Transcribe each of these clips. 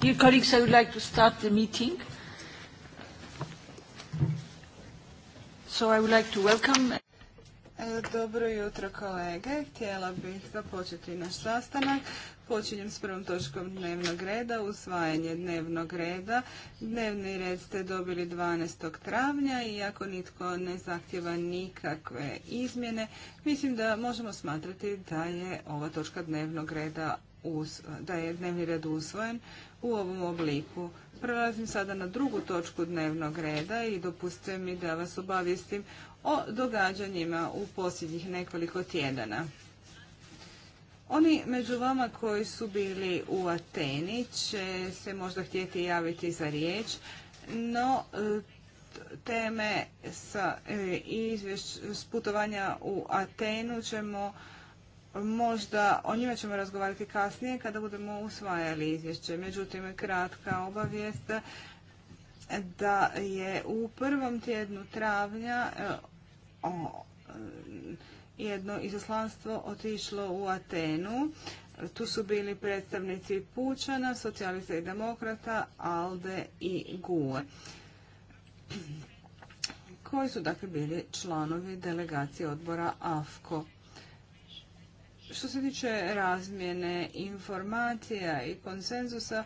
Dear colleagues, I would like to start the meeting. So I would like to welcome... E, dobro jutro kolege, htjela bih započeti naš sastanak. Počinjem s prvom točkom dnevnog reda, usvajanje dnevnog reda. Dnevni red ste dobili 12. travnja i ako nitko ne zahtjeva nikakve izmjene, mislim da možemo smatrati da je ova točka dnevnog reda da je dnevni red usvojen u ovom obliku. Prelazim sada na drugu točku dnevnog reda i dopustite mi da vas obavistim o događanjima u posljednjih nekoliko tjedana. Oni među vama koji su bili u Ateni će se možda htjeti javiti za riječ, no e, teme sa e, putovanja u Atenu ćemo Možda o njima ćemo razgovarati kasnije kada budemo usvajali izvješće. Međutim, kratka obavijest da je u prvom tjednu travnja e, e, jedno izaslanstvo otišlo u Atenu. Tu su bili predstavnici Pučana, socijalista i demokrata, Alde i GUE. Koji su dakle bili članovi delegacije odbora AFKO. Što se tiče razmjene informacija i konsenzusa,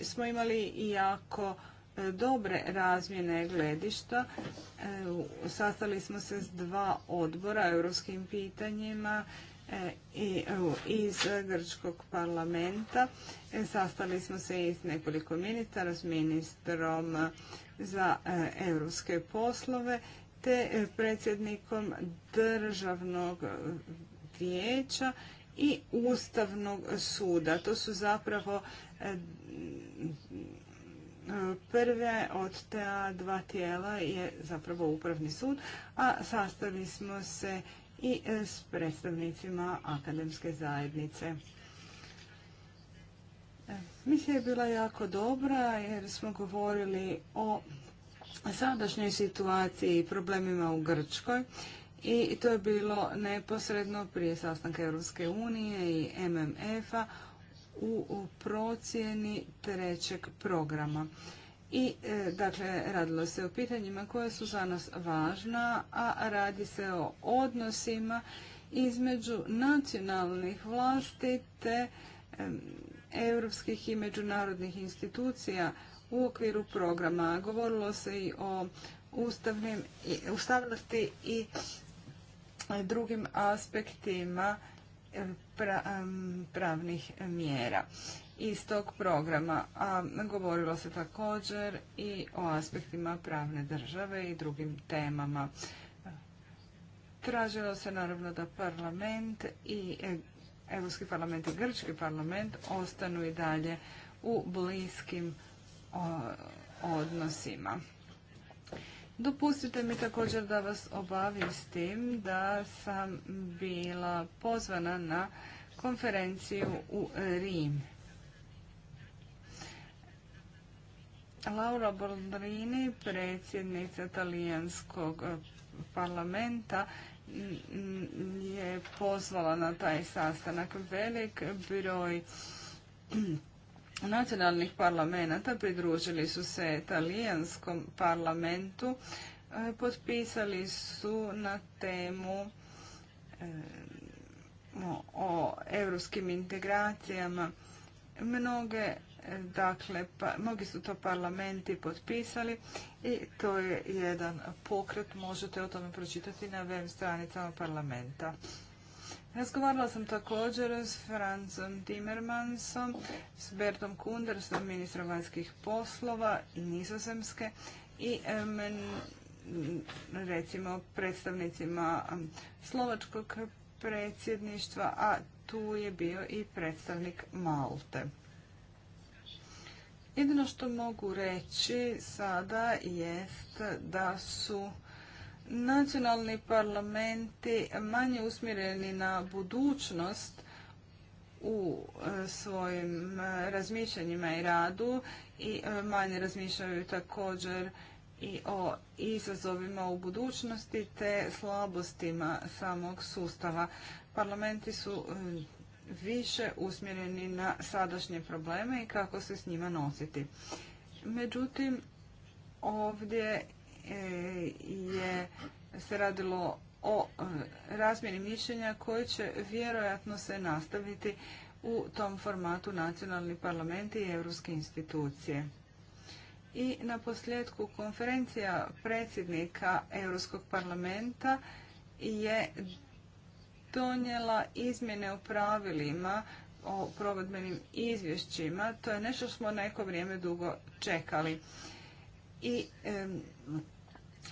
smo imali jako e, dobre razmjene gledišta. E, sastali smo se s dva odbora europskim pitanjima e, i iz Grčkog parlamenta. Sastali smo se i s nekoliko ministara, s ministrom za europske poslove te e, predsjednikom državnog e, vijeća i ustavnog suda. To su zapravo e, prve od ta dva tijela je zapravo upravni sud, a sastali smo se i s predstavnicima akademske zajednice. Mislim je bila jako dobra jer smo govorili o sadašnjoj situaciji i problemima u Grčkoj i to je bilo neposredno prije sastanka Europske unije i MMF-a u procjeni trećeg programa. I, e, dakle, radilo se o pitanjima koja su za nas važna, a radi se o odnosima između nacionalnih vlasti te europskih i međunarodnih institucija u okviru programa. Govorilo se i o ustavnim, ustavnosti i e, drugim aspektima e, pravnih mjera iz tog programa, a govorilo se također i o aspektima pravne države i drugim temama. Tražilo se naravno da parlament i e, Europski parlament i Grčki parlament ostanu i dalje u bliskim odnosima. Dopustite mi također da vas obavijestim da sam bila pozvana na konferenciju u Rim. Laura Boldrini, predsjednica talijanskog parlamenta, je pozvala na taj sastanak velik broj nacionalnih parlamenta pridružili su se talijanskom parlamentu, e, potpisali su na temu e, o europskim integracijama. Mnoge, e, dakle, pa, mnogi su to parlamenti potpisali i to je jedan pokret, možete o tome pročitati na web stranicama parlamenta. Razgovarala sam također s Francom Timmermansom, s Bertom Kundersom, ministrom vanjskih poslova Nizozemske i recimo predstavnicima slovačkog predsjedništva, a tu je bio i predstavnik Malte. Jedino što mogu reći sada jest da su nacionalni parlamenti manje usmjereni na budućnost u e, svojim e, razmišljanjima i radu i e, manje razmišljaju također i o izazovima u budućnosti te slabostima samog sustava. Parlamenti su više usmjereni na sadašnje probleme i kako se s njima nositi. Međutim, ovdje E, je se radilo o e, razmjeni mišljenja koje će vjerojatno se nastaviti u tom formatu nacionalni parlamenti i europske institucije. I na posljedku konferencija predsjednika Europskog parlamenta je donijela izmjene u pravilima o provedbenim izvješćima. To je nešto što smo neko vrijeme dugo čekali. I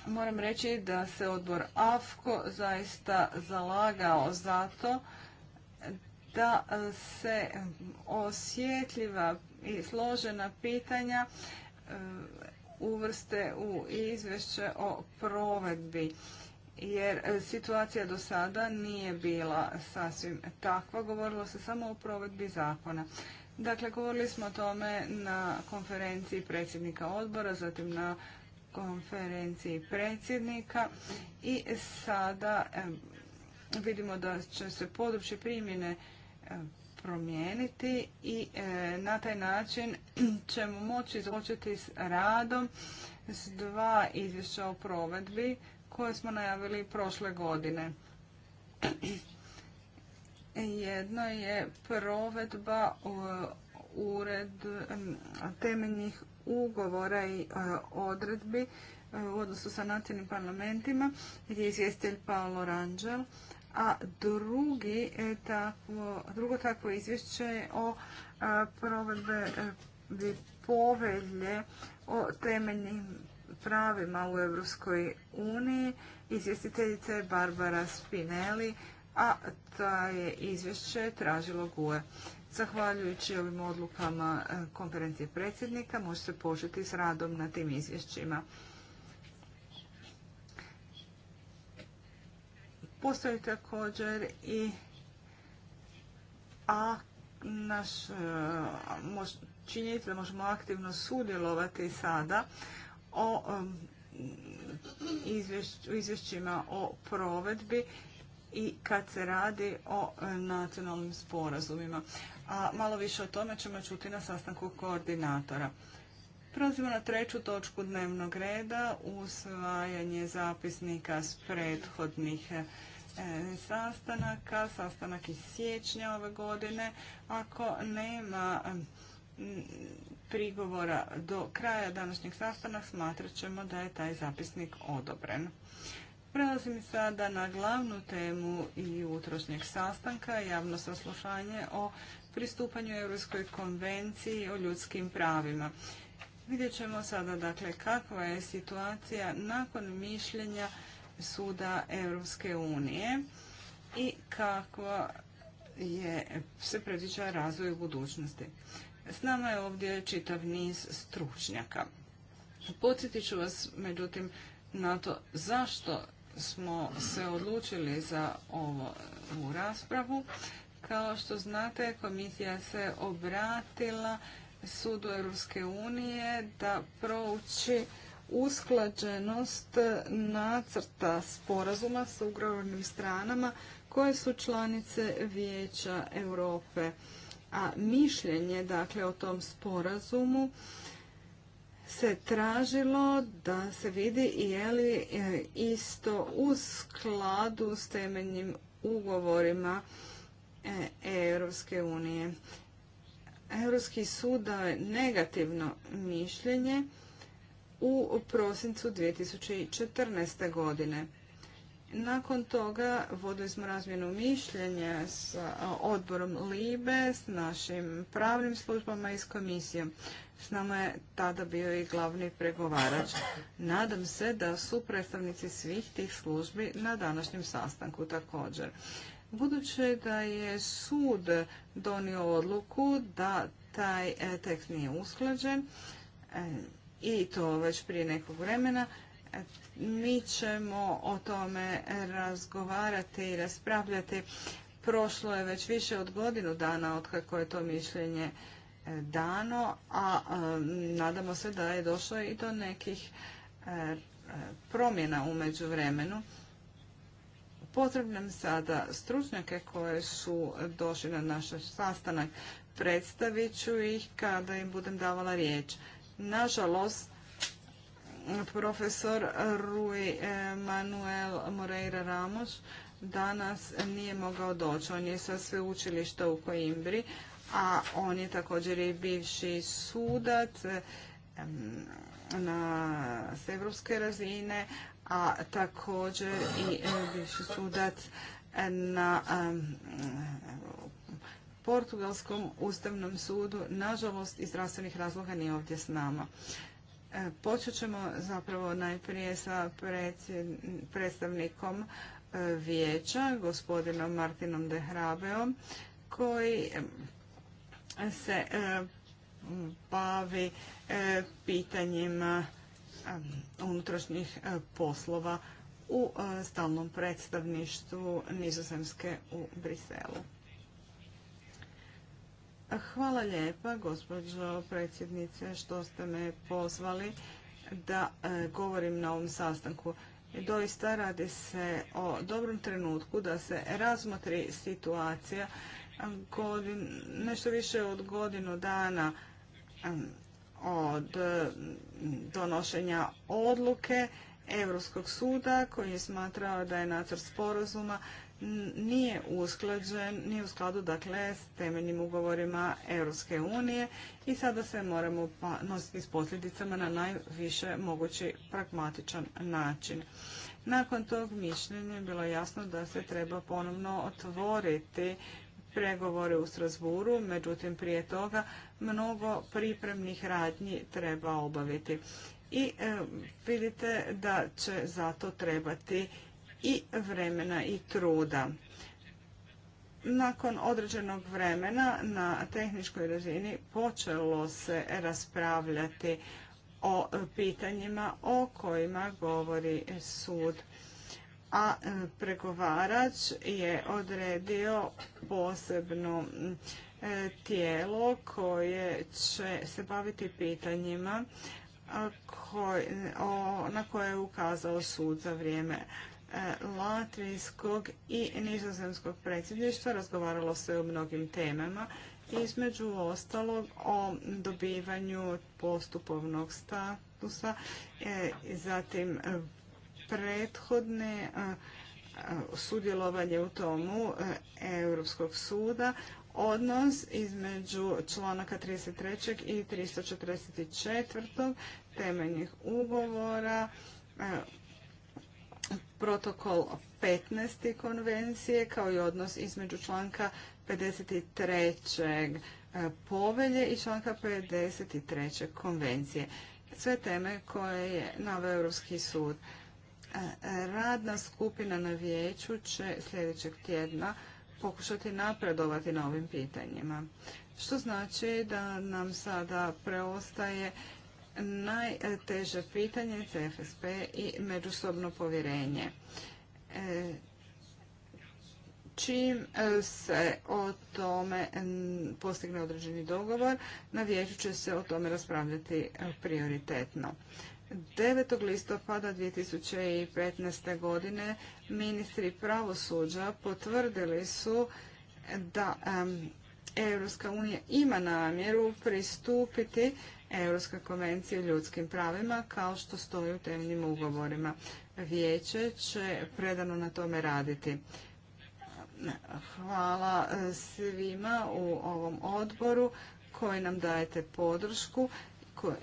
Moram reći da se odbor AFKO zaista zalagao za to da se osjetljiva i složena pitanja e, uvrste u izvješće o provedbi jer situacija do sada nije bila sasvim takva, govorilo se samo o provedbi zakona. Dakle, govorili smo o tome na konferenciji predsjednika odbora, zatim na konferenciji predsjednika i sada vidimo da će se područje primjene promijeniti i e, na taj način ćemo moći započeti s radom s dva izvješća o provedbi koje smo najavili prošle godine. Jedno je provedba e, ured temeljnih ugovora i e, odredbi e, u odnosu sa nacionalnim parlamentima gdje je izvjestitelj Paolo Rangel, a drugi, drugo takvo izvješće je o e, provedbe povelje o temeljnim pravima u Europskoj uniji. Izvjestiteljica je Barbara Spinelli, a to je izvješće tražilo GUE. Zahvaljujući ovim odlukama e, konferencije predsjednika može se početi s radom na tim izvješćima. Postoji također i a naš e, činjenica da možemo aktivno sudjelovati sada o e, izvješćima o provedbi i kad se radi o nacionalnim sporazumima a malo više o tome ćemo čuti na sastanku koordinatora. Prelazimo na treću točku dnevnog reda, usvajanje zapisnika s prethodnih e, sastanaka, sastanak iz siječnja ove godine. Ako nema prigovora do kraja današnjeg sastanak, smatrat ćemo da je taj zapisnik odobren. Prelazim sada na glavnu temu i jutrošnjeg sastanka, javno saslušanje o pristupanju Europskoj konvenciji o ljudskim pravima. Vidjet ćemo sada dakle kakva je situacija nakon mišljenja suda Europske unije i kako je, se predviđa razvoj u budućnosti. S nama je ovdje čitav niz stručnjaka. Podsjetit ću vas, međutim, na to zašto smo se odlučili za ovu raspravu. Kao što znate, komisija se obratila sudu Europske unije da prouči usklađenost nacrta sporazuma s ugovornim stranama koje su članice Vijeća Europe. A mišljenje dakle o tom sporazumu se tražilo da se vidi je li e, isto u skladu s temeljnim ugovorima E, Europske unije. Europski sud dao je negativno mišljenje u prosincu 2014. godine. Nakon toga vodili smo razmjenu mišljenja s odborom LIBE, s našim pravnim službama i s komisijom. S nama je tada bio i glavni pregovarač. Nadam se da su predstavnici svih tih službi na današnjem sastanku također. Budući da je sud donio odluku da taj e, tekst nije usklađen e, i to već prije nekog vremena, e, mi ćemo o tome razgovarati i raspravljati. Prošlo je već više od godinu dana od kako je to mišljenje dano, a nadamo se da je došlo i do nekih promjena u međuvremenu. Potrebno nam sada stručnjake koje su došli na naš sastanak. Predstavit ću ih kada im budem davala riječ. Nažalost, profesor Rui Manuel Moreira Ramos danas nije mogao doći. On je sa sveučilišta u Koimbri, a on je također i bivši sudac na s evropske razine, a također i više sudac na Portugalskom ustavnom sudu. Nažalost, iz zdravstvenih razloga nije ovdje s nama. E, počet ćemo zapravo najprije sa predstavnikom e, vijeća, gospodinom Martinom de Hrabeom, koji se e, bavi pitanjima E, unutrašnjih e, poslova u e, stalnom predstavništvu Nizozemske u Briselu. Hvala lijepa, gospođo predsjednice, što ste me pozvali da govorim na ovom sastanku. Doista radi se o dobrom trenutku da se razmotri situacija nešto više od godinu dana od e, donošenja odluke Europskog suda koji je smatrao da je nacrt sporazuma nije usklađen, nije u skladu dakle s temeljnim ugovorima Europske unije i sada se moramo pa, nositi s posljedicama na najviše mogući pragmatičan način. Nakon tog mišljenja je bilo jasno da se treba ponovno otvoriti pregovore u Strasburu, međutim prije toga mnogo pripremnih radnji treba obaviti. I e, vidite da će zato trebati i vremena i truda. Nakon određenog vremena na tehničkoj razini počelo se raspravljati o pitanjima o kojima govori sud a e, pregovarač je odredio posebno e, tijelo koje će se baviti pitanjima na koje je ukazao sud za vrijeme e, latvijskog i nizozemskog predsjedništva. Razgovaralo se o mnogim temama, između ostalog o dobivanju postupovnog statusa, zatim prethodne sudjelovanje u tomu e, Europskog suda odnos između članaka 33. i 344. temeljnih ugovora, e, protokol 15. konvencije kao i odnos između članka 53. E, povelje i članka 53. konvencije. Sve teme koje je naveo Europski sud. Radna skupina na vijeću će sljedećeg tjedna pokušati napredovati na ovim pitanjima. Što znači da nam sada preostaje najteže pitanje CFSP i međusobno povjerenje. E, čim se o tome postigne određeni dogovor, na vijeću će se o tome raspravljati prioritetno. 9. listopada 2015. godine ministri pravosuđa potvrdili su da Europska unija ima namjeru pristupiti Europskoj konvenciji o ljudskim pravima kao što stoji u temeljnim ugovorima. Vijeće će predano na tome raditi. Hvala eh, svima u ovom odboru koji nam dajete podršku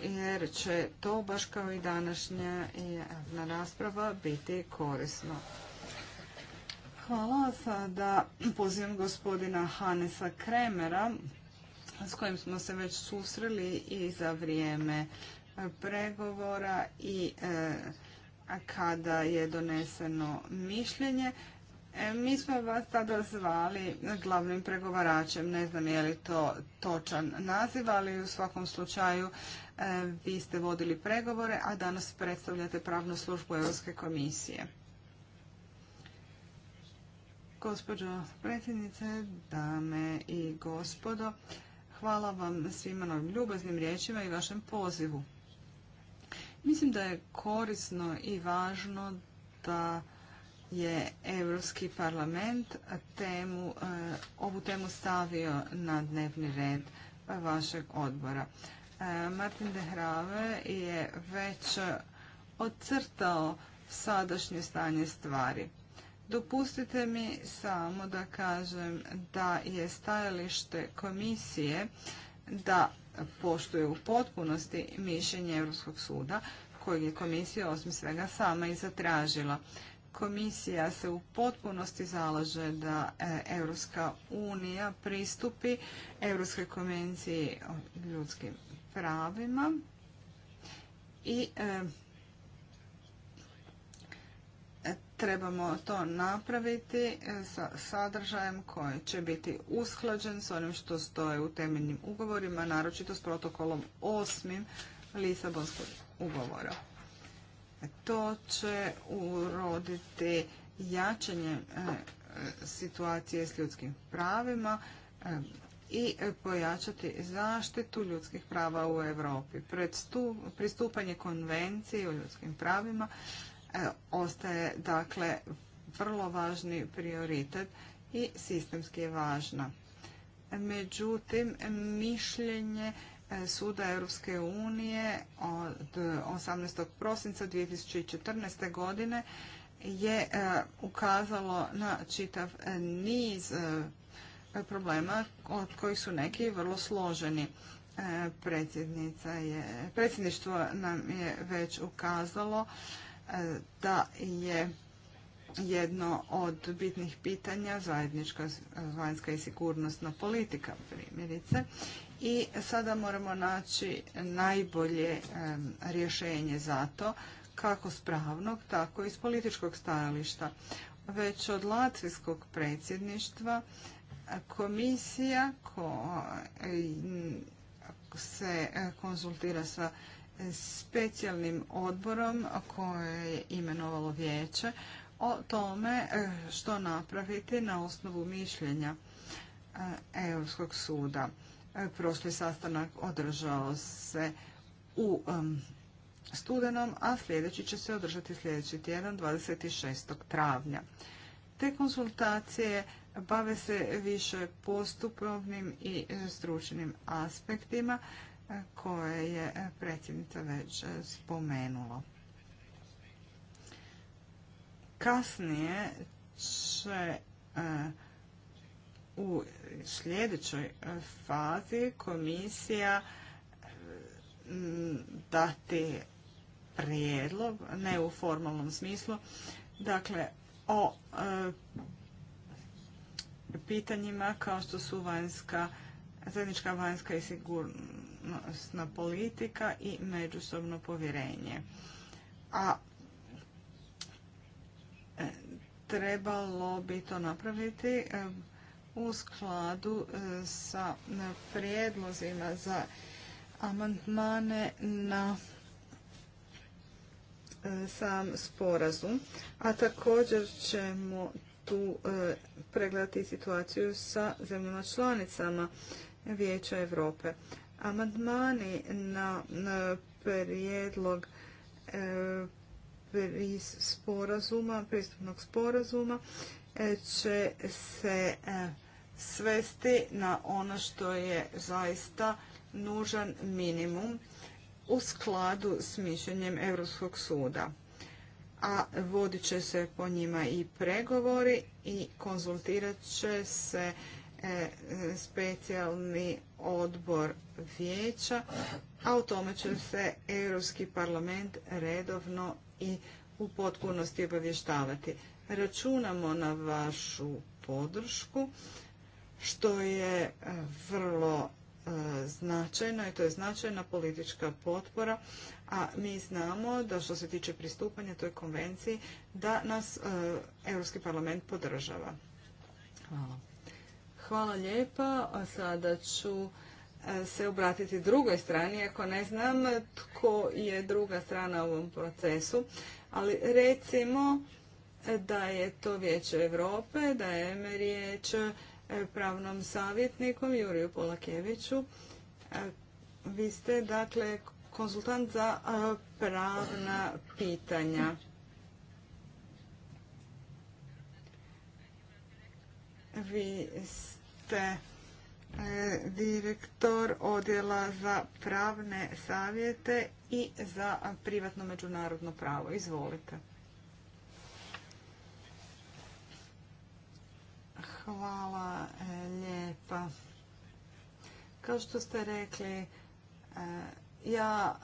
jer će to baš kao i današnja rasprava biti korisno. Hvala. Sada pozivam gospodina Hanesa Kremera s kojim smo se već susreli i za vrijeme pregovora i e, kada je doneseno mišljenje E, mi smo vas tada zvali glavnim pregovaračem, ne znam je li to točan naziv, ali u svakom slučaju e, vi ste vodili pregovore, a danas predstavljate pravnu službu Europske komisije. Gospođo predsjednice, dame i gospodo, hvala vam svima na ljubaznim riječima i vašem pozivu. Mislim da je korisno i važno da je Europski parlament temu, e, ovu temu stavio na dnevni red vašeg odbora. E, Martin de Hrave je već odcrtao sadašnje stanje stvari. Dopustite mi samo da kažem da je stajalište komisije da poštuje u potpunosti mišljenje Europskog suda kojeg je komisija osim svega sama i zatražila. Komisija se u potpunosti zalaže da e, Europska unija pristupi Europskoj konvenciji o ljudskim pravima i e, e, trebamo to napraviti sa sadržajem koji će biti usklađen s onim što stoje u temeljnim ugovorima, naročito s protokolom osmim Lisabonskog ugovora. To će uroditi jačanje e, situacije s ljudskim pravima e, i pojačati zaštitu ljudskih prava u Europi. Pristupanje konvenciji o ljudskim pravima e, ostaje dakle vrlo važni prioritet i sistemski je važna. Međutim, mišljenje E, suda Europske unije od 18. prosinca 2014. godine je e, ukazalo na čitav niz e, problema od kojih su neki vrlo složeni. predsjedništvo nam je već ukazalo da je jedno od bitnih pitanja zajednička vanjska i sigurnosna politika primjerice i sada moramo naći najbolje rješenje za to kako s pravnog, tako i s političkog stajališta. Već od latvijskog predsjedništva e, komisija ko e, se e, konzultira sa specijalnim odborom koje je imenovalo vijeće o tome što napraviti na osnovu mišljenja Europskog suda. E, prošli sastanak održao se u studenom, a sljedeći će se održati sljedeći tjedan 26. travnja. Te konsultacije bave se više postupovnim i e, stručnim aspektima e, koje je predsjednica već spomenula. Kasnije će u sljedećoj e, fazi komisija e, dati prijedlog, ne u formalnom smislu, dakle o e, pitanjima kao što su vanjska, zajednička vanjska i sigurnosna politika i međusobno povjerenje. A trebalo bi to napraviti u skladu e, sa e, prijedlozima za amandmane na e, sam sporazum, a također ćemo tu pregledati situaciju sa zemljama članicama Vijeća Europe. Amandmani na prijedlog iz sporazuma, pristupnog sporazuma će se svesti na ono što je zaista nužan minimum u skladu s mišljenjem Europskog suda. A vodit će se po njima i pregovori i konzultirat će se e, specijalni odbor vijeća, a o tome će se Europski parlament redovno i u potpunosti obavještavati. Računamo na vašu podršku što je e, vrlo e, značajno i to je značajna politička potpora, a mi znamo da što se tiče pristupanja toj konvenciji da nas e, Europski parlament podržava. Hvala. Hvala lijepa. A sada ću se obratiti drugoj strani, ako ne znam tko je druga strana u ovom procesu, ali recimo da je to Vijeće Europe, da je riječ pravnom savjetnikom Juriju Polakeviću. E, vi ste dakle konzultant za e, pravna pitanja. Vi ste e, direktor odjela za pravne savjete i za privatno međunarodno pravo. Izvolite. Hvala e, lijepa. Kao što ste rekli, e, ja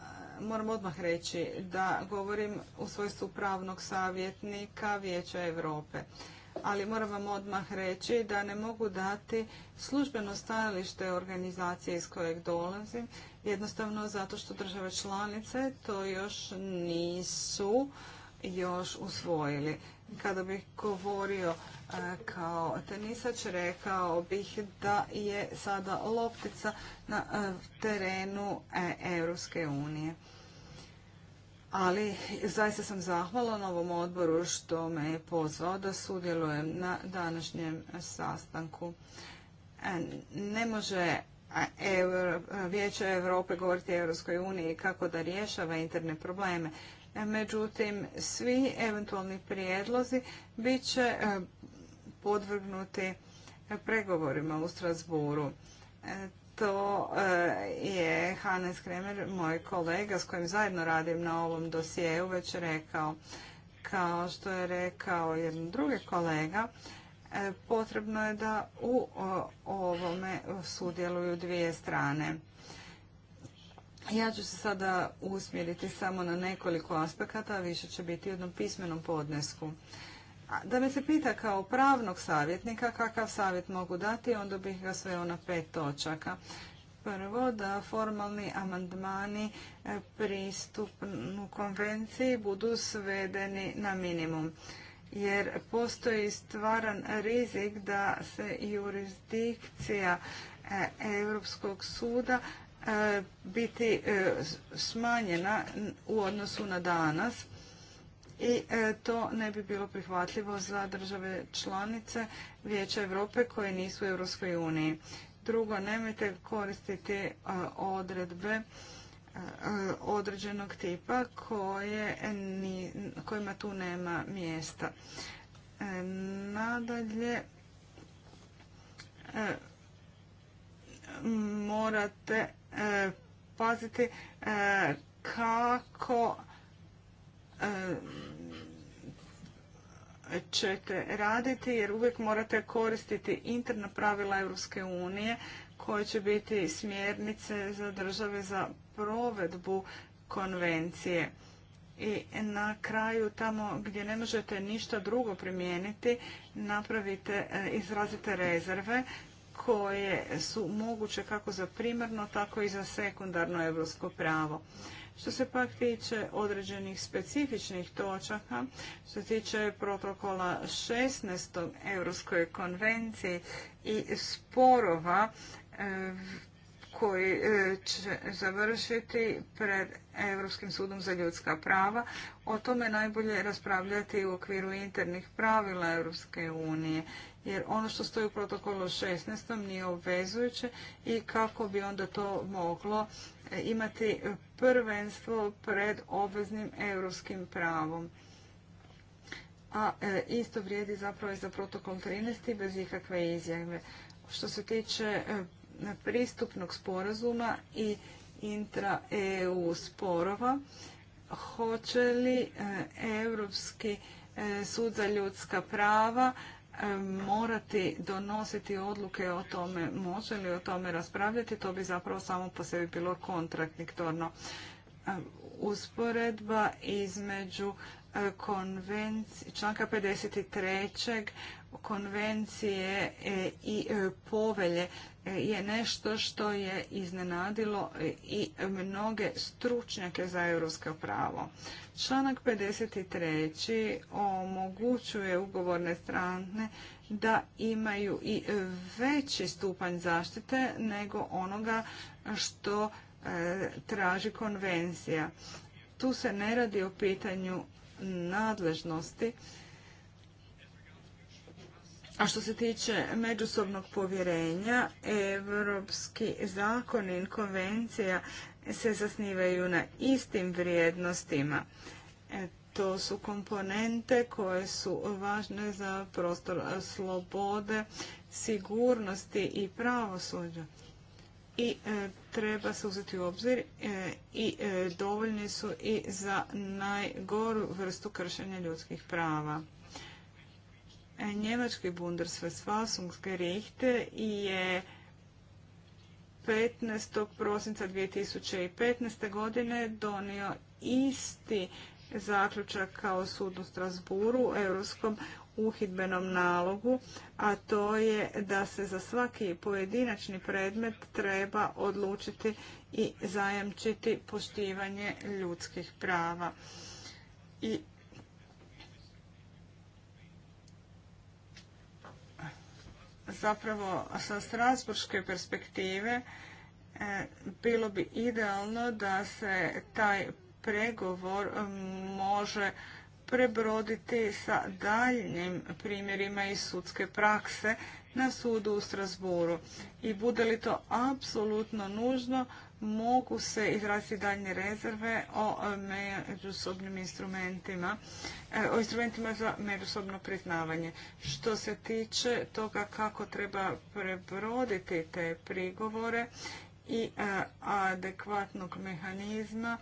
moram odmah reći da govorim u svojstvu pravnog savjetnika Vijeća Europe. Ali moram vam odmah reći da ne mogu dati službeno stajalište organizacije iz kojeg dolazim, jednostavno zato što države članice to još nisu još usvojili. Kada bih govorio e, kao tenisač, rekao bih da je sada loptica na e, terenu Europske unije. Ali zaista sam zahvalan ovom odboru što me je pozvao da sudjelujem na današnjem sastanku. E, ne može Vijeće Europe govoriti o Europskoj uniji kako da rješava interne probleme. Međutim, svi eventualni prijedlozi bit će e, podvrgnuti pregovorima u Strasburu. E, to e, je Hannes Kremer, moj kolega s kojim zajedno radim na ovom dosjeu, već rekao. Kao što je rekao jedan drugi kolega, potrebno je da u ovome sudjeluju dvije strane. Ja ću se sada usmjeriti samo na nekoliko aspekata, a više će biti u jednom pismenom podnesku. Da me se pita kao pravnog savjetnika kakav savjet mogu dati, onda bih ga sveo na pet točaka. Prvo, da formalni amandmani e, pristupnu konvenciji budu svedeni na minimum. Jer postoji stvaran rizik da se jurisdikcija e, Europskog suda E, biti e, smanjena u odnosu na danas i e, to ne bi bilo prihvatljivo za države članice Vijeća Europe koje nisu u Europskoj uniji. Drugo, nemojte koristiti odredbe određenog tipa kojima tu nema mjesta. Nadalje, morate e, paziti e, kako e, ćete raditi jer uvijek morate koristiti interna pravila Europske unije koje će biti smjernice za države za provedbu konvencije. I na kraju tamo gdje ne možete ništa drugo primijeniti, napravite, izrazite rezerve koje su moguće kako za primarno, tako i za sekundarno evropsko pravo. Što se pak tiče određenih specifičnih točaka, što se tiče protokola 16. Europskoj konvenciji i sporova e, koji e, će završiti pred Europskim sudom za ljudska prava. O tome najbolje raspravljati u okviru internih pravila Evropske unije jer ono što stoji u protokolu 16. nije obvezujuće i kako bi onda to moglo e, imati prvenstvo pred obveznim europskim pravom. A e, isto vrijedi zapravo i za protokol 13. bez ikakve izjave. Što se tiče e, pristupnog sporazuma i intra-EU sporova, hoće li Europski sud za ljudska prava morati donositi odluke o tome može li o tome raspravljati, to bi zapravo samo po sebi bilo kontradiktorno. E, usporedba između e, članka 53 konvencije e, i e, povelje e, je nešto što je iznenadilo i mnoge stručnjake za europsko pravo. Članak 53. omogućuje ugovorne strane da imaju i veći stupanj zaštite nego onoga što traži konvencija. Tu se ne radi o pitanju nadležnosti, a što se tiče međusobnog povjerenja, evropski zakon i konvencija se zasnivaju na istim vrijednostima. E, to su komponente koje su važne za prostor slobode, sigurnosti i pravosuđa. I e, treba se uzeti u obzir e, i dovoljni su i za najgoru vrstu kršenja ljudskih prava. E, njemački Bundesverfassungsgericht je 15. prosinca 2015. godine donio isti zaključak kao sud u Strasburu u Europskom uhidbenom nalogu, a to je da se za svaki pojedinačni predmet treba odlučiti i zajamčiti poštivanje ljudskih prava. I zapravo sa strasburške perspektive e, bilo bi idealno da se taj pregovor može prebroditi sa daljnjim primjerima iz sudske prakse na sudu u Strasburu. I bude li to apsolutno nužno, mogu se izraziti daljne rezerve o međusobnim instrumentima, e, o instrumentima za međusobno priznavanje. Što se tiče toga kako treba prebroditi te prigovore i e, adekvatnog mehanizma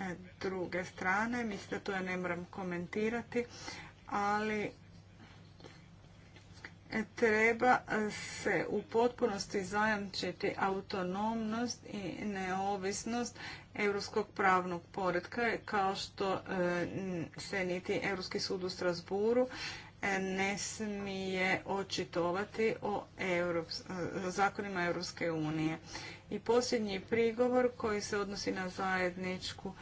e, druge strane, mislim da to ja ne moram komentirati, ali treba se u potpunosti zajamčiti autonomnost i neovisnost europskog pravnog poretka kao što e, se niti Europski sud u Strasburu e, ne smije očitovati o e, zakonima Europske unije. I posljednji prigovor koji se odnosi na zajedničku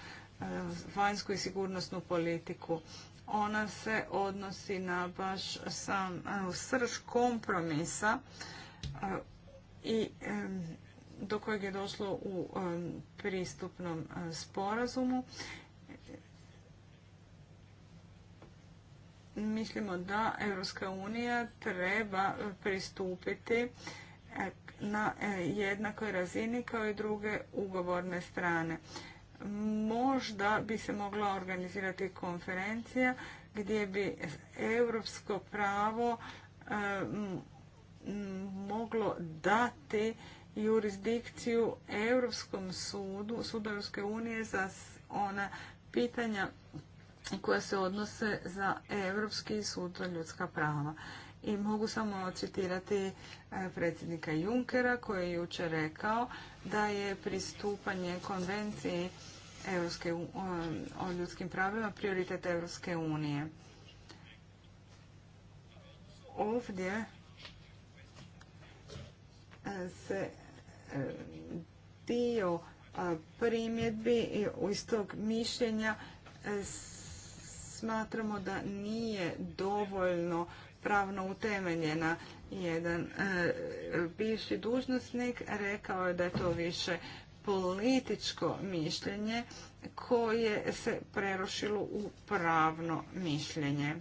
vanjsku i sigurnosnu politiku. Ona se odnosi na baš sam e, srž kompromisa e, i e, do kojeg je došlo u pristupnom sporazumu. Mislimo da Europska unija treba pristupiti na jednakoj razini kao i druge ugovorne strane možda bi se mogla organizirati konferencija gdje bi europsko pravo eh, moglo dati jurisdikciju Europskom sudu, sudu Europske unije za ona pitanja koja se odnose za Europski sud za ljudska prava. I mogu samo citirati eh, predsjednika Junkera koji je jučer rekao da je pristupanje konvenciji o ljudskim pravima prioritet Evropske unije. Ovdje e, se e, dio primjedbi i iz tog mišljenja e, smatramo da nije dovoljno pravno utemeljena. Jedan e, bivši dužnosnik rekao je da je to više političko mišljenje koje se prerošilo u pravno mišljenje.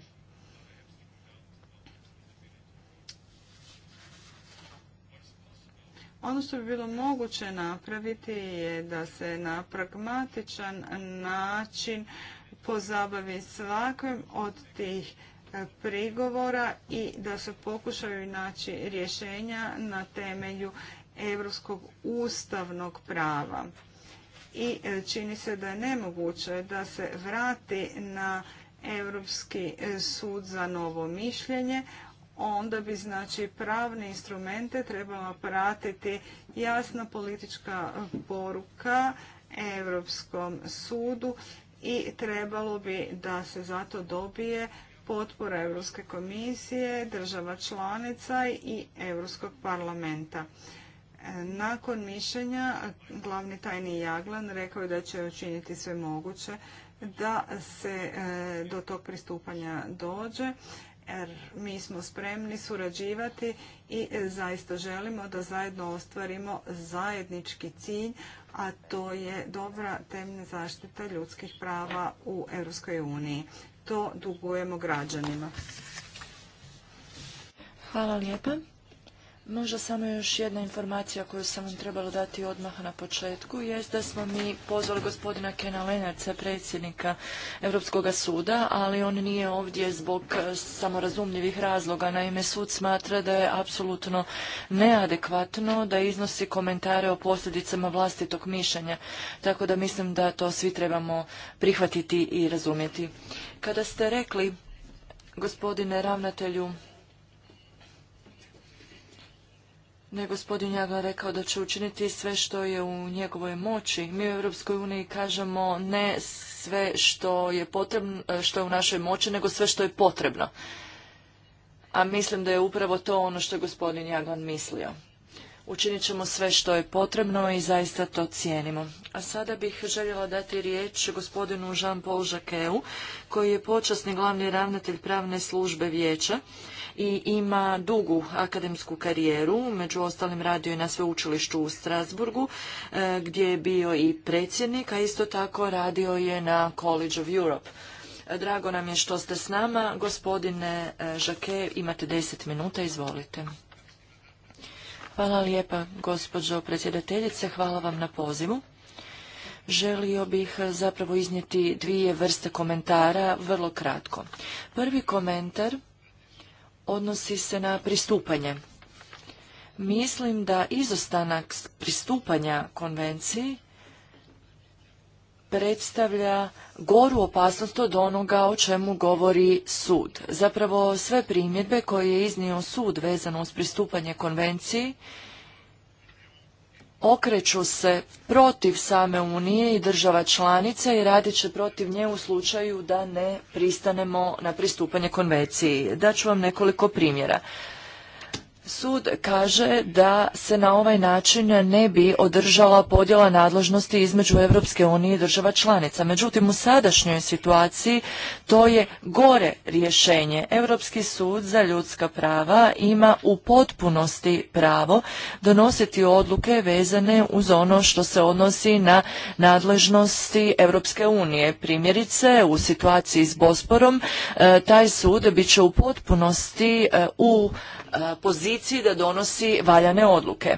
Ono što bi bilo moguće napraviti je da se na pragmatičan način pozabavi svakim od tih prigovora i da se pokušaju naći rješenja na temelju europskog ustavnog prava. I e, čini se da je nemoguće da se vrati na Europski e, sud za novo mišljenje, onda bi znači pravne instrumente trebala pratiti jasna politička poruka Europskom sudu i trebalo bi da se zato dobije potpora Europske komisije, država članica i Europskog parlamenta. E, nakon mišljenja glavni tajni Jaglan rekao je da će učiniti sve moguće da se e, do tog pristupanja dođe jer mi smo spremni surađivati i e, zaista želimo da zajedno ostvarimo zajednički cilj, a to je dobra temna zaštita ljudskih prava u Europskoj uniji to dugujemo građanima. Hvala lijepa. Možda samo još jedna informacija koju sam vam trebala dati odmah na početku je da smo mi pozvali gospodina Kena Lenarca, predsjednika Europskog suda, ali on nije ovdje zbog eh, samorazumljivih razloga. Naime, sud smatra da je apsolutno neadekvatno da iznosi komentare o posljedicama vlastitog mišljenja. Tako da mislim da to svi trebamo prihvatiti i razumjeti. Kada ste rekli, gospodine ravnatelju, da je gospodin Jagla rekao da će učiniti sve što je u njegovoj moći. Mi u Europskoj uniji kažemo ne sve što je potrebno, e, što je u našoj moći, nego sve što je potrebno. A mislim da je upravo to ono što je gospodin Jagan mislio. Učinit ćemo sve što je potrebno i zaista to cijenimo. A sada bih željela dati riječ gospodinu Jean-Paul Jacques'u, koji je počasni glavni ravnatelj pravne službe vijeća i ima dugu akademsku karijeru, među ostalim radio je na sveučilištu u Strasburgu, e, gdje je bio i predsjednik, a isto tako radio je na College of Europe. E, drago nam je što ste s nama. Gospodine Žake, imate deset minuta, izvolite. Hvala lijepa, gospođo predsjedateljice. Hvala vam na pozivu. Želio bih eh, zapravo iznijeti dvije vrste komentara, vrlo kratko. Prvi komentar odnosi se na pristupanje. Mislim da izostanak pristupanja konvenciji predstavlja goru opasnost od onoga o čemu govori sud. Zapravo sve primjedbe koje je iznio sud vezano uz pristupanje konvenciji okreću se protiv same Unije i država članica i radit će protiv nje u slučaju da ne pristanemo na pristupanje konvenciji. Daću vam nekoliko primjera. Sud kaže da se na ovaj način ne bi održala podjela nadležnosti između Europske unije i država članica. Međutim, u sadašnjoj situaciji to je gore rješenje. Europski sud za ljudska prava ima u potpunosti pravo donositi odluke vezane uz ono što se odnosi na nadležnosti Europske unije. Primjerice, u situaciji s Bosporom, e, taj sud bit će u potpunosti e, u E, poziciji da donosi valjane odluke.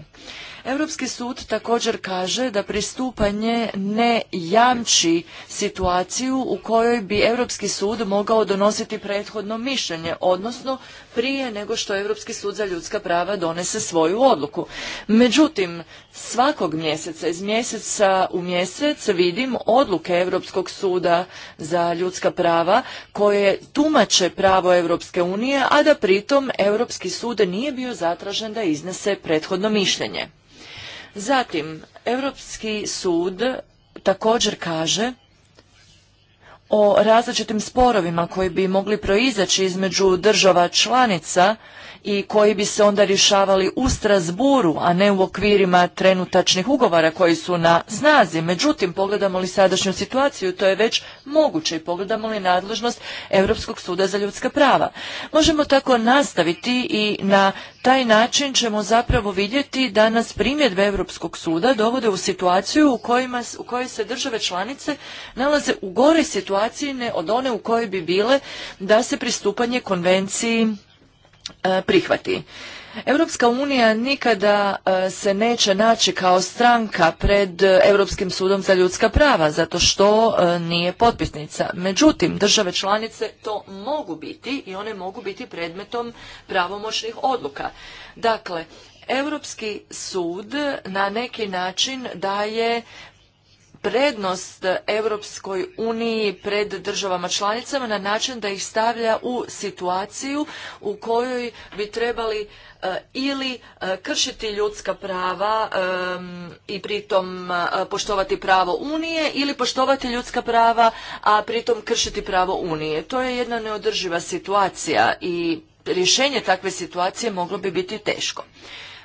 Europski sud također kaže da pristupanje ne jamči situaciju u kojoj bi Europski sud mogao donositi prethodno mišljenje, odnosno prije nego što Europski sud za ljudska prava donese svoju odluku. Međutim, svakog mjeseca, iz mjeseca u mjesec vidim odluke Europskog suda za ljudska prava koje tumače pravo Europske unije, a da pritom Europski sud nije bio zatražen da iznese prethodno mišljenje. Zatim, Europski sud također kaže o različitim sporovima koji bi mogli proizaći između država članica i koji bi se onda rješavali u Strasburu, a ne u okvirima trenutačnih ugovara koji su na snazi. Međutim, pogledamo li sadašnju situaciju, to je već moguće i pogledamo li nadležnost Europskog suda za ljudska prava. Možemo tako nastaviti i na taj način ćemo zapravo vidjeti da nas primjedbe Europskog suda dovode u situaciju u, u kojoj se države članice nalaze u gore situaciji ne od one u kojoj bi bile da se pristupanje konvenciji E, prihvati. Europska unija nikada e, se neće naći kao stranka pred Europskim sudom za ljudska prava, zato što e, nije potpisnica. Međutim, države članice to mogu biti i one mogu biti predmetom pravomoćnih odluka. Dakle, Europski sud na neki način daje prednost Europskoj uniji pred državama članicama na način da ih stavlja u situaciju u kojoj bi trebali e, ili e, kršiti ljudska prava i pritom e, poštovati pravo Unije ili poštovati ljudska prava, a pritom kršiti pravo Unije. To je jedna neodrživa situacija i rješenje takve situacije moglo bi biti teško.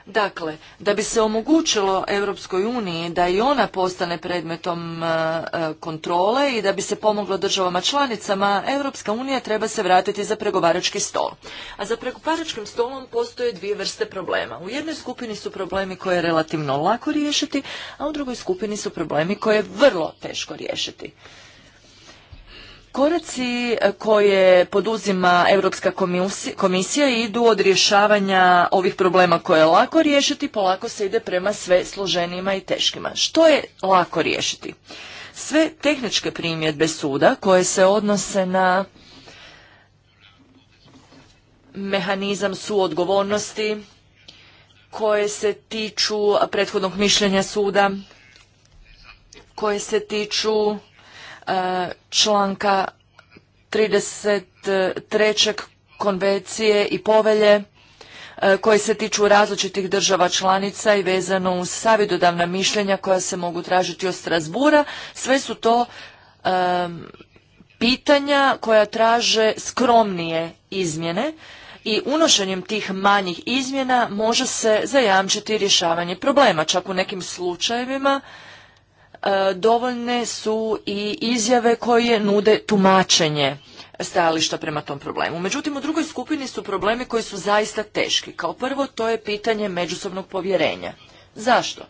Dakle, da bi se omogućilo Europskoj uniji da i ona postane predmetom e, e, kontrole i da bi se pomoglo državama članicama, Europska unija treba se vratiti za pregovarački stol. A za pregovaračkim stolom postoje dvije vrste problema. U jednoj skupini su problemi koje je relativno lako riješiti, a u drugoj skupini su problemi koje je vrlo teško riješiti. Koraci e, koje poduzima Europska komisija idu od rješavanja ovih problema koje je lako riješiti, polako se ide prema sve složenijima i teškima. Što je lako riješiti? Sve tehničke primjedbe suda koje se odnose na mehanizam suodgovornosti, koje se tiču prethodnog mišljenja suda, koje se tiču E, članka 33. konvencije i povelje e, koje se tiču različitih država članica i vezano uz savjedodavna mišljenja koja se mogu tražiti od Strasbura. Sve su to e, pitanja koja traže skromnije izmjene i unošenjem tih manjih izmjena može se zajamčiti rješavanje problema. Čak u nekim slučajevima E, dovoljne su i izjave koje nude tumačenje stajališta prema tom problemu. Međutim, u drugoj skupini su problemi koji su zaista teški. Kao prvo, to je pitanje međusobnog povjerenja. Zašto?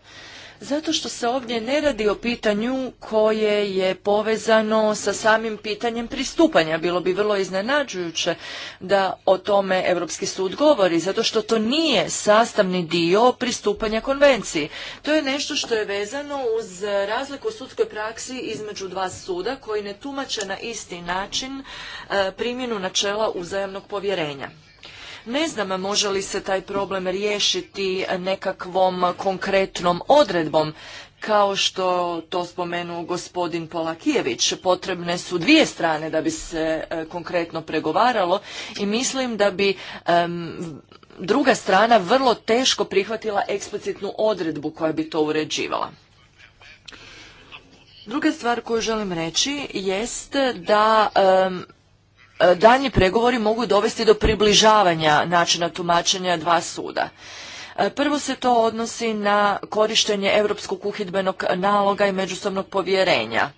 Zato što se ovdje ne radi o pitanju koje je povezano sa samim pitanjem pristupanja. Bilo bi vrlo iznenađujuće da o tome Europski sud govori, zato što to nije sastavni dio pristupanja konvenciji. To je nešto što je vezano uz razliku u sudskoj praksi između dva suda koji ne tumače na isti način e, primjenu načela uzajamnog povjerenja. Ne znam može li se taj problem riješiti nekakvom konkretnom odredbom. Kao što to spomenuo gospodin Polakijević, potrebne su dvije strane da bi se e, konkretno pregovaralo i mislim da bi druga strana vrlo teško prihvatila eksplicitnu odredbu koja bi to uređivala. Druga stvar koju želim reći jest da E, danji pregovori mogu dovesti do približavanja načina tumačenja dva suda. E, prvo se to odnosi na korištenje Europskog uhidbenog naloga i međusobnog povjerenja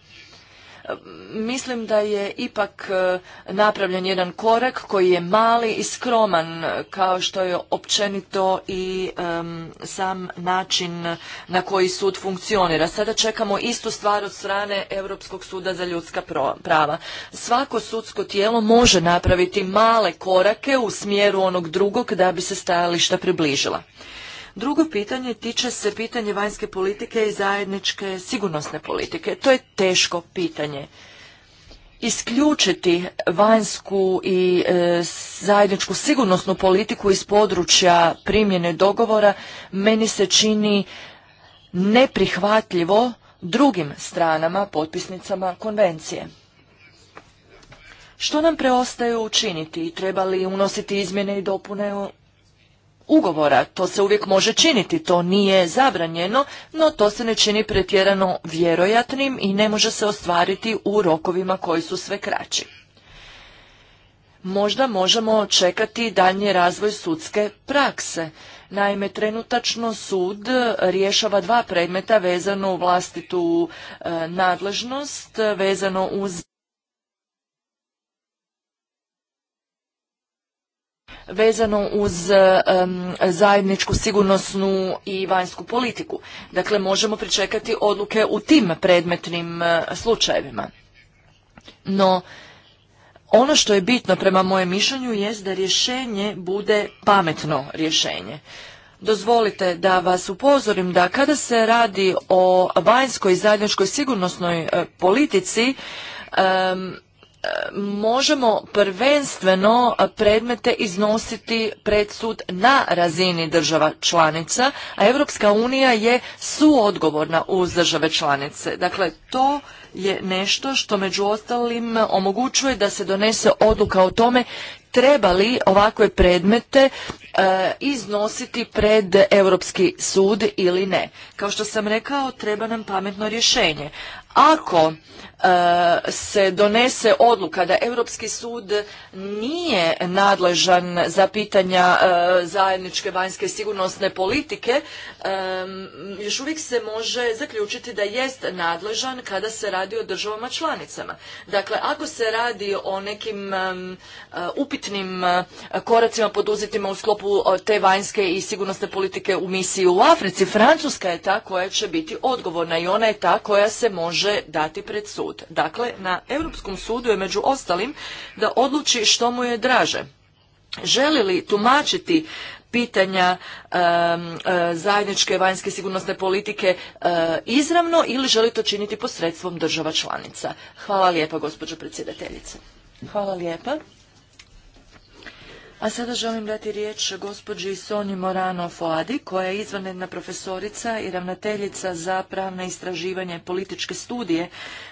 mislim da je ipak e, napravljen jedan korak koji je mali i skroman kao što je općenito i sam način na koji sud funkcionira. Sada čekamo istu stvar od strane Europskog suda za ljudska prava. Svako sudsko tijelo može napraviti male korake u smjeru onog drugog da bi se stajališta približila. Drugo pitanje tiče se pitanje vanjske politike i zajedničke sigurnosne politike. To je teško pitanje. Isključiti vanjsku i e, zajedničku sigurnosnu politiku iz područja primjene dogovora meni se čini neprihvatljivo drugim stranama, potpisnicama konvencije. Što nam preostaje učiniti? Treba li unositi izmjene i dopune ugovora. To se uvijek može činiti, to nije zabranjeno, no to se ne čini pretjerano vjerojatnim i ne može se ostvariti u rokovima koji su sve kraći. Možda možemo čekati daljnji razvoj sudske prakse. Naime, trenutačno sud rješava dva predmeta vezano u vlastitu e, nadležnost, vezano uz vezano uz zajedničku sigurnosnu i vanjsku politiku. Dakle, možemo pričekati odluke u tim predmetnim eh, slučajevima. No, ono što je bitno prema mojem mišljenju jest da rješenje bude pametno rješenje. Dozvolite da vas upozorim da kada se radi o vanjskoj i zajedničkoj sigurnosnoj eh, politici, možemo prvenstveno predmete iznositi pred sud na razini država članica, a Europska unija je suodgovorna uz države članice. Dakle, to je nešto što među ostalim omogućuje da se donese odluka o tome treba li ovakve predmete e, iznositi pred Europski sud ili ne. Kao što sam rekao, treba nam pametno rješenje. Ako E, se donese odluka da Europski sud nije nadležan za pitanja e, zajedničke vanjske sigurnosne politike, e, još uvijek se može zaključiti da jest nadležan kada se radi o državama članicama. Dakle, ako se radi o nekim upitnim koracima poduzetima u sklopu te vanjske i sigurnosne politike u misiji u Africi, Francuska je ta koja će biti odgovorna i ona je ta koja se može dati pred sud. Dakle, na Europskom sudu je među ostalim da odluči što mu je draže. Želi li tumačiti pitanja e, zajedničke vanjske sigurnosne politike e, izravno ili želi to činiti posredstvom država članica? Hvala lijepa, gospođo predsjedateljice. Hvala lijepa. A sada želim dati riječ gospođi Sonji Morano Foadi, koja je izvanredna profesorica i ravnateljica za pravne istraživanja političke studije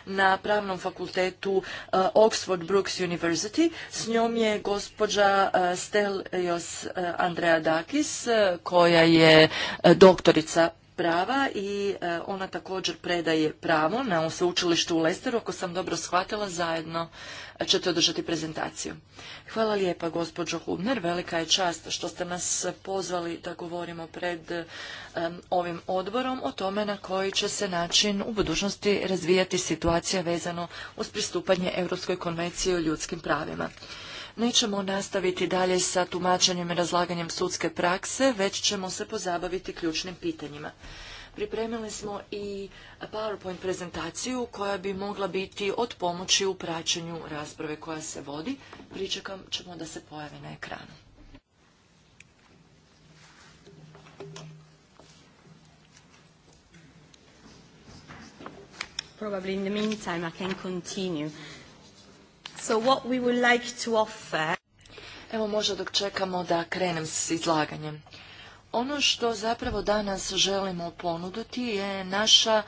na Pravnom fakultetu eh, Oxford Brooks University. S njom je gospođa eh, Stelios eh, Andrea Dakis, koja je doktorica prava i e, ona također predaje pravo na sveučilištu u Lesteru. Ako sam dobro shvatila, zajedno ćete održati prezentaciju. Hvala lijepa, gospođo Hubner. Velika je čast što ste nas pozvali da govorimo pred e, ovim odborom o tome na koji će se način u budućnosti razvijati situacija vezano uz pristupanje Europskoj konvenciji o ljudskim pravima. Nećemo nastaviti dalje sa tumačenjem i razlaganjem sudske prakse, već ćemo se pozabaviti ključnim pitanjima. Pripremili smo i PowerPoint prezentaciju koja bi mogla biti od pomoći u praćenju rasprave koja se vodi. Pričekam ćemo da se pojavi na ekranu. Probably in the meantime I can continue. So what we would like to offer... Evo možda dok čekamo da krenem s izlaganjem. Ono što zapravo danas želimo ponuditi je naša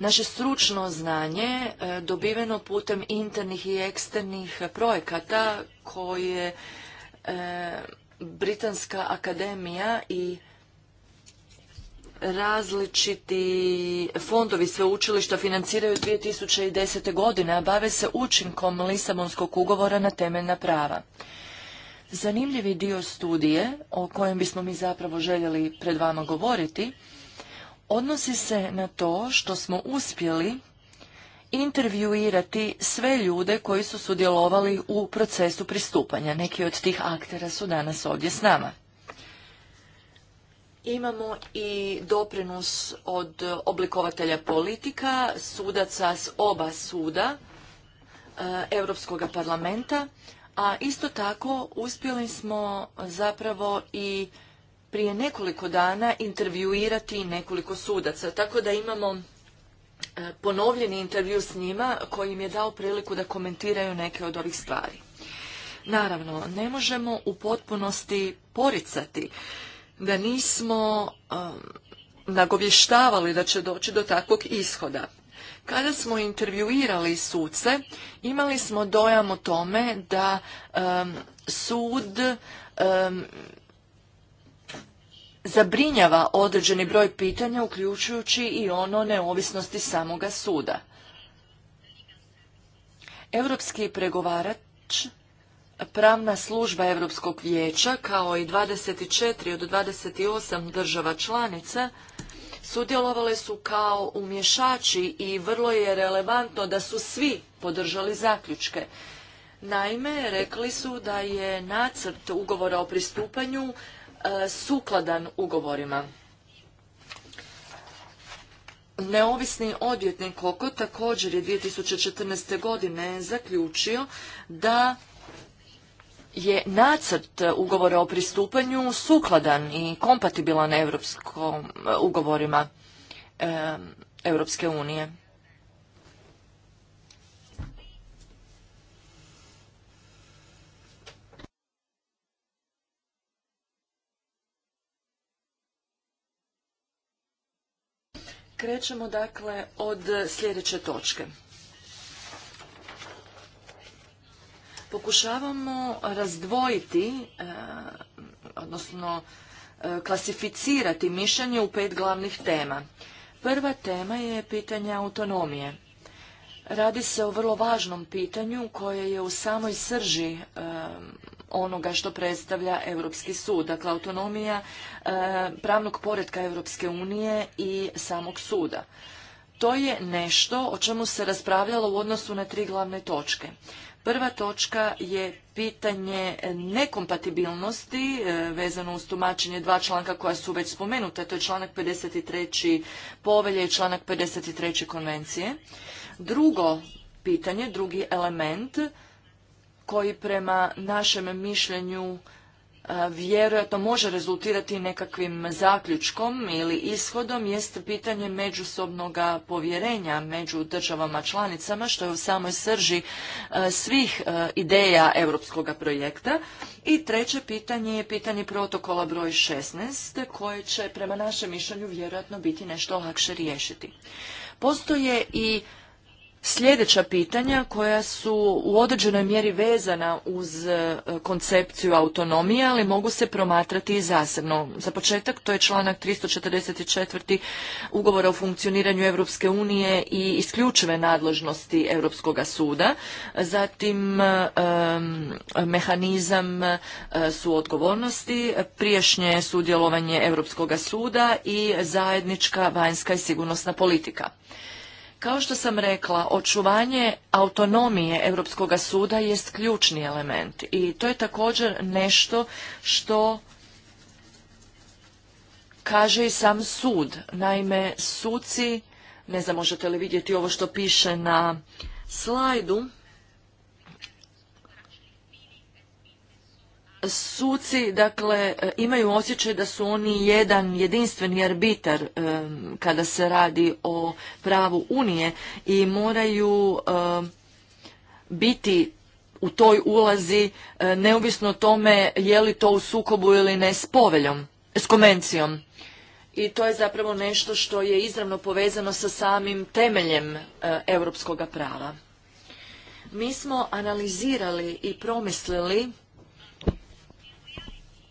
Naše stručno znanje e, dobiveno putem internih i eksternih projekata koje je Britanska akademija i različiti fondovi sveučilišta financiraju 2010. godine, a bave se učinkom Lisabonskog ugovora na temeljna prava. Zanimljivi dio studije, o kojem bismo mi zapravo željeli pred vama govoriti, odnosi se na to što smo uspjeli intervjuirati sve ljude koji su sudjelovali u procesu pristupanja. Neki od tih aktera su danas ovdje s nama. Imamo i doprinos od oblikovatelja politika, sudaca s oba suda e, Europskog parlamenta, a isto tako uspjeli smo zapravo i prije nekoliko dana intervjuirati nekoliko sudaca. Tako da imamo e, ponovljeni intervju s njima koji im je dao priliku da komentiraju neke od ovih stvari. Naravno, ne možemo u potpunosti poricati da nismo um, nagovještavali da će doći do takvog ishoda. Kada smo intervjuirali suce, imali smo dojam o tome da um, sud um, zabrinjava određeni broj pitanja, uključujući i ono neovisnosti samoga suda. Europski pregovarač Pravna služba Europskog vijeća kao i 24 od 28 država članica sudjelovale su kao umješači i vrlo je relevantno da su svi podržali zaključke. Naime, rekli su da je nacrt ugovora o pristupanju e, sukladan ugovorima. Neovisni odvjetnik Koko također je 2014. godine zaključio da je nacrt ugovora o pristupanju sukladan i kompatibilan evropskom e, ugovorima EU. unije. Krećemo dakle od sljedeće točke. pokušavamo razdvojiti, e, odnosno e, klasificirati mišljenje u pet glavnih tema. Prva tema je pitanje autonomije. Radi se o vrlo važnom pitanju koje je u samoj srži e, onoga što predstavlja Europski sud, dakle autonomija pravnog poretka Europske unije i samog suda. To je nešto o čemu se raspravljalo u odnosu na tri glavne točke. Prva točka je pitanje nekompatibilnosti e, vezano uz tumačenje dva članka koja su već spomenuta, to je članak 53. povelje i članak 53. konvencije. Drugo pitanje, drugi element koji prema našem mišljenju E, vjerojatno može rezultirati nekakvim zaključkom ili ishodom jest pitanje međusobnog povjerenja među državama članicama što je u samoj srži e, svih e, ideja europskog projekta. I treće pitanje je pitanje protokola broj 16 koje će prema našem mišljenju vjerojatno biti nešto lakše riješiti. Postoje i sljedeća pitanja koja su u određenoj mjeri vezana uz e, koncepciju autonomije, ali mogu se promatrati i zasebno. Za početak to je članak 344. ugovora o funkcioniranju Europske unije i isključive nadležnosti Europskoga suda, zatim e, mehanizam e, su odgovornosti, priješnje sudjelovanje Europskoga suda i zajednička vanjska i sigurnosna politika. Kao što sam rekla, očuvanje autonomije Europskog suda jest ključni element i to je također nešto što kaže i sam sud. Naime, suci, ne znam možete li vidjeti ovo što piše na slajdu, suci dakle e, imaju osjećaj da su oni jedan jedinstveni arbitar e, kada se radi o pravu unije i moraju e, biti u toj ulazi neovisno o tome je li to u sukobu ili ne s poveljom s konvencijom i to je zapravo nešto što je izravno povezano sa samim temeljem europskoga prava mi smo analizirali i promislili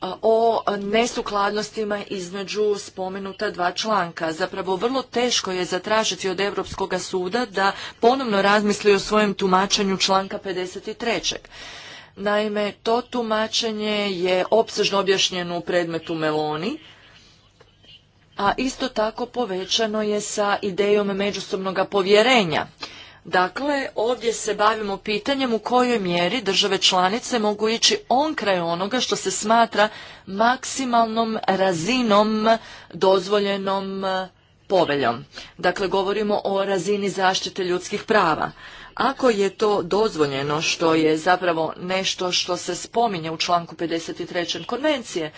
o nesukladnostima između spomenuta dva članka. Zapravo vrlo teško je zatražiti od Europskog suda da ponovno razmisli o svojem tumačenju članka 53. Naime, to tumačenje je opsežno objašnjeno u predmetu Meloni, a isto tako povećano je sa idejom međusobnog povjerenja Dakle, ovdje se bavimo pitanjem u kojoj mjeri države članice mogu ići on kraj onoga što se smatra maksimalnom razinom dozvoljenom e, poveljom. Dakle, govorimo o razini zaštite ljudskih prava. Ako je to dozvoljeno, što je zapravo nešto što se spominje u članku 53. konvencije,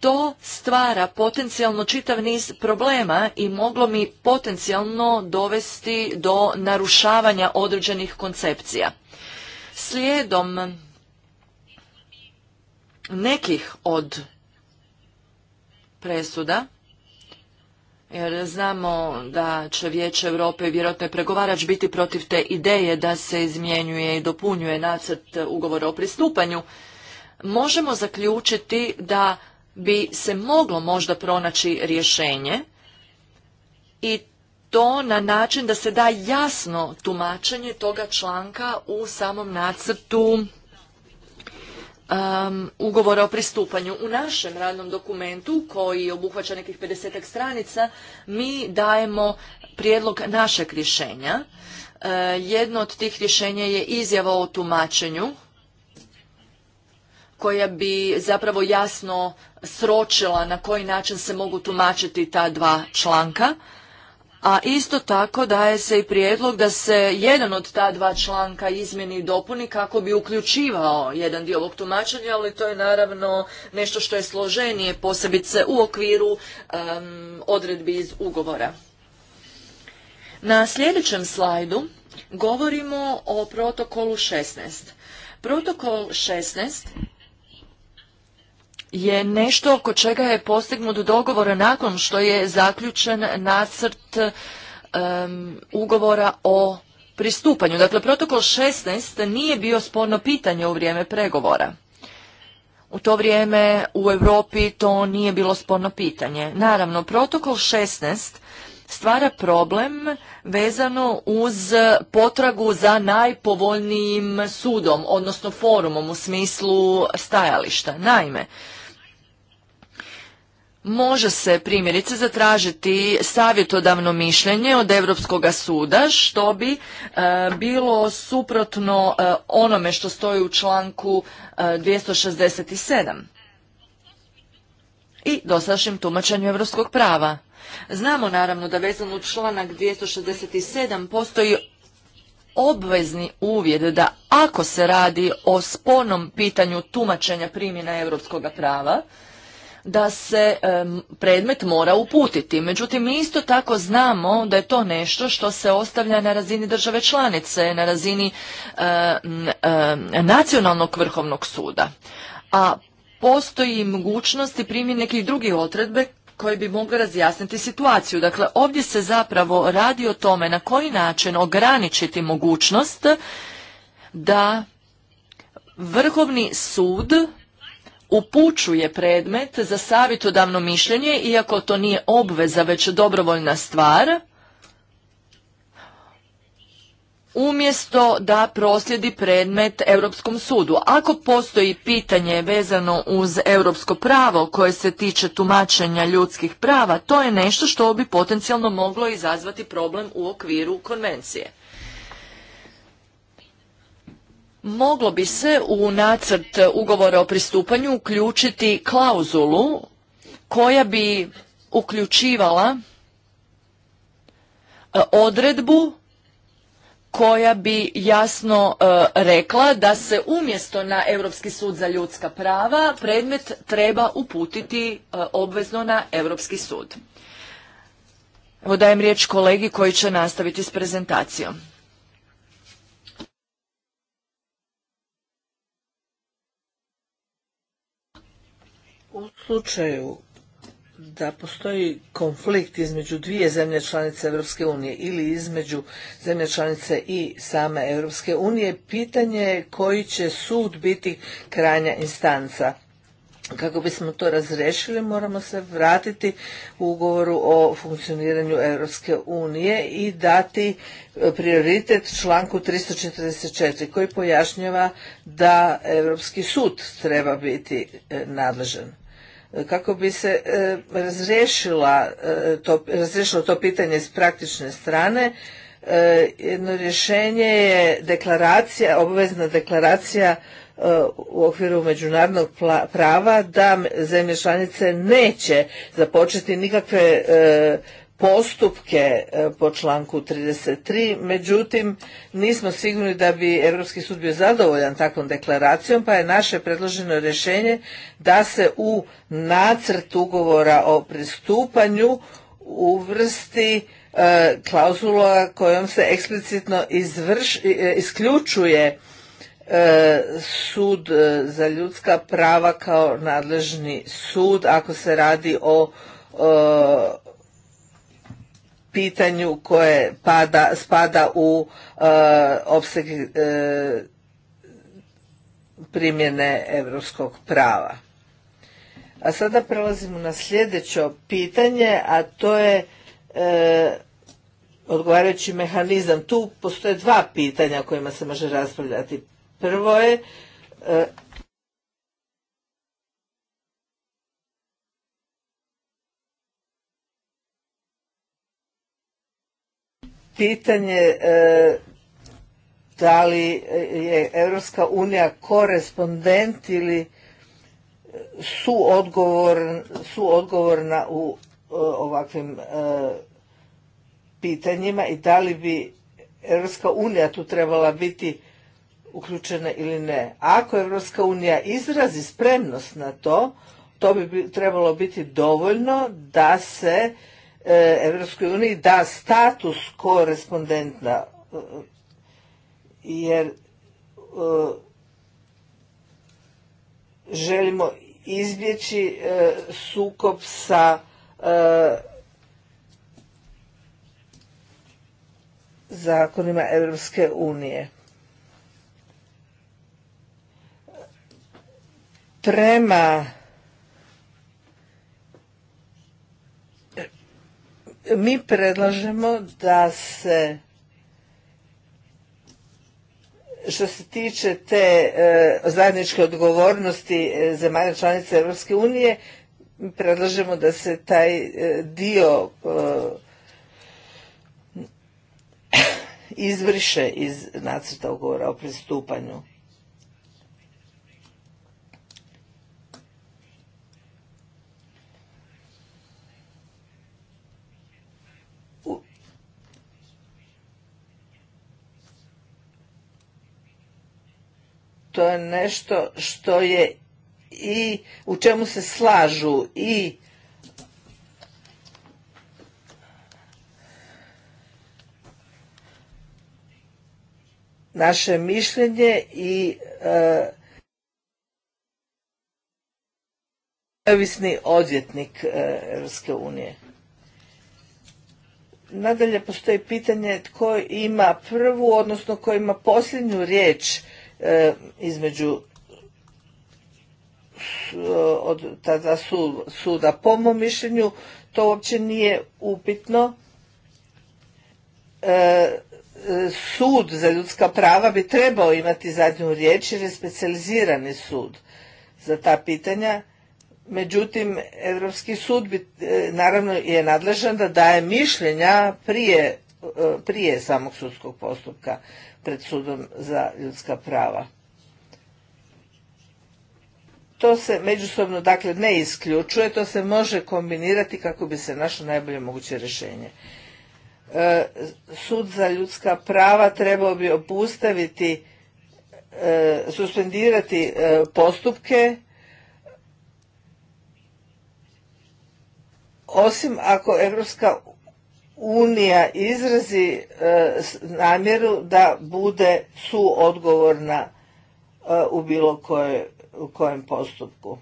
to stvara potencijalno čitav niz problema i moglo mi potencijalno dovesti do narušavanja određenih koncepcija. Slijedom nekih od presuda, jer znamo da će Vijeće Europe vjerojatno je pregovarač biti protiv te ideje da se izmjenjuje i dopunjuje nacrt ugovora o pristupanju, možemo zaključiti da bi se moglo možda pronaći rješenje i to na način da se da jasno tumačenje toga članka u samom nacrtu um, ugovora o pristupanju. U našem radnom dokumentu, koji obuhvaća nekih 50 stranica, mi dajemo prijedlog našeg rješenja. Uh, jedno od tih rješenja je izjava o tumačenju, koja bi zapravo jasno sročila na koji način se mogu tumačiti ta dva članka, a isto tako daje se i prijedlog da se jedan od ta dva članka izmjeni i dopuni kako bi uključivao jedan dio ovog tumačenja, ali to je naravno nešto što je složenije, posebice u okviru odredbi iz ugovora. Na sljedećem slajdu govorimo o protokolu 16. Protokol 16 je nešto oko čega je postignut dogovor nakon što je zaključen nacrt ugovora o pristupanju. Dakle, protokol 16 nije bio sporno pitanje u vrijeme pregovora. U to vrijeme u Europi to nije bilo sporno pitanje. Naravno, protokol 16 stvara problem vezano uz potragu za najpovoljnijim sudom, odnosno forumom u smislu stajališta. Naime, može se primjerice zatražiti savjetodavno mišljenje od Europskog suda što bi e, bilo suprotno e, onome što stoji u članku 267 e, i dosadašnjem tumačenju europskog prava. Znamo naravno da vezano u članak 267 postoji obvezni uvjet da ako se radi o sponom pitanju tumačenja primjena europskog prava, da se predmet mora uputiti. Međutim, isto tako znamo da je to nešto što se ostavlja na razini države članice, na razini nacionalnog vrhovnog suda. A postoji mogućnost i primjen nekih drugih odredbe koji bi mogli razjasniti situaciju. Dakle, ovdje se zapravo radi o tome na koji način ograničiti mogućnost da Vrhovni sud upućuje predmet za savjetodavno mišljenje, iako to nije obveza, već dobrovoljna stvar, umjesto da proslijedi predmet Europskom sudu. Ako postoji pitanje vezano uz europsko pravo koje se tiče tumačenja ljudskih prava, to je nešto što bi potencijalno moglo izazvati problem u okviru konvencije. Moglo bi se u nacrt ugovora o pristupanju uključiti klauzulu koja bi uključivala e, odredbu koja bi jasno e, rekla da se umjesto na Europski sud za ljudska prava predmet treba uputiti e, obvezno na Europski sud. Evo dajem riječ kolegi koji će nastaviti s prezentacijom. U slučaju da postoji konflikt između dvije zemlje članice Europske unije ili između zemlje članice i same Europske unije, pitanje je koji će sud biti krajnja instanca. Kako bismo to razrešili, moramo se vratiti u ugovoru o funkcioniranju Europske unije i dati prioritet članku 344 koji pojašnjava da Europski sud treba biti e, nadležan kako bi se e, razriješila e, to, razriješilo to pitanje s praktične strane. E, jedno rješenje je deklaracija, obvezna deklaracija u okviru međunarodnog prava da zemlje članice neće započeti nikakve postupke e, po članku 33, međutim nismo sigurni da bi Europski sud bio zadovoljan takvom deklaracijom, pa je naše predloženo rješenje da se u nacrt ugovora o pristupanju uvrsti e, klauzula kojom se eksplicitno e, isključuje sud za ljudska prava kao nadležni sud ako se radi o pitanju koje pada, spada u e, e primjene europskog prava. A sada prelazimo na sljedeće pitanje, a to je e, odgovarajući mehanizam. Tu postoje dva pitanja kojima se može raspravljati. Prvo je e, pitanje e, da li je Europska unija korespondent ili suodgovorna u e, ovakvim e, pitanjima i da li bi Europska unija tu trebala biti uključena ili ne. Ako Europska unija izrazi spremnost na to, to bi trebalo biti dovoljno da se Europskoj eh, uniji da status korespondenta eh, jer eh, želimo izbjeći sukob sa zakonima Europske unije. Prema mi predlažemo da se što se tiče te e, zajedničke odgovornosti e, zemalja članica Europske unije, predlažemo da se taj e, dio izvrše iz nacrta ugovora o pristupanju. to je nešto što je i u čemu se slažu i naše mišljenje i nevisni neovisni odvjetnik e, Europske unije. Nadalje postoji pitanje tko ima prvu, odnosno tko ima posljednju riječ E, između e, od tada suda. Po mom mišljenju to uopće nije upitno. E, sud za ljudska prava bi trebao imati zadnju riječ jer je specializirani sud za ta pitanja. Međutim, Europski sud bi, naravno je nadležan da daje mišljenja prije, prije samog sudskog postupka pred sudom za ljudska prava. To se međusobno dakle ne isključuje, to se može kombinirati kako bi se našlo najbolje moguće rješenje. E, sud za ljudska prava trebao bi opustaviti, e, suspendirati e, postupke osim ako Europska Unija izrazi e, namjeru da bude suodgovorna e, u bilo u kojem postupku.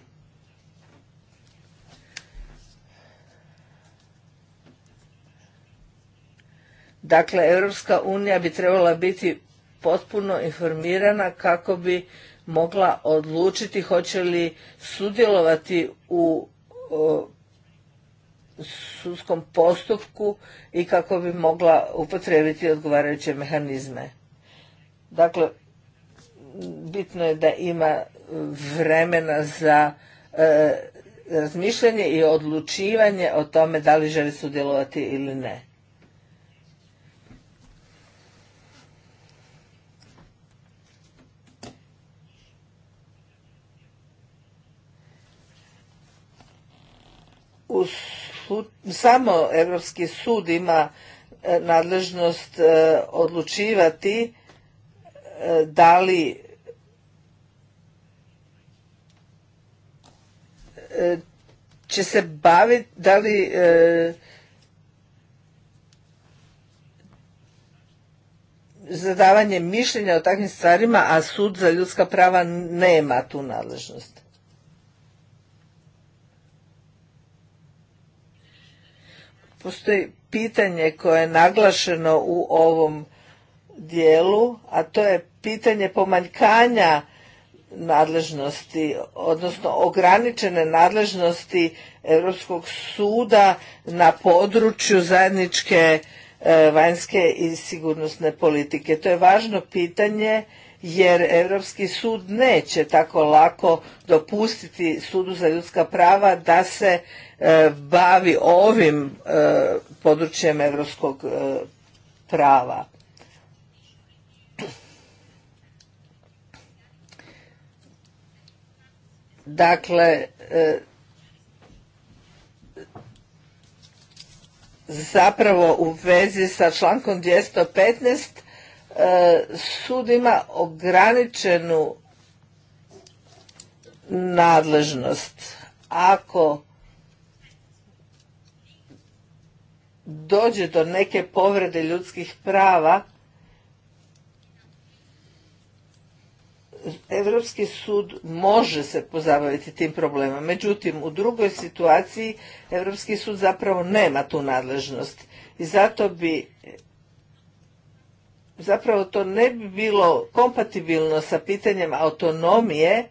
Dakle, Europska unija bi trebala biti potpuno informirana kako bi mogla odlučiti hoće li sudjelovati u sudskom postupku i kako bi mogla upotrebiti odgovarajuće mehanizme. Dakle, bitno je da ima vremena za e, razmišljanje i odlučivanje o tome da li želi sudjelovati ili ne. U samo Europski sud ima e, nadležnost e, odlučivati e, da li će se baviti, da li zadavanje mišljenja o takvim stvarima, a sud za ljudska prava nema tu nadležnost. Postoji pitanje koje je naglašeno u ovom dijelu, a to je pitanje pomanjkanja nadležnosti, odnosno ograničene nadležnosti Europskog suda na području zajedničke e, vanjske i sigurnosne politike. To je važno pitanje jer Europski sud neće tako lako dopustiti sudu za ljudska prava da se e, bavi ovim e, područjem europskog e, prava. Dakle, zapravo u vezi sa člankom 215 E, sud ima ograničenu nadležnost. Ako dođe do neke povrede ljudskih prava, Europski sud može se pozabaviti tim problemom. Međutim, u drugoj situaciji Europski sud zapravo nema tu nadležnost. I zato bi zapravo to ne bi bilo kompatibilno sa pitanjem autonomije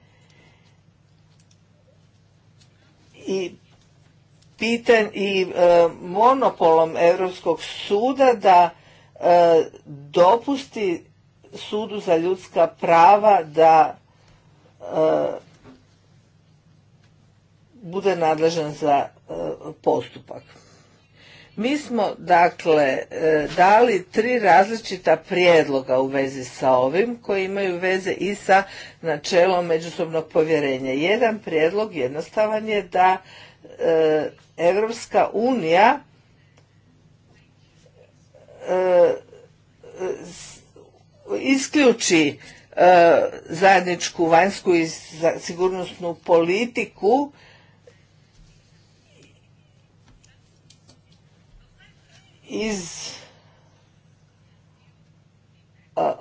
i pitan i e, monopolom Europskog suda da e, dopusti sudu za ljudska prava da e, bude nadležan za postupak. Mi smo dakle e, dali tri različita prijedloga u vezi sa ovim koji imaju veze i sa načelom međusobnog povjerenja. Jedan prijedlog jednostavan je da Europska unija e, isključi e, zajedničku vanjsku i sigurnosnu politiku iz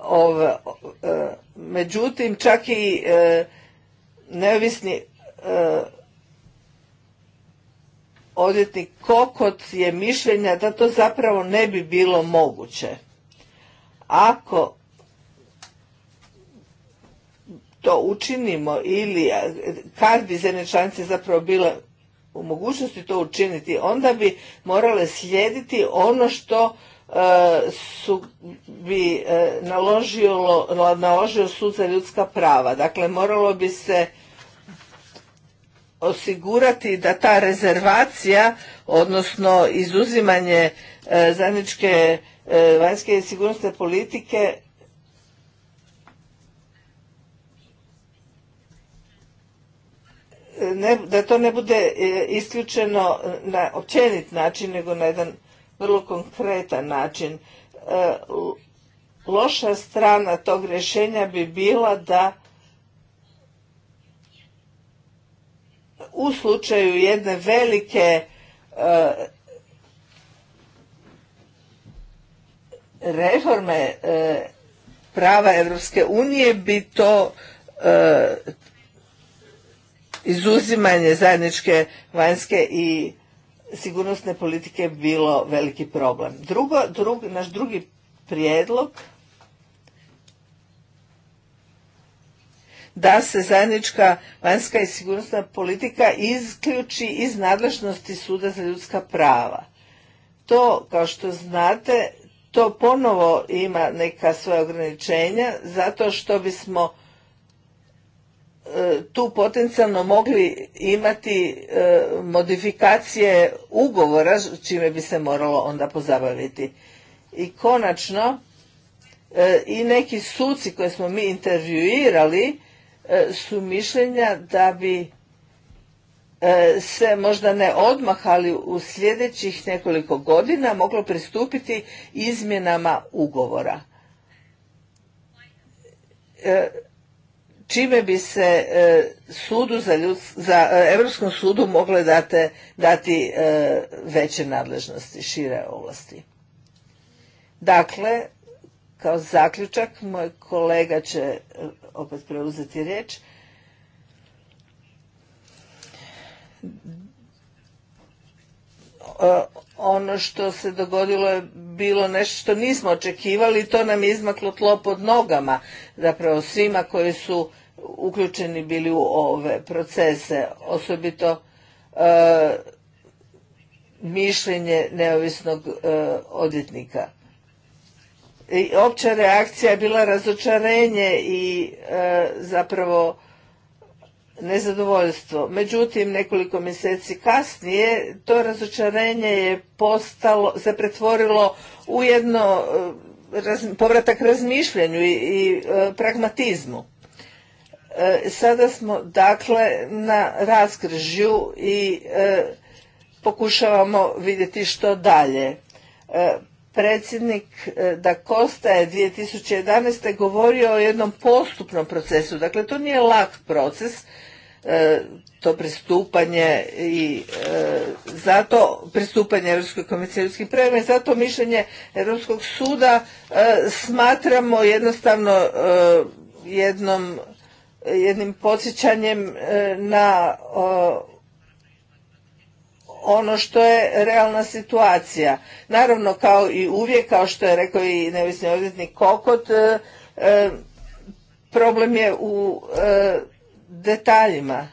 ove, e, međutim čak i e, neovisni e, odvjetnik Kokot je mišljenja da to zapravo ne bi bilo moguće. Ako to učinimo ili kad bi zemlje članice zapravo bile u mogućnosti to učiniti, onda bi morale slijediti ono što e, su, bi e, naložio sud za ljudska prava. Dakle, moralo bi se osigurati da ta rezervacija, odnosno izuzimanje e, zajedničke e, vanjske i sigurnosne politike ne, da to ne bude e, isključeno na općenit način, nego na jedan vrlo konkretan način. E, loša strana tog rješenja bi bila da u slučaju jedne velike e, reforme prava Europske unije bi to izuzimanje zajedničke vanjske i sigurnosne politike bilo veliki problem. Drugo, naš drugi prijedlog da se zajednička vanjska i sigurnosna politika isključi iz nadležnosti Suda za ljudska prava. To, kao što znate, to ponovo ima neka svoja ograničenja zato što bismo tu potencijalno mogli imati e, modifikacije ugovora čime bi se moralo onda pozabaviti. I konačno e, i neki suci koje smo mi intervjuirali e, su mišljenja da bi se možda ne odmah, ali u sljedećih nekoliko godina moglo pristupiti izmjenama ugovora čime bi se e, sudu za, e, Evropskom sudu mogle date, dati e, veće nadležnosti, šire ovlasti. Dakle, kao zaključak, moj kolega će opet preuzeti riječ. Ono što se dogodilo je bilo nešto što nismo očekivali i to nam je izmaklo tlo pod nogama. Zapravo svima koji su uključeni bili u ove procese, osobito e, mišljenje neovisnog odjetnika. odvjetnika. I opća reakcija je bila razočarenje i e, zapravo nezadovoljstvo. Međutim, nekoliko mjeseci kasnije to razočarenje je postalo, se pretvorilo u jedno e, povratak razmišljenju i pragmatizmu. E, sada smo dakle na raskržju i e, pokušavamo vidjeti što dalje. E, predsjednik da Kosta je 2011. govorio o jednom postupnom procesu. Dakle, to nije lak proces, to pristupanje i zato pristupanje Europskoj komisiji ljudskih prava i zato mišljenje Europskog suda smatramo jednostavno jednom E, jednim podsjećanjem e, na ono što je realna situacija. Naravno, kao i uvijek, kao što je rekao i nevisni odvjetnik Kokot, e, problem je u detaljima.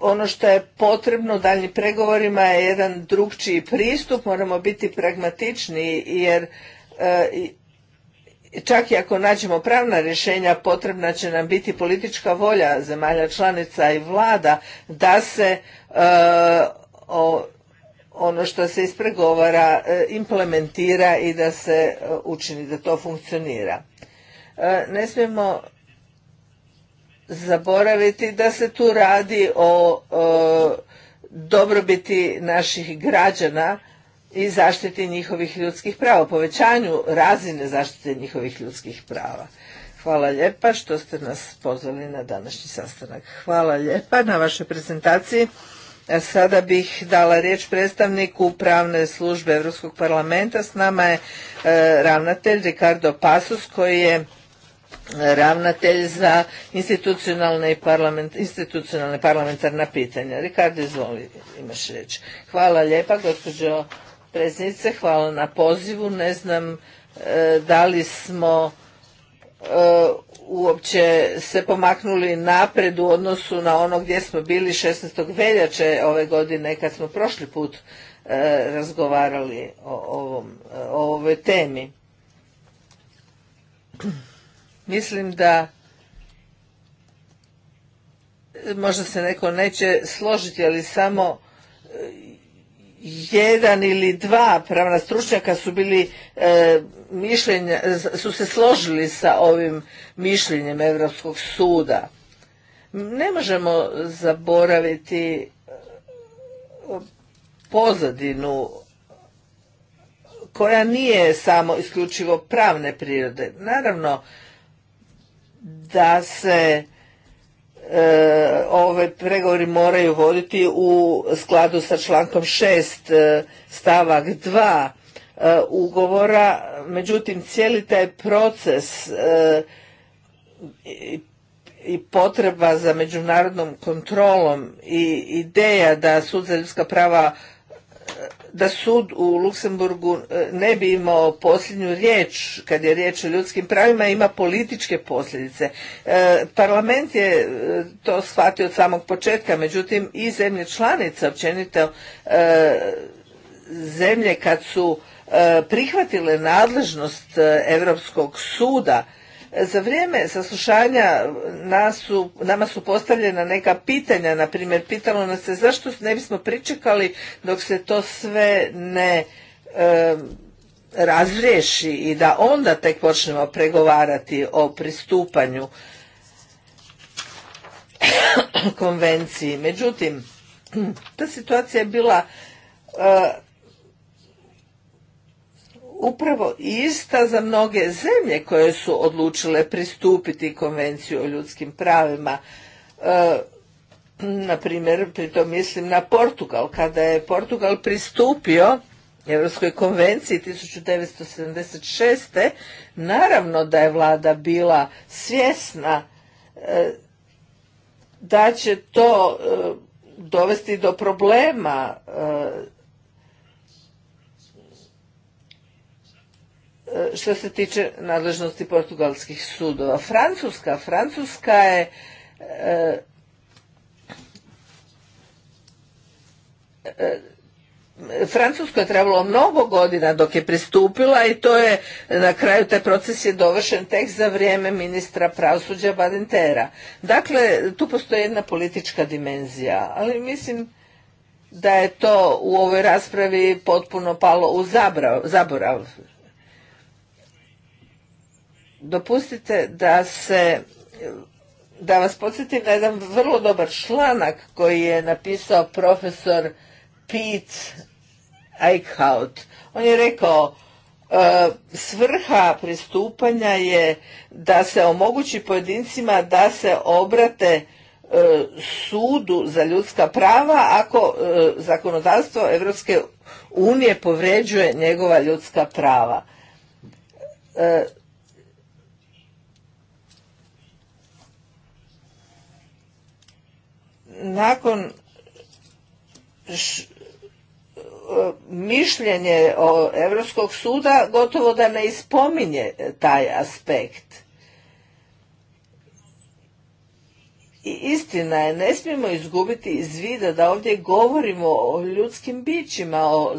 Ono što je potrebno u daljnjim pregovorima je jedan drugčiji pristup, moramo biti pragmatični jer čak i ako nađemo pravna rješenja potrebna će nam biti politička volja zemalja članica i vlada da se e, ono što se ispregovara e, implementira i da se e, učini da to funkcionira. Ne smijemo zaboraviti da se tu radi o dobrobiti naših građana i zaštiti njihovih ljudskih prava, povećanju razine zaštite njihovih ljudskih prava. Hvala lijepa što ste nas pozvali na današnji sastanak. Hvala lijepa na vašoj prezentaciji. sada bih dala riječ predstavniku pravne službe Europskog parlamenta. S nama je e, ravnatelj Ricardo Pasus koji je e, ravnatelj za institucionalne parlamentarna pitanja. Ricardo, izvoli, imaš riječ. Hvala lijepa, gospođo predsjednice, hvala na pozivu. Ne znam e, da li smo e, uopće se pomaknuli napred u odnosu na ono gdje smo bili 16. veljače ove godine kad smo prošli put e, razgovarali o, o ovoj temi. Mislim da možda se neko neće složiti, ali samo jedan ili dva pravna stručnjaka su bili e, mišljenja, su se složili sa ovim mišljenjem Europskog suda. Ne možemo zaboraviti e, pozadinu koja nije samo isključivo pravne prirode. Naravno da se E, ove pregovori moraju voditi u skladu sa člankom 6 e, stavak 2 e, ugovora, međutim cijeli taj proces i, i potreba za međunarodnom kontrolom i ideja da sud za ljudska prava da sud u Luksemburgu e, ne bi imao posljednju riječ kad je riječ o ljudskim pravima ima političke posljedice. E, parlament je e, to shvatio od samog početka, međutim i zemlje članice općenito zemlje kad su prihvatile nadležnost Europskog suda za vrijeme saslušanja nama su postavljena neka pitanja, na primjer pitalo nas se zašto ne bismo pričekali dok se to sve ne razriješi i da onda tek počnemo pregovarati o pristupanju konvenciji. Međutim, ta situacija je bila eh, upravo ista za mnoge zemlje koje su odlučile pristupiti konvenciju o ljudskim pravima. E, na primjer, to mislim na Portugal. Kada je Portugal pristupio Europskoj konvenciji 1976. naravno da je vlada bila svjesna e, da će to e, dovesti do problema e, što se tiče nadležnosti portugalskih sudova. Francuska, Francuska je e, e, Francusko je trebalo mnogo godina dok je pristupila i to je na kraju taj proces je dovršen tek za vrijeme ministra pravosuđa Badentera. Dakle, tu postoji jedna politička dimenzija, ali mislim da je to u ovoj raspravi potpuno palo u zaborav. Dopustite da se da vas podsjetim na jedan vrlo dobar članak koji je napisao profesor Pete Eichhout. On je rekao e, svrha pristupanja je da se omogući pojedincima da se obrate e, sudu za ljudska prava ako e, zakonodavstvo Europske unije povređuje njegova ljudska prava. nakon e, mišljenje o Europskog suda gotovo da ne ispominje taj aspekt. I istina je, ne smijemo izgubiti iz vida da ovdje govorimo o ljudskim bićima, o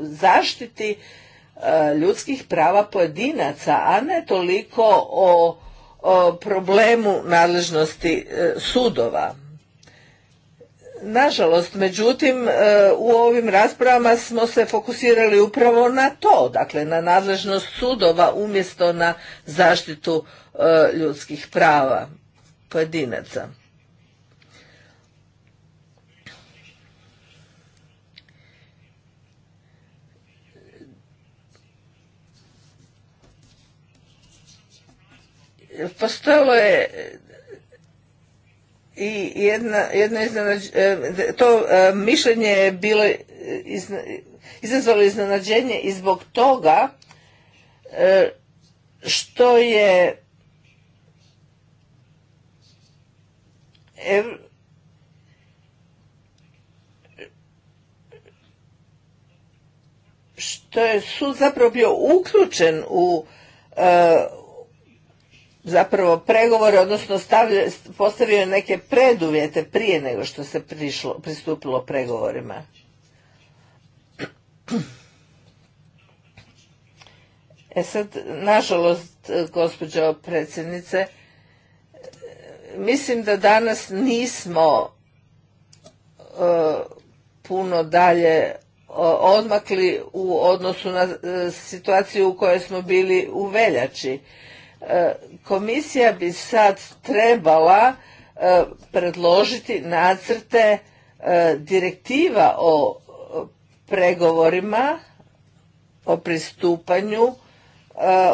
zaštiti e, ljudskih prava pojedinaca, a ne toliko o, problemu nadležnosti e, sudova. Nažalost, međutim, e, u ovim raspravama smo se fokusirali upravo na to, dakle na nadležnost sudova umjesto na zaštitu e, ljudskih prava pojedinaca. Postojalo je i jedna, jedna e, to e, mišljenje je bilo izazvalo iznenađenje i zbog toga e, što je ev, što je sud zapravo bio uključen u zapravo pregovore, odnosno postavio je neke preduvjete prije nego što se prišlo, pristupilo pregovorima. E sad, nažalost, gospođo predsjednice, mislim da danas nismo e, puno dalje odmakli u odnosu na e, situaciju u kojoj smo bili u veljači komisija bi sad trebala e, predložiti nacrte e, direktiva o pregovorima o pristupanju e,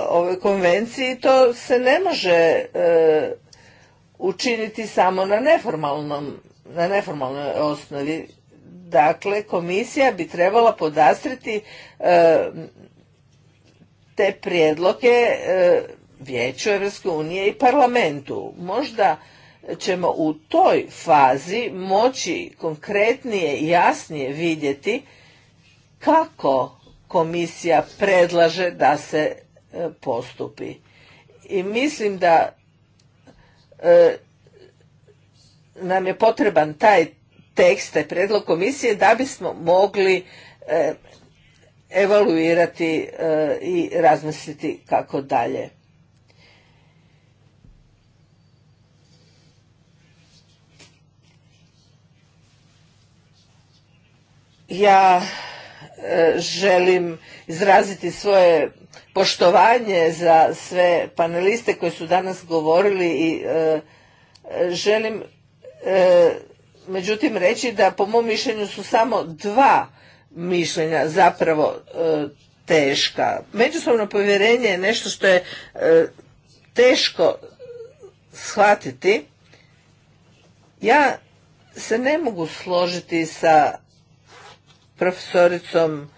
ove konvenciji to se ne može učiniti samo na neformalnom na neformalnoj osnovi dakle komisija bi trebala podastriti te prijedloge Vijeću Evropske unije i parlamentu. Možda ćemo u toj fazi moći konkretnije i jasnije vidjeti kako komisija predlaže da se e, postupi. I mislim da e, nam je potreban taj tekst, taj predlog komisije da bismo mogli e, evaluirati i razmisliti kako dalje. ja e, želim izraziti svoje poštovanje za sve paneliste koji su danas govorili i e, želim e, međutim reći da po mom mišljenju su samo dva mišljenja zapravo teška. Međusobno povjerenje je nešto što je teško shvatiti. Ja se ne mogu složiti sa profesoricom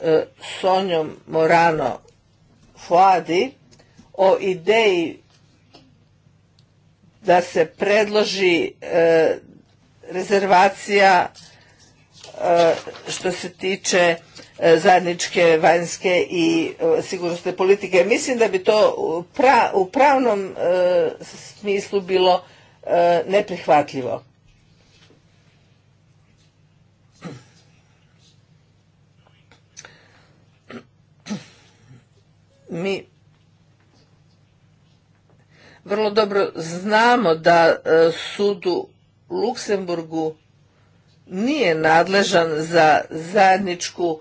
e, Sonjom Morano Fuadi o ideji da se predloži e, rezervacija e, što se tiče zajedničke vanjske i sigurnosne politike. Mislim da bi to u pravnom smislu bilo neprihvatljivo. mi vrlo dobro znamo da e, sud u Luksemburgu nije nadležan za zajedničku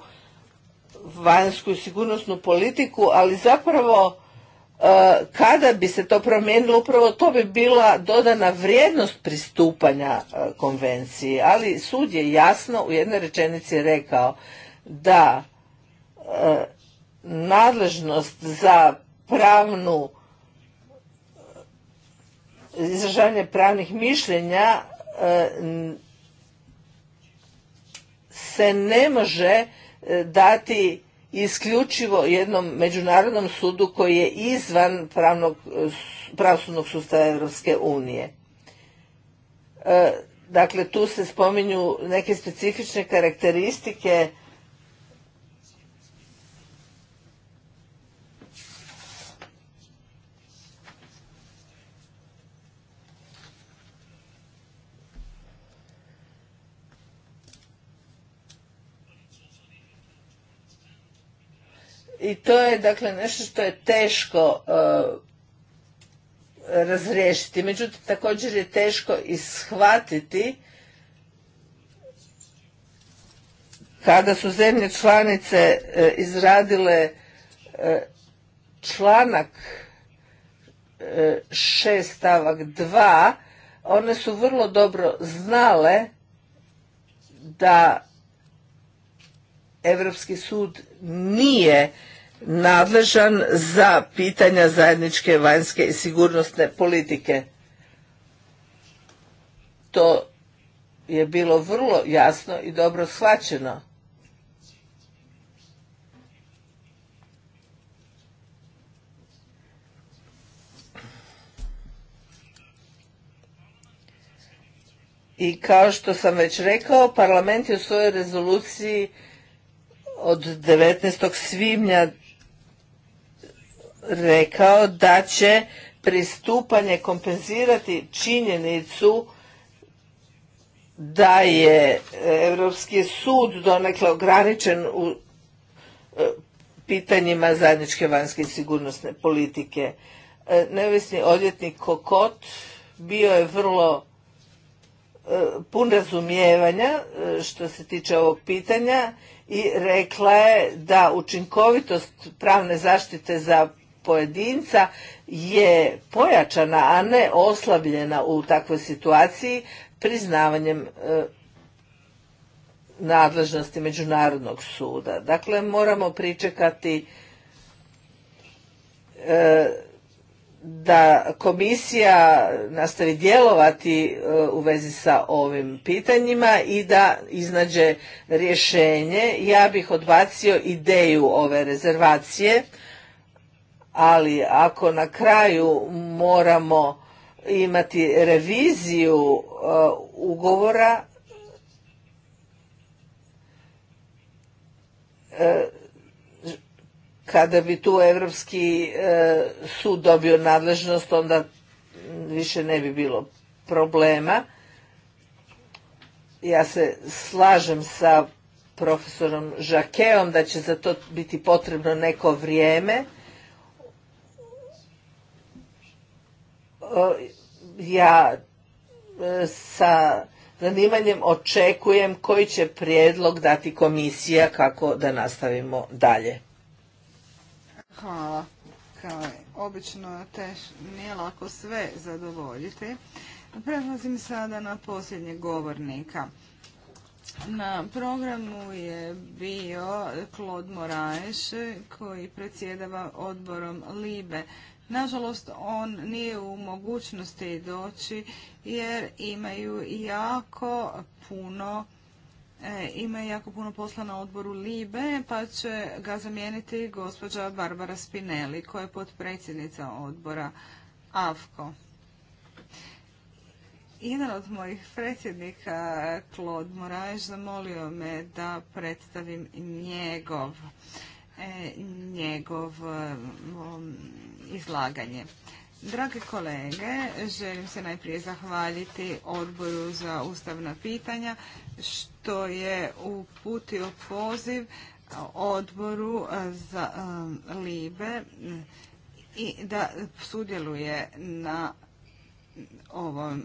vanjsku i sigurnosnu politiku, ali zapravo e, kada bi se to promijenilo, upravo to bi bila dodana vrijednost pristupanja e, konvenciji. Ali sud je jasno u jednoj rečenici rekao da nadležnost za pravnu izražavanje pravnih mišljenja e, se ne može e, dati isključivo jednom međunarodnom sudu koji je izvan pravnog, e, pravosudnog sustava Europske unije. Dakle, tu se spominju neke specifične karakteristike I to je dakle nešto što je teško eh, razriješiti. Međutim, također je teško ishvatiti kada su zemlje članice eh, izradile eh, članak 6 stavak 2, one su vrlo dobro znale da Europski sud nije nadležan za pitanja zajedničke vanjske i sigurnosne politike. To je bilo vrlo jasno i dobro shvaćeno. I kao što sam već rekao, parlament je u svojoj rezoluciji od 19. svibnja rekao da će pristupanje kompenzirati činjenicu da je Europski sud donekle ograničen u e, pitanjima zajedničke vanjske i sigurnosne politike. E, neovisni odjetnik Kokot bio je vrlo e, pun razumijevanja što se tiče ovog pitanja i rekla je da učinkovitost pravne zaštite za pojedinca je pojačana, a ne oslabljena u takvoj situaciji priznavanjem e, nadležnosti Međunarodnog suda. Dakle, moramo pričekati e, da komisija nastavi djelovati e, u vezi sa ovim pitanjima i da iznađe rješenje. Ja bih odbacio ideju ove rezervacije, ali ako na kraju moramo imati reviziju e, ugovora, e, kada bi tu Europski e, sud dobio nadležnost, onda više ne bi bilo problema. Ja se slažem sa profesorom Žakeom da će za to biti potrebno neko vrijeme. Ja e, sa zanimanjem očekujem koji će prijedlog dati komisija kako da nastavimo dalje. Hvala. Kao je, obično teš, nije lako sve zadovoljiti. Prelazim sada na posljednjeg govornika. Na programu je bio Claude Moraes koji predsjedava odborom LIBE. Nažalost, on nije u mogućnosti doći jer imaju jako puno E, ima jako puno posla na odboru LIBE, pa će ga zamijeniti gospođa Barbara Spinelli, koja je potpredsjednica odbora AFKO. Jedan od mojih predsjednika, Claude Moraes, zamolio me da predstavim njegov, e, njegov um, izlaganje. Drage kolege, želim se najprije zahvaliti odboru za ustavna pitanja što je uputio poziv odboru za Libe i da sudjeluje na ovom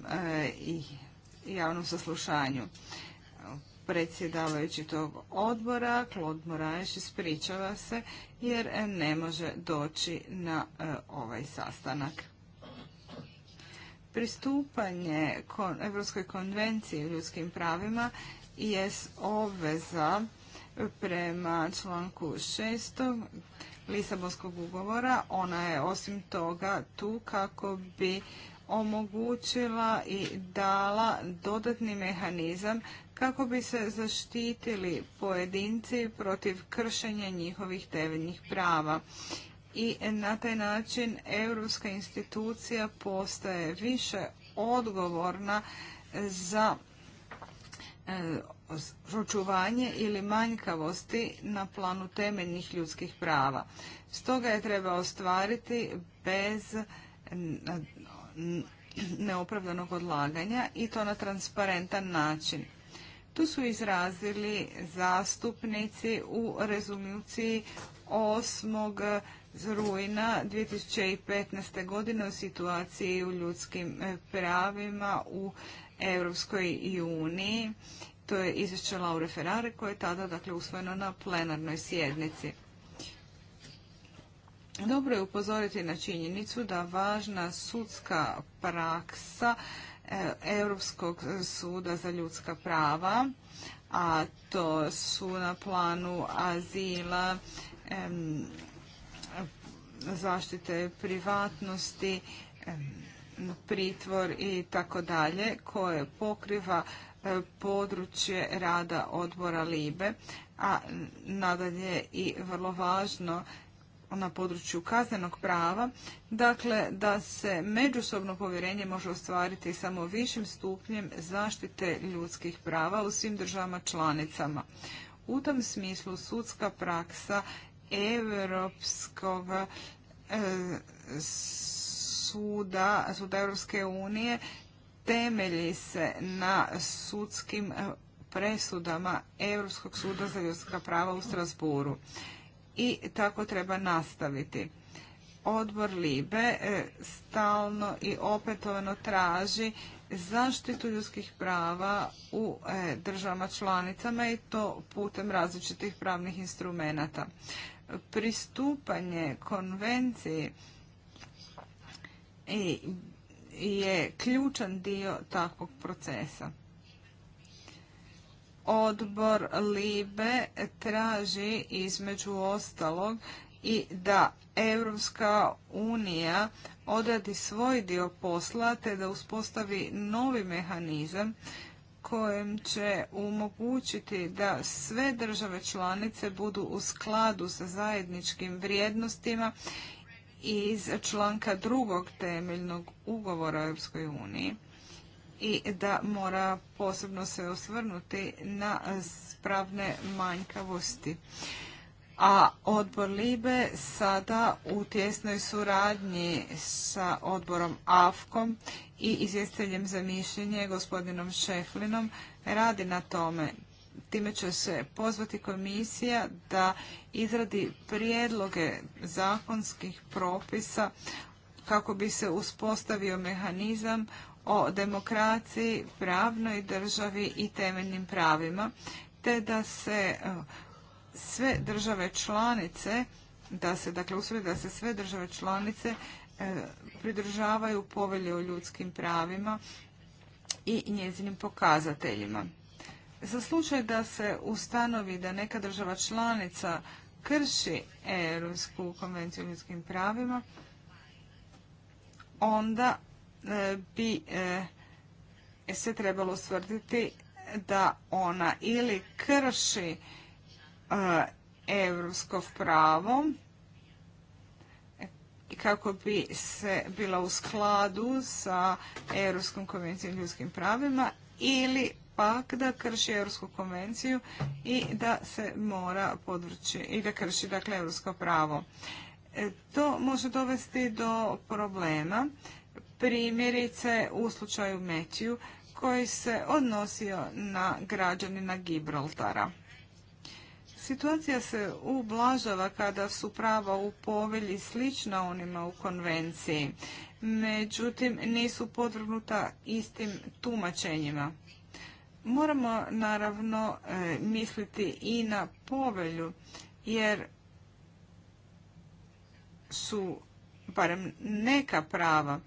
javnom saslušanju. Predsjedavajući tog odbora, Klod Moraješ, ispričava se jer ne može doći na ovaj sastanak. Pristupanje Evropskoj konvenciji o ljudskim pravima je obveza prema članku 6. Lisabonskog ugovora. Ona je osim toga tu kako bi omogućila i dala dodatni mehanizam kako bi se zaštitili pojedinci protiv kršenja njihovih temeljnih prava i na taj način europska institucija postaje više odgovorna za e, očuvanje ili manjkavosti na planu temeljnih ljudskih prava. Stoga je treba ostvariti bez neopravdanog odlaganja i to na transparentan način. Tu su izrazili zastupnici u rezoluciji 8 rujna 2015. godine o situaciji u ljudskim e, pravima u Europskoj uniji. To je izvješće Laure Ferrari koje je tada dakle, usvojeno na plenarnoj sjednici. Dobro je upozoriti na činjenicu da važna sudska praksa e, Europskog suda za ljudska prava, a to su na planu azila, zaštite privatnosti, pritvor i tako dalje, koje pokriva e, područje rada odbora LIBE, a nadalje i vrlo važno na području kaznenog prava, dakle da se međusobno povjerenje može ostvariti samo višim stupnjem zaštite ljudskih prava u svim državama članicama. U tom smislu sudska praksa Europskog e, suda, suda Europske unije temelji se na sudskim e, presudama Europskog suda za ljudska prava u Strasburu. I tako treba nastaviti. Odbor Libe e, stalno i opetovano traži zaštitu ljudskih prava u državama članicama i to putem različitih pravnih instrumenata pristupanje konvenciji je ključan dio takvog procesa. Odbor Libe traži između ostalog i da Europska unija odradi svoj dio posla te da uspostavi novi mehanizam kojem će omogućiti da sve države članice budu u skladu sa zajedničkim vrijednostima iz članka drugog temeljnog ugovora o Europskoj uniji i da mora posebno se osvrnuti na pravne manjkavosti a odbor Libe sada u tjesnoj suradnji sa odborom AFKOM i izvjestiteljem za mišljenje gospodinom Šeflinom radi na tome. Time će se pozvati komisija da izradi prijedloge zakonskih propisa kako bi se uspostavio mehanizam o demokraciji, pravnoj državi i temeljnim pravima, te da se sve države članice, da se dakle da se sve države članice e, pridržavaju povelje o ljudskim pravima i njezinim pokazateljima. Za slučaj da se ustanovi da neka država članica krši Europsku konvenciju o ljudskim pravima, onda e, bi e, se trebalo stvrditi da ona ili krši evropsko pravo kako bi se bila u skladu sa Europskom konvencijom ljudskim pravima ili pak da krši Europsku konvenciju i da se mora podvrći i da krši dakle europsko pravo. E, to može dovesti do problema primjerice u slučaju Metiju koji se odnosio na građanina Gibraltara. Situacija se ublažava kada su prava u povelji slična onima u konvenciji, međutim nisu podvrgnuta istim tumačenjima. Moramo naravno e, misliti i na povelju, jer su barem neka prava,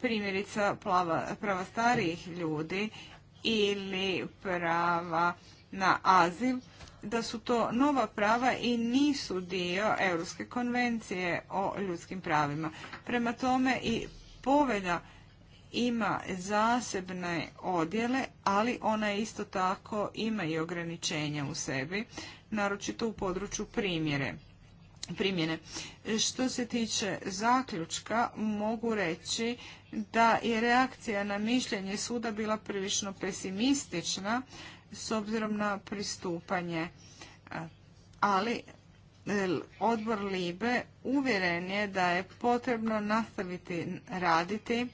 primjerica prava starijih ljudi ili prava na azil, da su to nova prava i nisu dio Europske konvencije o ljudskim pravima. Prema tome i povelja ima zasebne odjele, ali ona isto tako ima i ograničenja u sebi, naročito u području primjere. Primjene. Što se tiče zaključka, mogu reći da je reakcija na mišljenje suda bila prilično pesimistična, s obzirom na pristupanje. Ali e, odbor Libe uvjeren je da je potrebno nastaviti raditi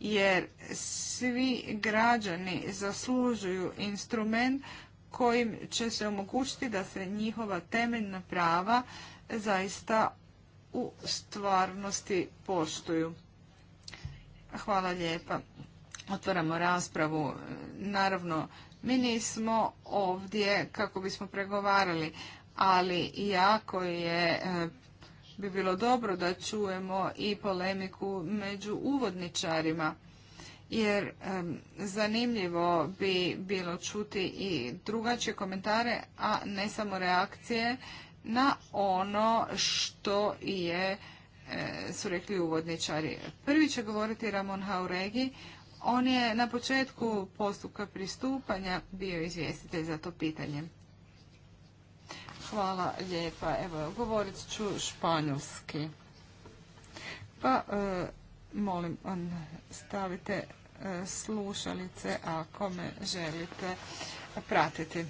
jer svi građani zaslužuju instrument kojim će se omogućiti da se njihova temeljna prava zaista u stvarnosti poštuju. Hvala lijepa. Otvaramo raspravu. Naravno, mi nismo ovdje kako bismo pregovarali, ali jako je e, bi bilo dobro da čujemo i polemiku među uvodničarima, jer e, zanimljivo bi bilo čuti i drugačije komentare, a ne samo reakcije na ono što je e, su rekli uvodničari. Prvi će govoriti Ramon Hauregi, on je na početku postupka pristupanja bio izvjestitelj za to pitanje. Hvala lijepa. Evo, govorit ću španjolski. Pa, e, molim molim, stavite e, slušalice ako me želite pratiti.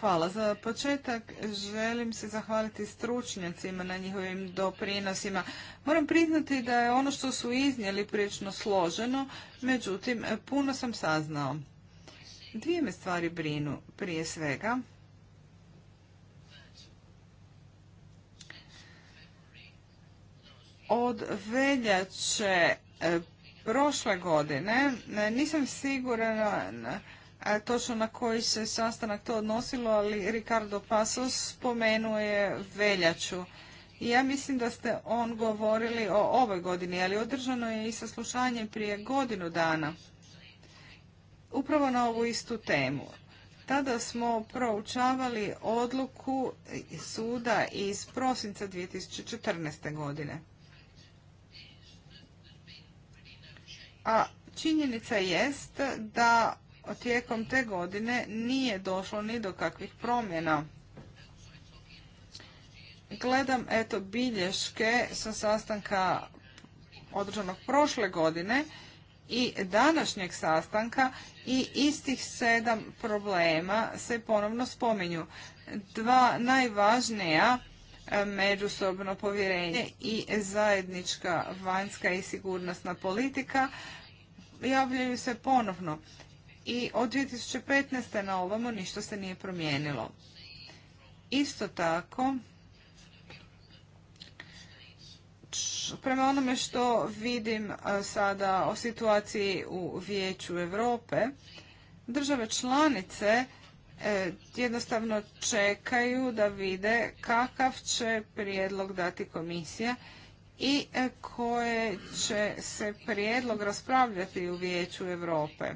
Hvala. Za početak želim se zahvaliti stručnjacima na njihovim doprinosima. Moram priznati da je ono što su iznijeli prilično složeno, međutim puno sam saznao. Dvije me stvari brinu. Prije svega, od veljače e, prošle godine e, nisam sigurna točno na koji se sastanak to odnosilo, ali Ricardo Pasos spomenuje veljaču. Ja mislim da ste on govorili o ovoj godini, ali održano je i saslušanje prije godinu dana. Upravo na ovu istu temu. Tada smo proučavali odluku suda iz prosinca 2014. godine. A činjenica jest da tijekom te godine nije došlo ni do kakvih promjena. Gledam eto bilješke sa sastanka održanog prošle godine i današnjeg sastanka i istih sedam problema se ponovno spominju. Dva najvažnija e, međusobno povjerenje i zajednička vanjska i sigurnosna politika javljaju se ponovno i od 2015. na ovamo ništa se nije promijenilo. Isto tako, prema onome što vidim sada o situaciji u Vijeću Europe, države članice e, jednostavno čekaju da vide kakav će prijedlog dati komisija i e, koje će se prijedlog raspravljati u Vijeću Europe.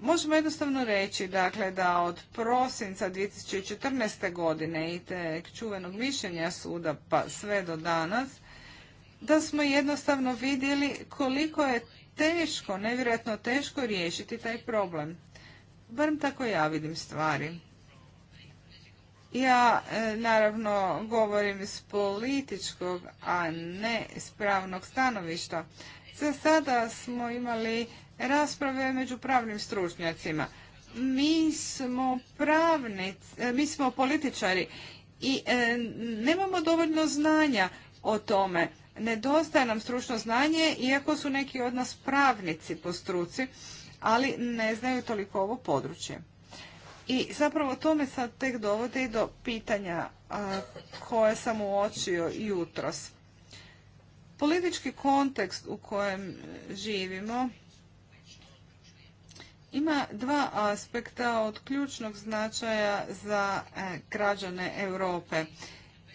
Možemo jednostavno reći dakle, da od prosinca 2014. godine i te čuvenog mišljenja suda pa sve do danas, da smo jednostavno vidjeli koliko je teško, nevjerojatno teško riješiti taj problem. Barem tako ja vidim stvari. Ja e, naravno govorim iz političkog, a ne iz pravnog stanovišta. Za sada smo imali rasprave među pravnim stručnjacima. Mi smo pravni, e, mi smo političari i e, nemamo dovoljno znanja o tome. Nedostaje nam stručno znanje, iako su neki od nas pravnici po struci, ali ne znaju toliko ovo područje. I zapravo to me sad tek dovodi do pitanja a, koje sam uočio jutros. Politički kontekst u kojem živimo ima dva aspekta od ključnog značaja za e, građane Europe.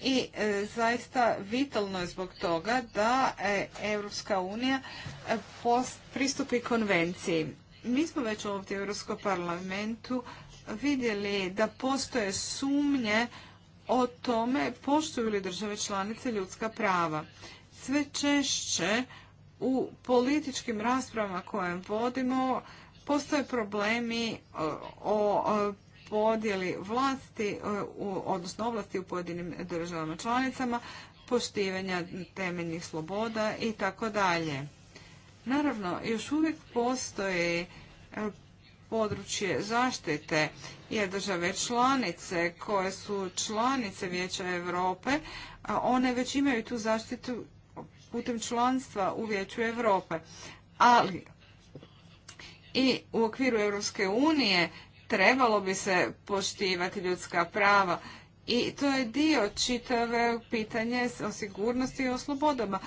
I e, zaista vitalno je zbog toga da e, Europska unija pristupi konvenciji. Mi smo već ovdje u Europskom parlamentu vidjeli da postoje sumnje o tome poštuju li države članice ljudska prava. Sve češće u političkim raspravama koje vodimo Postoje problemi e, o podjeli vlasti, e, odnosno ovlasti u pojedinim državama članicama, poštivanja temeljnih sloboda i tako dalje. Naravno, još uvijek postoji e, područje zaštite jer države članice koje su članice Vijeća Europe, one već imaju tu zaštitu putem članstva u Vijeću Europe. Ali i u okviru Europske unije trebalo bi se poštivati ljudska prava i to je dio čitave pitanje o sigurnosti i o slobodama.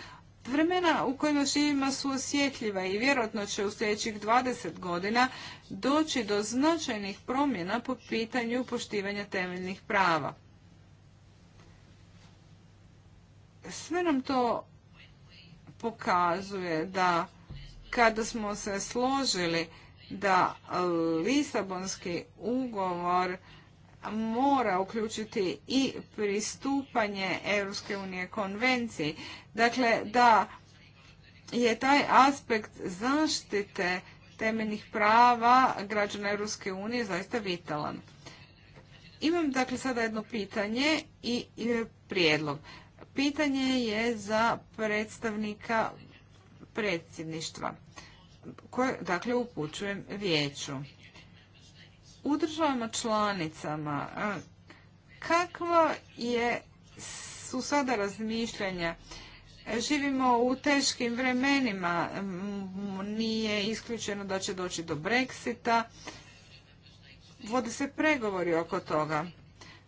Vremena u kojima živima su osjetljiva i vjerojatno će u sljedećih 20 godina doći do značajnih promjena po pitanju poštivanja temeljnih prava. Sve nam to pokazuje da kada smo se složili da Lisabonski ugovor mora uključiti i pristupanje Europske unije konvenciji. Dakle, da je taj aspekt zaštite temeljnih prava građana Europske unije zaista vitalan. Imam dakle sada jedno pitanje i e, prijedlog. Pitanje je za predstavnika predsjedništva koje dakle upućujem vijeću. U državama članicama kakva je su sada razmišljanja Živimo u teškim vremenima, nije isključeno da će doći do Brexita, vode se pregovori oko toga.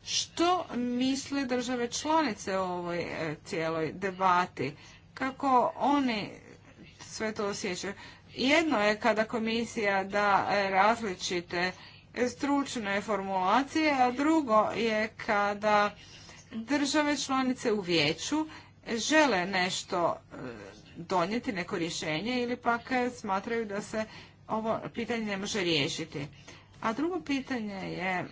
Što misle države članice o ovoj e, cijeloj debati? Kako oni sve to osjećaju. Jedno je kada komisija da e, različite stručne formulacije, a drugo je kada države članice u vijeću žele nešto e, donijeti, neko rješenje ili pak e, smatraju da se ovo pitanje ne može riješiti. A drugo pitanje je,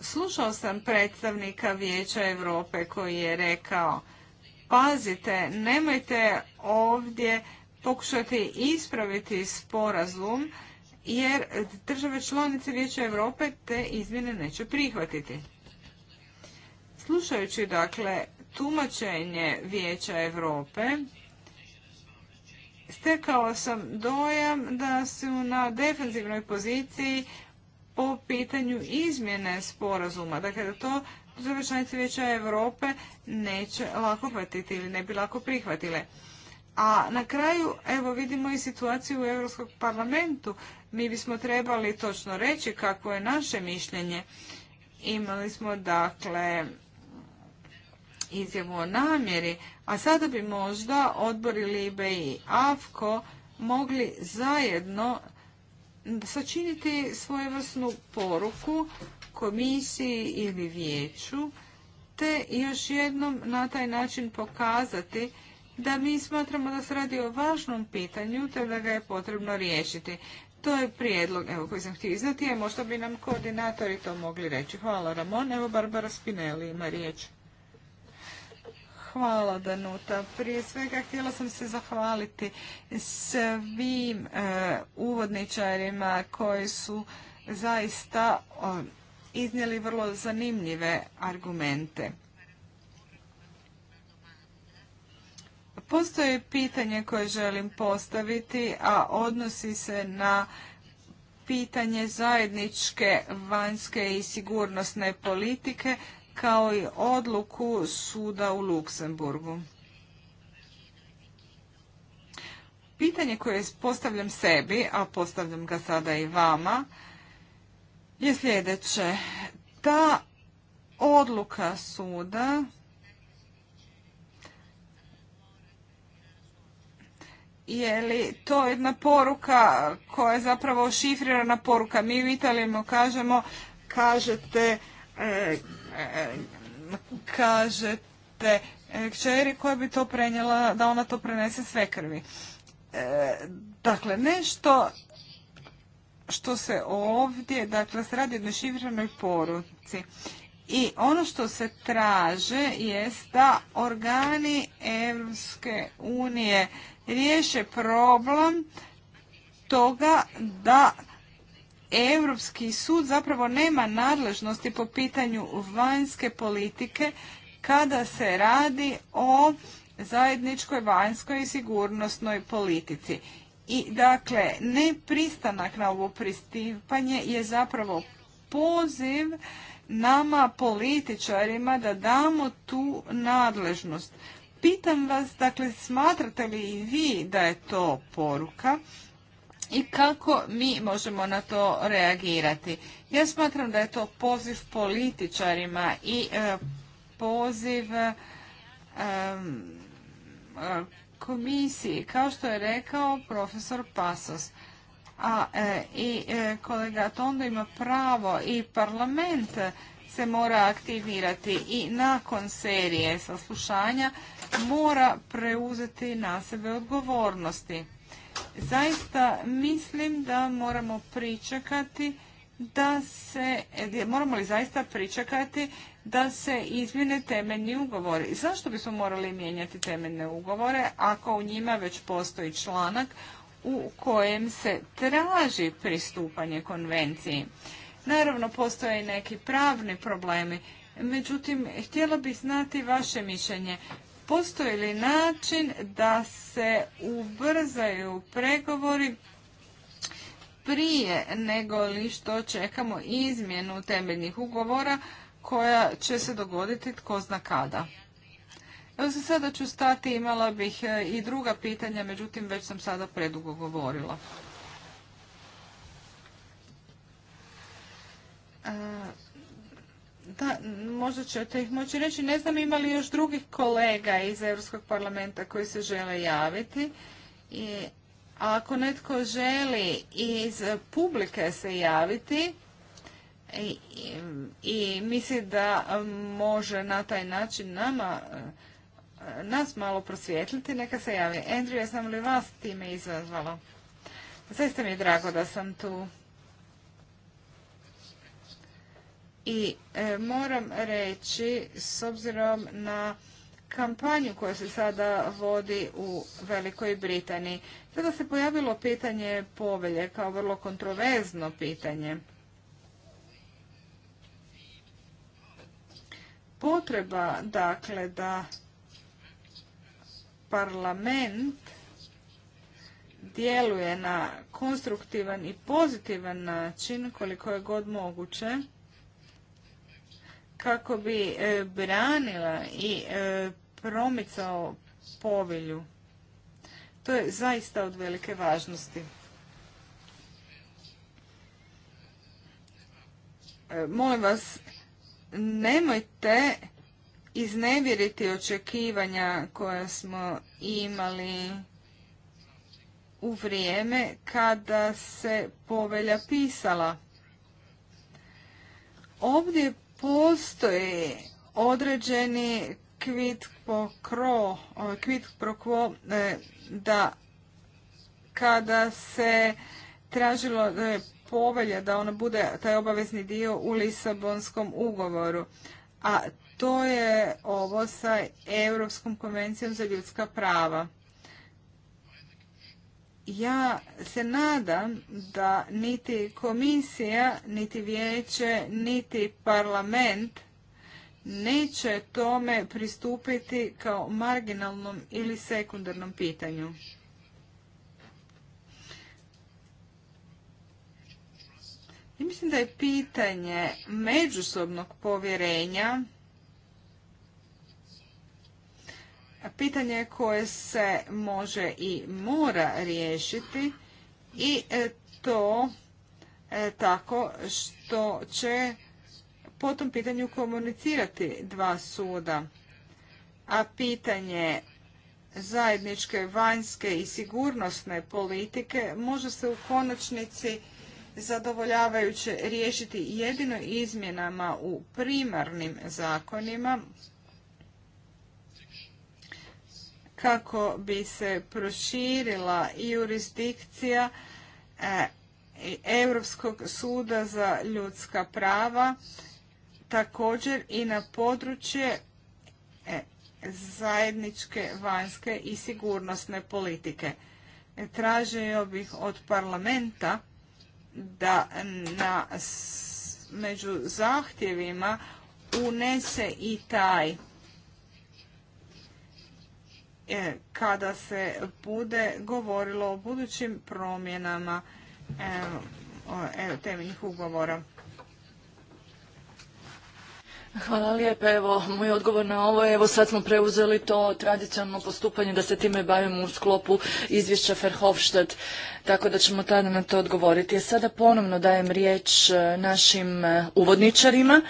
slušao sam predstavnika Vijeća Europe koji je rekao pazite, nemojte ovdje pokušati ispraviti sporazum jer države članice Vijeća Europe te izmjene neće prihvatiti. Slušajući dakle tumačenje Vijeća Europe, stekao sam dojam da su na defensivnoj poziciji po pitanju izmjene sporazuma. Dakle, da to države članice Vijeća Europe neće lako pratiti ili ne bi lako prihvatile. A na kraju, evo vidimo i situaciju u Europskom parlamentu. Mi bismo trebali točno reći kako je naše mišljenje. Imali smo dakle izjavu o namjeri, a sada bi možda odbori Libe i AFKO mogli zajedno sačiniti svojevrsnu poruku komisiji ili vijeću, te još jednom na taj način pokazati da mi smatramo da se radi o važnom pitanju te da ga je potrebno riješiti. To je prijedlog evo, koji sam htio iznati, a možda bi nam koordinatori to mogli reći. Hvala Ramon, evo Barbara Spinelli ima riječ. Hvala Danuta. Prije svega htjela sam se zahvaliti svim e, uvodničarima koji su zaista iznijeli vrlo zanimljive argumente. Postoji pitanje koje želim postaviti, a odnosi se na pitanje zajedničke vanjske i sigurnosne politike kao i odluku suda u Luksemburgu. Pitanje koje postavljam sebi, a postavljam ga sada i vama, je sljedeće. Ta odluka suda je li to jedna poruka koja je zapravo šifrirana poruka. Mi u kažemo, kažete, e, e, kažete e, kćeri koja bi to prenijela, da ona to prenese sve krvi. dakle, nešto što se ovdje, dakle se radi o jednoj poruci. I ono što se traže jest da organi Europske unije riješe problem toga da Europski sud zapravo nema nadležnosti po pitanju vanjske politike kada se radi o zajedničkoj vanjskoj i sigurnosnoj politici. I dakle, nepristanak na ovo pristipanje je zapravo poziv nama političarima da damo tu nadležnost. Pitam vas, dakle, smatrate li i vi da je to poruka i kako mi možemo na to reagirati? Ja smatram da je to poziv političarima i eh, poziv komisiji, kao što je rekao profesor Pasos. A e, i e, kolega Tondo ima pravo i parlament se mora aktivirati i nakon serije saslušanja mora preuzeti na sebe odgovornosti. Zaista mislim da moramo pričekati da se, moramo li zaista pričekati da se izmjene temeljni ugovori. Zašto bismo morali mijenjati temeljne ugovore ako u njima već postoji članak u kojem se traži pristupanje konvenciji? Naravno, postoje i neki pravni problemi. Međutim, htjela bih znati vaše mišljenje. Postoji li način da se ubrzaju pregovori prije nego li što čekamo izmjenu temeljnih ugovora, koja će se dogoditi tko zna kada. Evo se sada ću stati, imala bih e, i druga pitanja, međutim već sam sada predugo govorila. E, da, možda ćete ih moći reći. Ne znam ima li još drugih kolega iz Europskog parlamenta koji se žele javiti. I, ako netko želi iz publike se javiti, i, misli da može na taj način nama eh, nas malo prosvjetliti, neka se javi. ja sam li vas time izazvala? Sve mi je drago da sam tu. I eh, moram reći, s obzirom na kampanju koja se sada vodi u Velikoj Britaniji, sada se pojavilo pitanje povelje kao vrlo kontrovezno pitanje. potreba dakle da parlament djeluje na konstruktivan i pozitivan način koliko je god moguće kako bi e, branila i e, promicao povelju. To je zaista od velike važnosti. E, molim vas, nemojte iznevjeriti očekivanja koja smo imali u vrijeme kada se povelja pisala. Ovdje postoji određeni kvit pro quo, kvit pro e, da kada se tražilo e, povelje, da ona bude taj obavezni dio u Lisabonskom ugovoru. A to je ovo sa Europskom konvencijom za ljudska prava. Ja se nadam da niti komisija, niti vijeće, niti parlament neće tome pristupiti kao marginalnom ili sekundarnom pitanju. mislim da je pitanje međusobnog povjerenja pitanje koje se može i mora riješiti i e, to e, tako što će po tom pitanju komunicirati dva suda. A pitanje zajedničke vanjske i sigurnosne politike može se u konačnici zadovoljavajuće riješiti jedino izmjenama u primarnim zakonima kako bi se proširila jurisdikcija eh, Europskog suda za ljudska prava također i na područje eh, zajedničke vanjske i sigurnosne politike. Tražio bih od parlamenta da na, među zahtjevima unese i taj e, kada se bude govorilo o budućim promjenama e, e, temeljnih ugovora. Hvala lijepa. Evo, moj odgovor na ovo je, evo sad smo preuzeli to tradicionalno postupanje da se time bavimo u sklopu izvješća Verhofstadt, tako da ćemo tada na to odgovoriti. Ja e, sada ponovno dajem riječ e, našim e, uvodničarima,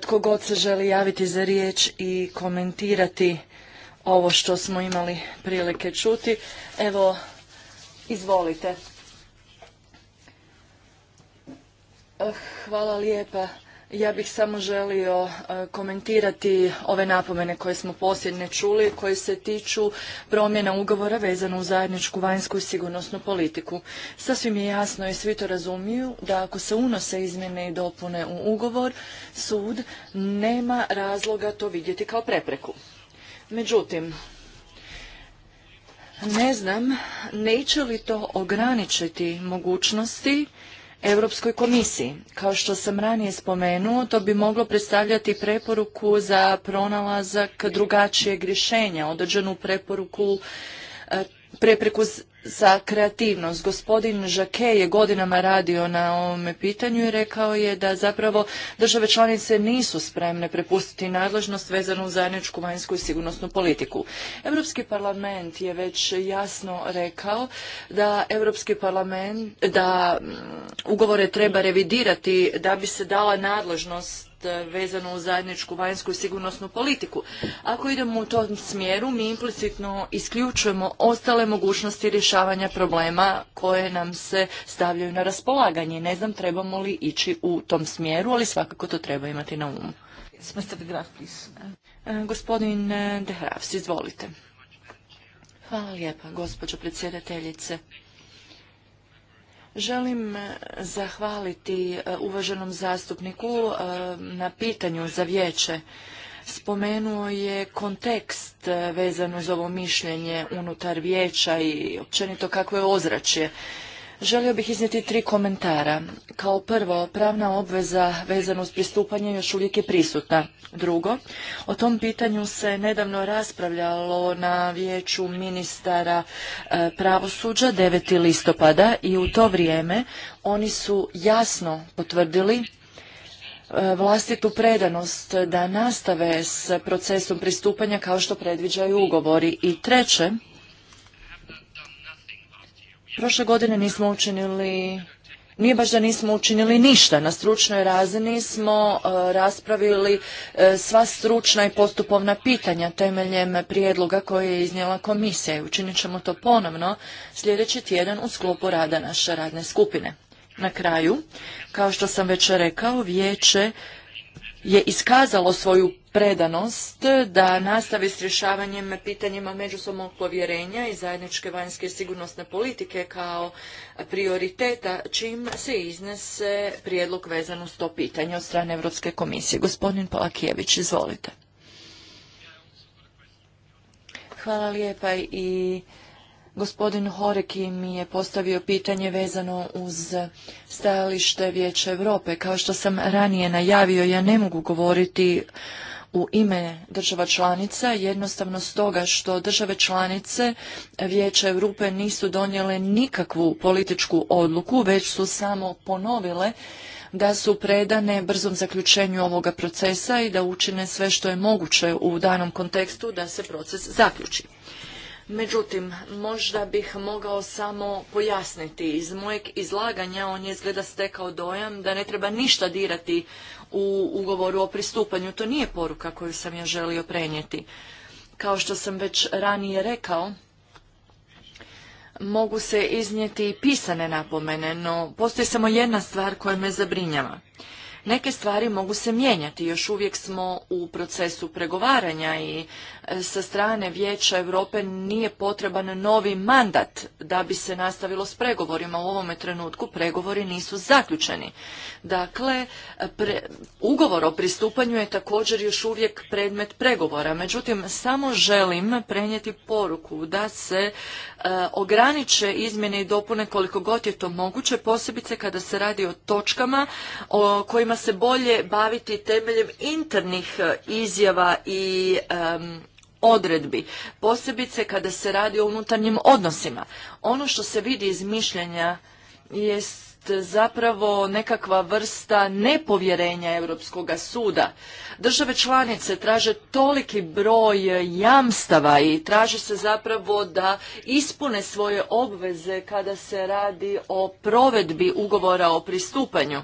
tko god se želi javiti za riječ i komentirati ovo što smo imali prilike čuti. Evo, izvolite. Eh, hvala lijepa. Ja bih samo želio e, komentirati ove napomene koje smo posljednje čuli, koje se tiču promjena ugovora vezano u zajedničku vanjsku i sigurnosnu politiku. Sasvim je jasno i svi to razumiju da ako se unose izmjene i dopune u ugovor, sud nema razloga to vidjeti kao prepreku. Međutim, ne znam, neće li to ograničiti mogućnosti Europskoj komisiji. Kao što sam ranije spomenuo, to bi moglo predstavljati preporuku za pronalazak drugačijeg rješenja, određenu preporuku e, prepreku za kreativnost. Gospodin Žake je godinama radio na ovome pitanju i rekao je da zapravo države članice nisu spremne prepustiti nadležnost vezanu u zajedničku vanjsku i sigurnosnu politiku. Europski parlament je već jasno rekao da Europski parlament da mm, ugovore treba revidirati da bi se dala nadležnost E, vezano u zajedničku vanjsku i sigurnosnu politiku. Ako idemo u tom smjeru, mi implicitno isključujemo ostale mogućnosti rješavanja problema koje nam se stavljaju na raspolaganje. Ne znam trebamo li ići u tom smjeru, ali svakako to treba imati na umu. E, gospodin e, De izvolite. Hvala lijepa, gospođo predsjedateljice. Želim eh, zahvaliti eh, uvaženom zastupniku eh, na pitanju za vijeće. Spomenuo je kontekst vezano uz ovo mišljenje unutar vijeća i općenito kakvo je ozračje. Želio bih iznijeti tri komentara. Kao prvo, pravna obveza vezana uz pristupanje još uvijek je prisutna. Drugo, o tom pitanju se nedavno raspravljalo na vijeću ministara e, pravosuđa 9. listopada i u to vrijeme oni su jasno potvrdili e, vlastitu predanost da nastave s procesom pristupanja kao što predviđaju ugovori. I treće, Prošle godine nismo učinili nije baš da nismo učinili ništa. Na stručnoj razini smo e, raspravili e, sva stručna i postupovna pitanja temeljem prijedloga koje je iznijela komisija i učinit ćemo to ponovno sljedeći tjedan u sklopu rada naše radne skupine. Na kraju, kao što sam već rekao, vijeće je iskazalo svoju predanost da nastavi s rješavanjem pitanjima međusobnog povjerenja i zajedničke vanjske sigurnosne politike kao prioriteta čim se iznese prijedlog vezan uz to pitanje od strane Europske komisije. Gospodin Palakijević, izvolite. Hvala lijepa i Gospodin Horeki mi je postavio pitanje vezano uz stajalište Vijeća Europe. Kao što sam ranije najavio, ja ne mogu govoriti u ime država članica, jednostavno stoga što države članice Vijeća Europe nisu donijele nikakvu političku odluku, već su samo ponovile da su predane brzom zaključenju ovoga procesa i da učine sve što je moguće u danom kontekstu da se proces zaključi. Međutim, možda bih mogao samo pojasniti. Iz mojeg izlaganja on je izgleda stekao dojam da ne treba ništa dirati u ugovoru o pristupanju. To nije poruka koju sam ja želio prenijeti. Kao što sam već ranije rekao, mogu se iznijeti pisane napomene, no postoji samo jedna stvar koja me zabrinjava. Neke stvari mogu se mijenjati, još uvijek smo u procesu pregovaranja i e, sa strane Vijeća Europe nije potreban novi mandat da bi se nastavilo s pregovorima. U ovome trenutku pregovori nisu zaključeni. Dakle, ugovor o pristupanju je također još uvijek predmet pregovora. Međutim, samo želim prenijeti poruku da se e, ograniče izmjene i dopune koliko god je to moguće, posebice kada se radi o točkama o kojima se bolje baviti temeljem internih e, izjava i odredbi, posebice kada se radi o unutarnjim odnosima. Ono što se vidi iz mišljenja jest zapravo nekakva vrsta nepovjerenja Europskog suda. Države članice traže toliki broj jamstava i traže se zapravo da ispune svoje obveze kada se radi o provedbi ugovora o pristupanju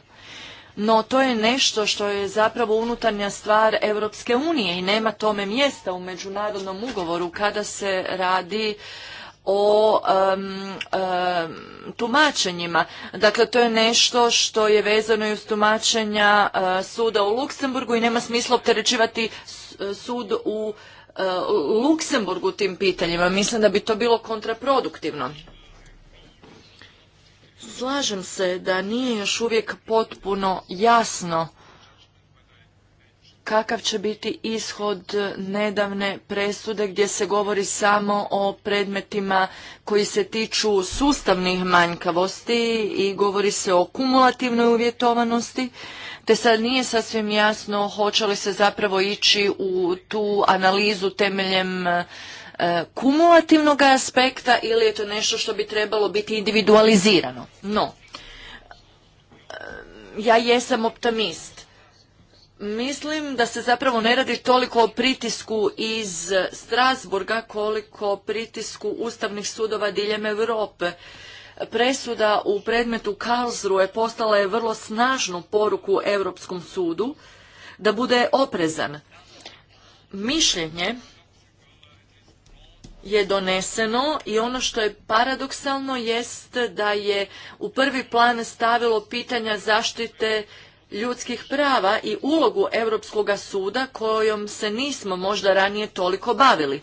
no to je nešto što je zapravo unutarnja stvar Europske unije i nema tome mjesta u međunarodnom ugovoru kada se radi o tumačenjima. Dakle, to je nešto što je vezano i uz tumačenja e, suda u Luksemburgu i nema smisla opterećivati e, sud e, u Luksemburgu tim pitanjima. Mislim da bi to bilo kontraproduktivno. Slažem se da nije još uvijek potpuno jasno kakav će biti ishod nedavne presude gdje se govori samo o predmetima koji se tiču sustavnih manjkavosti i govori se o kumulativnoj uvjetovanosti, te sad nije sasvim jasno hoće li se zapravo ići u tu analizu temeljem E, kumulativnog aspekta ili je to nešto što bi trebalo biti individualizirano. No, e, ja jesam optimist. Mislim da se zapravo ne radi toliko o pritisku iz Strasburga koliko o pritisku ustavnih sudova diljem Europe. Presuda u predmetu Karlsruhe postala je vrlo snažnu poruku Europskom sudu da bude oprezan. Mišljenje je doneseno i ono što je paradoksalno jest da je u prvi plan stavilo pitanja zaštite ljudskih prava i ulogu Europskoga suda kojom se nismo možda ranije toliko bavili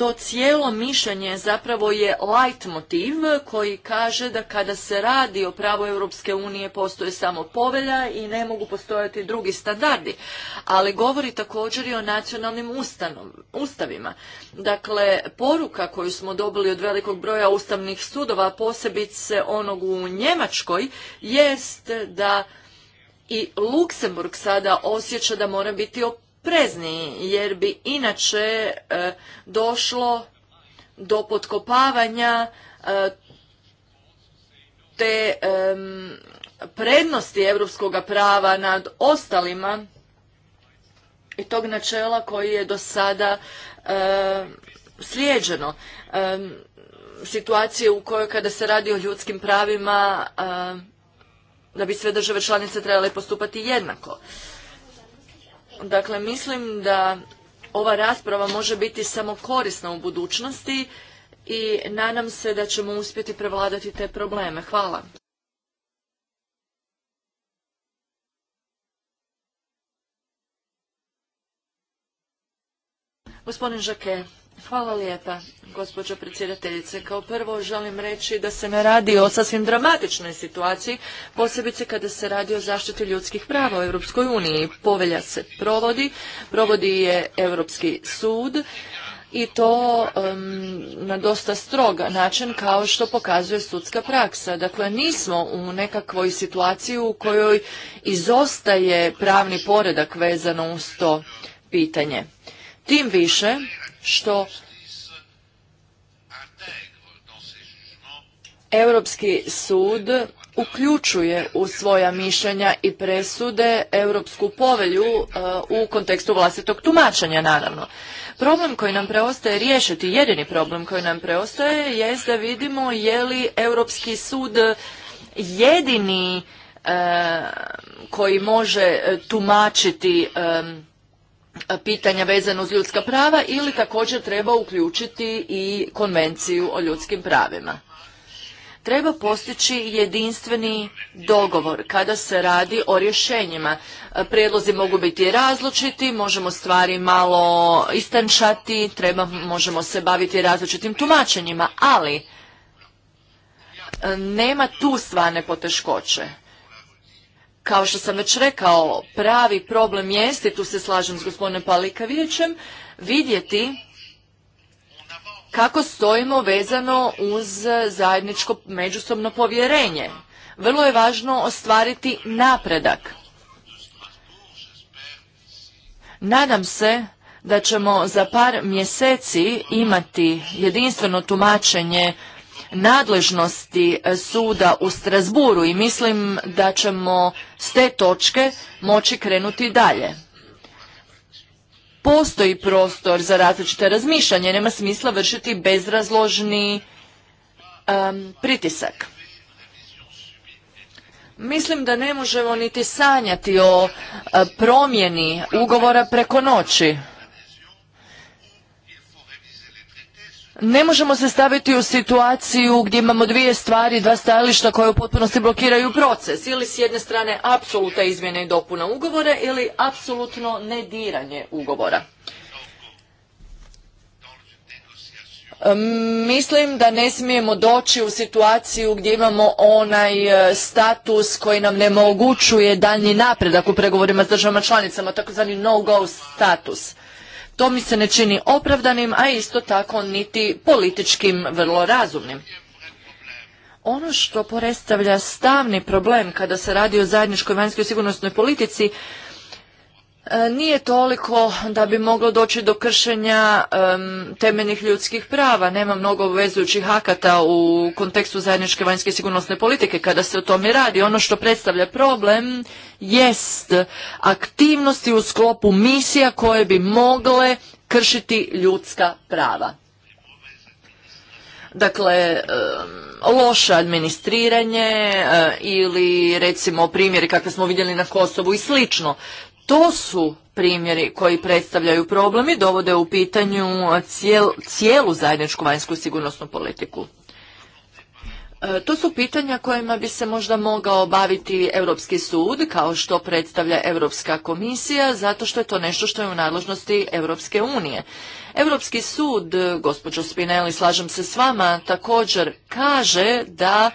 to cijelo mišljenje zapravo je light motiv koji kaže da kada se radi o pravo Europske unije postoje samo povelja i ne mogu postojati drugi standardi, ali govori također i o nacionalnim ustavima. Dakle, poruka koju smo dobili od velikog broja ustavnih sudova, posebice onog u Njemačkoj, jest da i Luksemburg sada osjeća da mora biti oprezniji jer bi inače e, došlo do potkopavanja e, te prednosti evropskog prava nad ostalima i tog načela koji je do sada e, slijeđeno situacije u kojoj kada se radi o ljudskim pravima da bi sve države članice trebali postupati jednako Dakle, mislim da ova rasprava može biti samo korisna u budućnosti i nadam se da ćemo uspjeti prevladati te probleme. Hvala. Gospodin Žake. Hvala lijepa, gospođo predsjedateljice. Kao prvo želim reći da se ne radi o sasvim dramatičnoj situaciji, posebice kada se radi o zaštiti ljudskih prava u Europskoj uniji. Povelja se provodi, provodi je Europski sud i to na dosta strog način kao što pokazuje sudska praksa. Dakle, nismo u nekakvoj situaciji u kojoj izostaje pravni poredak vezano uz to pitanje. Tim više što Europski sud uključuje u svoja mišljenja i presude Europsku povelju uh, u kontekstu vlastitog tumačenja, naravno. Problem koji nam preostaje riješiti, jedini problem koji nam preostaje, je da vidimo je li Europski sud jedini uh, koji može uh, tumačiti um, pitanja vezana uz ljudska prava ili također treba uključiti i konvenciju o ljudskim pravima. Treba postići jedinstveni dogovor kada se radi o rješenjima. Prijedlozi mogu biti različiti, možemo stvari malo istančati, treba, možemo se baviti različitim tumačenjima, ali e, nema tu stvarne poteškoće kao što sam već rekao, pravi problem jeste, tu se slažem s gospodinom Palikavićem, vidjeti kako stojimo vezano uz zajedničko međusobno povjerenje. Vrlo je važno ostvariti napredak. Nadam se da ćemo za par mjeseci imati jedinstveno tumačenje nadležnosti e, suda u Strasburu i mislim da ćemo s te točke moći krenuti dalje. Postoji prostor za različite razmišljanje, nema smisla vršiti bezrazložni pritisak. Mislim da ne možemo niti sanjati o e, promjeni ugovora preko noći. ne možemo se staviti u situaciju gdje imamo dvije stvari, dva stajališta koje u potpunosti blokiraju proces. Ili s jedne strane apsoluta izmjena i dopuna ugovora ili apsolutno nediranje ugovora. Mislim da ne smijemo doći u situaciju gdje imamo onaj e, status koji nam ne mogućuje daljnji napredak u pregovorima s državama članicama, takozvani no-go status. To mi se ne čini opravdanim, a isto tako niti političkim vrlo razumnim. Ono što porestavlja stavni problem kada se radi o zajedničkoj vanjskoj sigurnosnoj politici E, nije toliko da bi moglo doći do kršenja temeljnih ljudskih prava. Nema mnogo obvezujućih akata u kontekstu zajedničke vanjske sigurnosne politike kada se o tome radi. Ono što predstavlja problem jest aktivnosti u sklopu misija koje bi mogle kršiti ljudska prava. Dakle, loše administriranje e, ili recimo primjeri kakve smo vidjeli na Kosovu i slično. To su primjeri koji predstavljaju problem i dovode u pitanju cijelu zajedničku vanjsku sigurnosnu politiku. E, to su pitanja kojima bi se možda mogao baviti Europski sud kao što predstavlja Europska komisija zato što je to nešto što je u nadležnosti Europske unije. Europski sud, gospođo Spinelli, slažem se s vama, također kaže da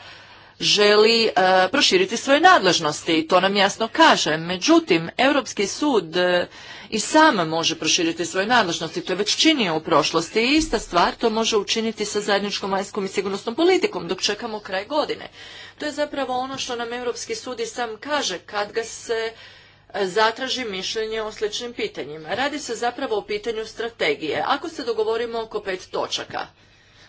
želi e, proširiti svoje nadležnosti i to nam jasno kaže. Međutim, Europski sud e, i sam može proširiti svoje nadležnosti, to je već činio u prošlosti i ista stvar to može učiniti sa zajedničkom vanjskom i sigurnosnom politikom dok čekamo kraj godine. To je zapravo ono što nam Europski sud i sam kaže kad ga se e, zatraži mišljenje o sličnim pitanjima. Radi se zapravo o pitanju strategije. Ako se dogovorimo oko pet točaka,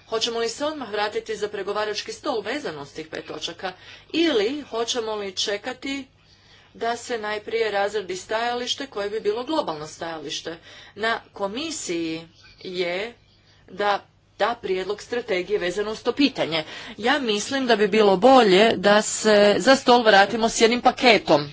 Hoćemo li se odmah vratiti za pregovarački stol vezano s tih pet točaka ili hoćemo li čekati da se najprije razredi stajalište koje bi bilo globalno stajalište. Na komisiji je da da prijedlog strategije vezano uz to pitanje. Ja mislim da bi bilo bolje da se za stol vratimo s jednim paketom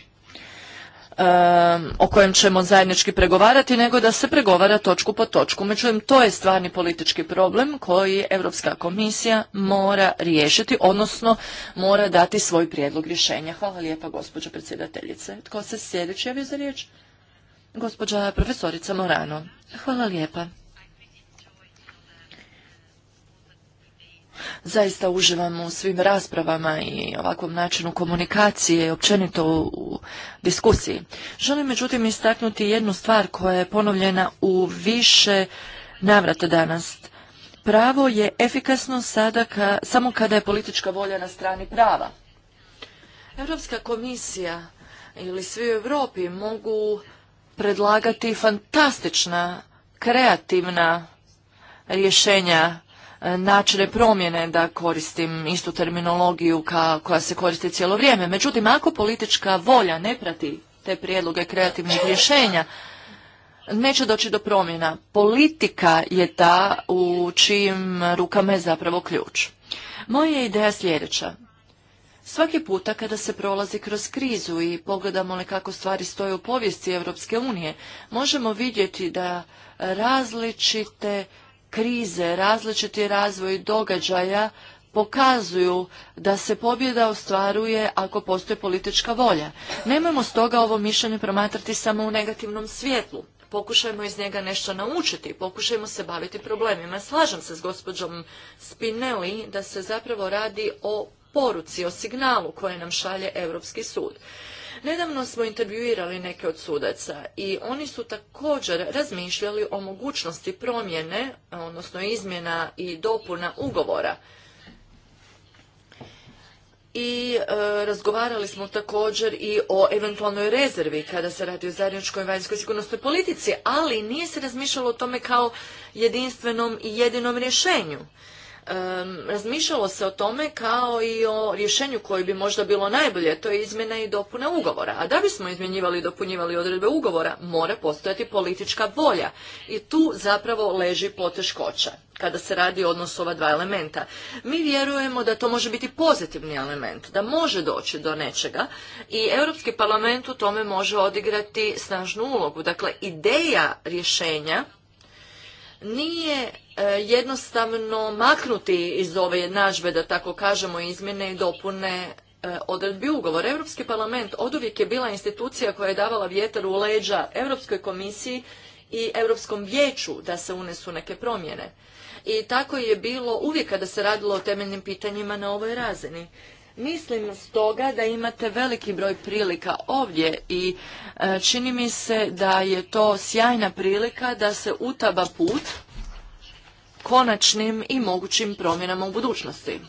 o kojem ćemo zajednički pregovarati, nego da se pregovara točku po točku. Međutim, to je stvarni politički problem koji Europska komisija mora riješiti, odnosno mora dati svoj prijedlog rješenja. Hvala lijepa, gospođa predsjedateljice. Tko se sljedeći javio za riječ? Gospođa profesorica Morano. Hvala lijepa. Zaista uživam u svim raspravama i ovakvom načinu komunikacije i općenito u diskusiji. Želim međutim istaknuti jednu stvar koja je ponovljena u više navrata danas. Pravo je efikasno sada samo kada je politička volja na strani prava. Europska komisija ili svi u Europi mogu predlagati fantastična, kreativna rješenja načine promjene, da koristim istu terminologiju koja se koristi cijelo vrijeme. Međutim, ako politička volja ne prati te prijedloge kreativnih rješenja, neće doći do promjena. Politika je ta u čijim rukama je zapravo ključ. Moja ideja sljedeća. Svaki puta kada se prolazi kroz krizu i pogledamo li kako stvari stoje u povijesti Europske unije, možemo vidjeti da različite krize, različiti razvoj događaja pokazuju da se pobjeda ostvaruje ako postoji politička volja. Nemojmo stoga ovo mišljenje promatrati samo u negativnom svjetlu. Pokušajmo iz njega nešto naučiti, pokušajmo se baviti problemima. Slažem se s gospođom Spinelli da se zapravo radi o poruci, o signalu koje nam šalje Europski sud. Nedavno smo intervjuirali neke od sudaca i oni su također razmišljali o mogućnosti promjene, odnosno izmjena i dopuna ugovora i e, razgovarali smo također i o eventualnoj rezervi kada se radi o zajedničkoj vanjskoj sigurnosnoj politici, ali nije se razmišljalo o tome kao jedinstvenom i jedinom rješenju razmišljalo se o tome kao i o rješenju koje bi možda bilo najbolje, to je izmjena i dopuna ugovora. A da bismo izmjenjivali i dopunjivali odredbe ugovora, mora postojati politička volja. I tu zapravo leži poteškoća kada se radi odnos ova dva elementa. Mi vjerujemo da to može biti pozitivni element, da može doći do nečega i Europski parlament u tome može odigrati snažnu ulogu. Dakle, ideja rješenja nije e, jednostavno maknuti iz ove jednadžbe, da tako kažemo, izmjene i dopune e, odredbi ugovora. Europski parlament oduvijek je bila institucija koja je davala vjetar u leđa Europskoj komisiji i Europskom vijeću da se unesu neke promjene. I tako je bilo uvijek kada se radilo o temeljnim pitanjima na ovoj razini. Mislim stoga da imate veliki broj prilika ovdje i e, čini mi se da je to sjajna prilika da se utaba put konačnim i mogućim promjenama u budućnosti.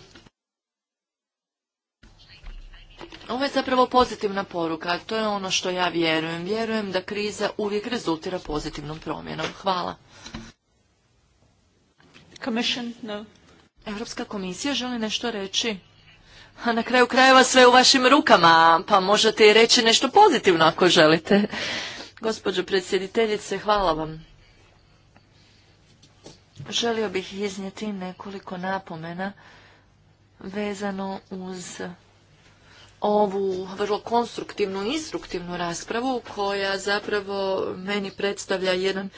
Ovo je zapravo pozitivna poruka, to je ono što ja vjerujem. Vjerujem da kriza uvijek rezultira pozitivnom promjenom. Hvala. Commission, Europska komisija želi nešto reći? A na kraju krajeva sve u vašim rukama, pa možete i reći nešto pozitivno ako želite. Gospođo predsjediteljice, hvala vam. Želio bih iznijeti nekoliko napomena vezano uz ovu vrlo konstruktivnu, instruktivnu raspravu koja zapravo meni predstavlja jedan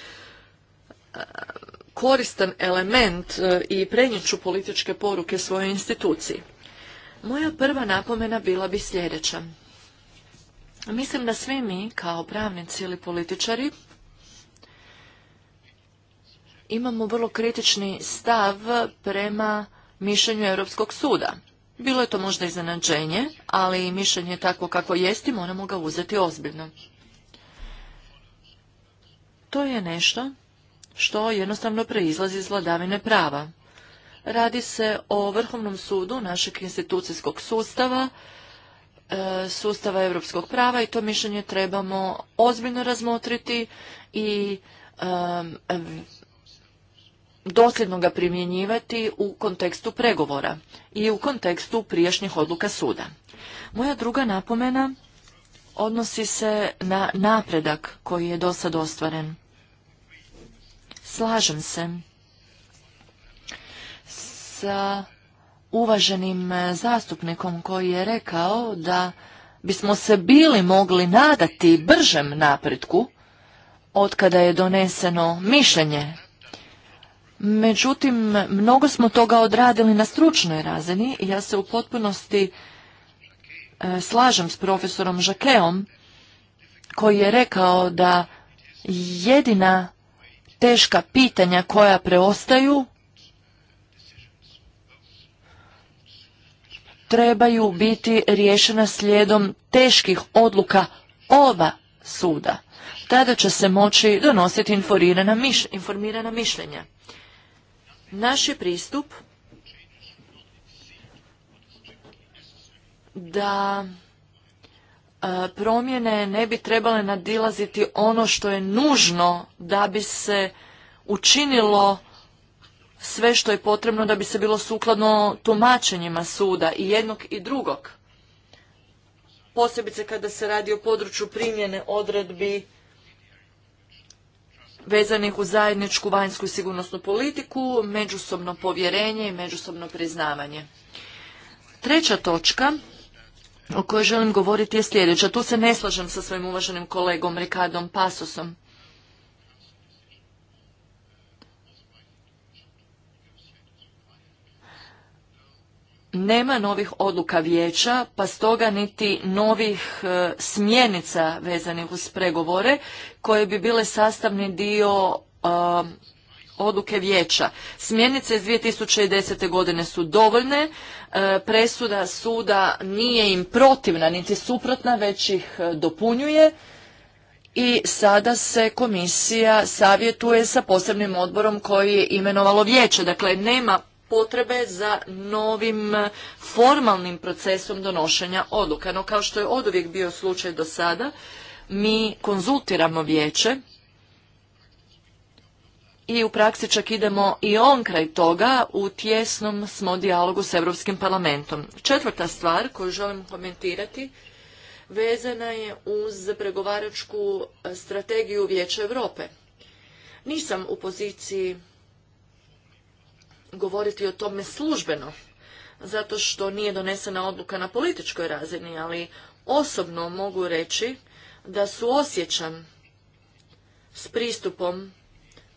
koristan element e, i prenijet političke poruke svoje instituciji. Moja prva napomena bila bi sljedeća. Mislim da svi mi, kao pravnici ili političari, imamo vrlo kritični stav prema mišljenju Europskog suda. Bilo je to možda iznenađenje, ali mišljenje tako kako i moramo ga uzeti ozbiljno. To je nešto što jednostavno preizlazi iz vladavine prava. Radi se o Vrhovnom sudu našeg institucijskog sustava, e, sustava europskog prava i to mišljenje trebamo ozbiljno razmotriti i dosljedno ga primjenjivati u kontekstu pregovora i u kontekstu prijašnjih odluka suda. Moja druga napomena odnosi se na napredak koji je do sad ostvaren. Slažem se sa uvaženim e, zastupnikom koji je rekao da bismo se bili mogli nadati bržem napretku od kada je doneseno mišljenje. Međutim, mnogo smo toga odradili na stručnoj razini i ja se u potpunosti e, slažem s profesorom Žakeom koji je rekao da jedina teška pitanja koja preostaju trebaju biti riješena slijedom teških odluka oba suda. Tada će se moći donositi informirana, informirana mišljenja. Naš je pristup da e, promjene ne bi trebale nadilaziti ono što je nužno da bi se učinilo sve što je potrebno da bi se bilo sukladno tumačenjima suda i jednog i drugog. Posebice kada se radi o području primjene odredbi vezanih u zajedničku vanjsku i sigurnosnu politiku, međusobno povjerenje i međusobno priznavanje. Treća točka o kojoj želim govoriti je sljedeća. Tu se ne slažem sa svojim uvaženim kolegom Rikardom Pasosom. nema novih odluka vijeća, pa stoga niti novih smjernica smjenica vezanih uz pregovore koje bi bile sastavni dio e, odluke vijeća. Smjernice iz 2010. godine su dovoljne, e, presuda suda nije im protivna niti suprotna, već ih e, dopunjuje i sada se komisija savjetuje sa posebnim odborom koji je imenovalo vijeće. Dakle, nema potrebe za novim e, formalnim procesom donošenja odluka. No kao što je oduvijek bio slučaj do sada, mi konzultiramo vijeće i u praksi čak idemo i on kraj toga, u tjesnom smo dijalogu s Europskim parlamentom. Četvrta stvar koju želim komentirati vezana je uz pregovaračku e, strategiju Vijeća Europe. Nisam u poziciji govoriti o tome službeno, zato što nije donesena odluka na političkoj razini, ali osobno mogu reći da su osjećam s pristupom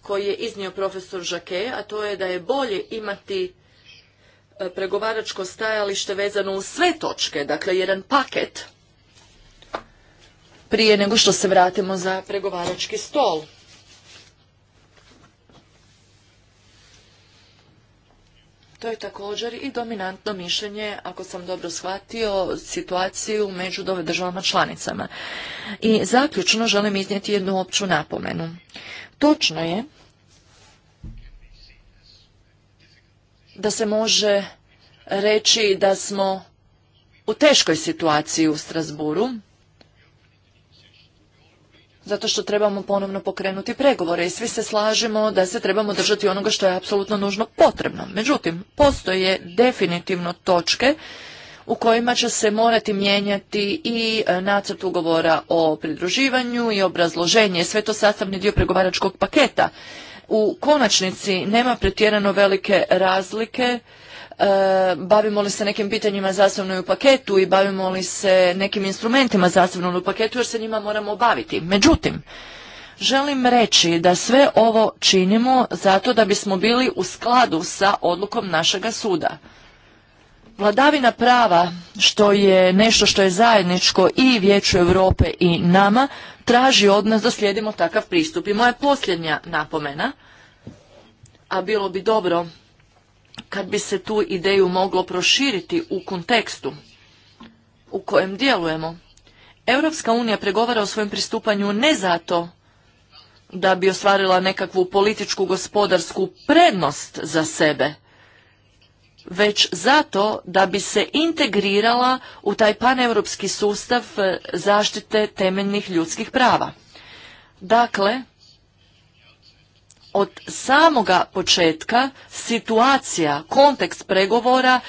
koji je iznio profesor Žake, a to je da je bolje imati e, pregovaračko stajalište vezano u sve točke, dakle jedan paket, prije nego što se vratimo za pregovarački stol. To je također i dominantno mišljenje, ako sam dobro shvatio, situaciju među državama članicama. I zaključno želim iznijeti jednu opću napomenu. Točno je da se može reći da smo u teškoj situaciji u Strasburu, zato što trebamo ponovno pokrenuti pregovore i svi se slažemo da se trebamo držati onoga što je apsolutno nužno potrebno. Međutim, postoje definitivno točke u kojima će se morati mijenjati i e, nacrt ugovora o pridruživanju i obrazloženje. Sve to sastavni dio pregovaračkog paketa. U konačnici nema pretjerano velike razlike E, bavimo li se nekim pitanjima zasebno u paketu i bavimo li se nekim instrumentima zasebno u paketu jer se njima moramo baviti. Međutim, želim reći da sve ovo činimo zato da bismo bili u skladu sa odlukom našega suda. Vladavina prava, što je nešto što je zajedničko i Vijeću Europe i nama, traži od nas da slijedimo takav pristup. I moja posljednja napomena, a bilo bi dobro kad bi se tu ideju moglo proširiti u kontekstu u kojem djelujemo. Europska unija pregovara o svojem pristupanju ne zato da bi ostvarila nekakvu političku gospodarsku prednost za sebe, već zato da bi se integrirala u taj paneuropski sustav eh, zaštite temeljnih ljudskih prava. Dakle, od samoga početka situacija, kontekst pregovora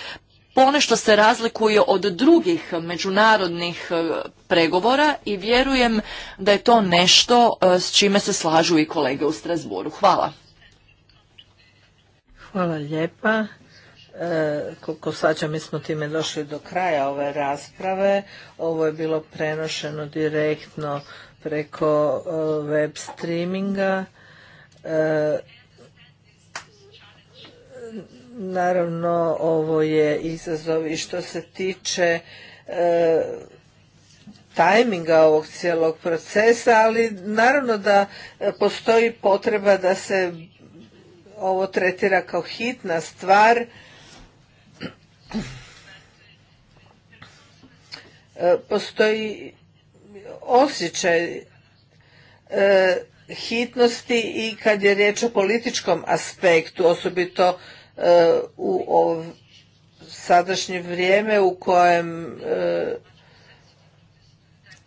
ponešto se razlikuje od drugih međunarodnih e, pregovora i vjerujem da je to nešto e, s čime se slažu i kolege u Strasboru. Hvala. Hvala lijepa. E, koliko mi smo time došli do kraja ove rasprave. Ovo je bilo prenošeno direktno preko web streaminga. Naravno, ovo je izazov i što se tiče e, tajminga ovog cijelog procesa, ali naravno da postoji potreba da se ovo tretira kao hitna stvar. E, postoji osjećaj e, hitnosti i kad je riječ o političkom aspektu, osobito e, u ovo sadašnje vrijeme u kojem e,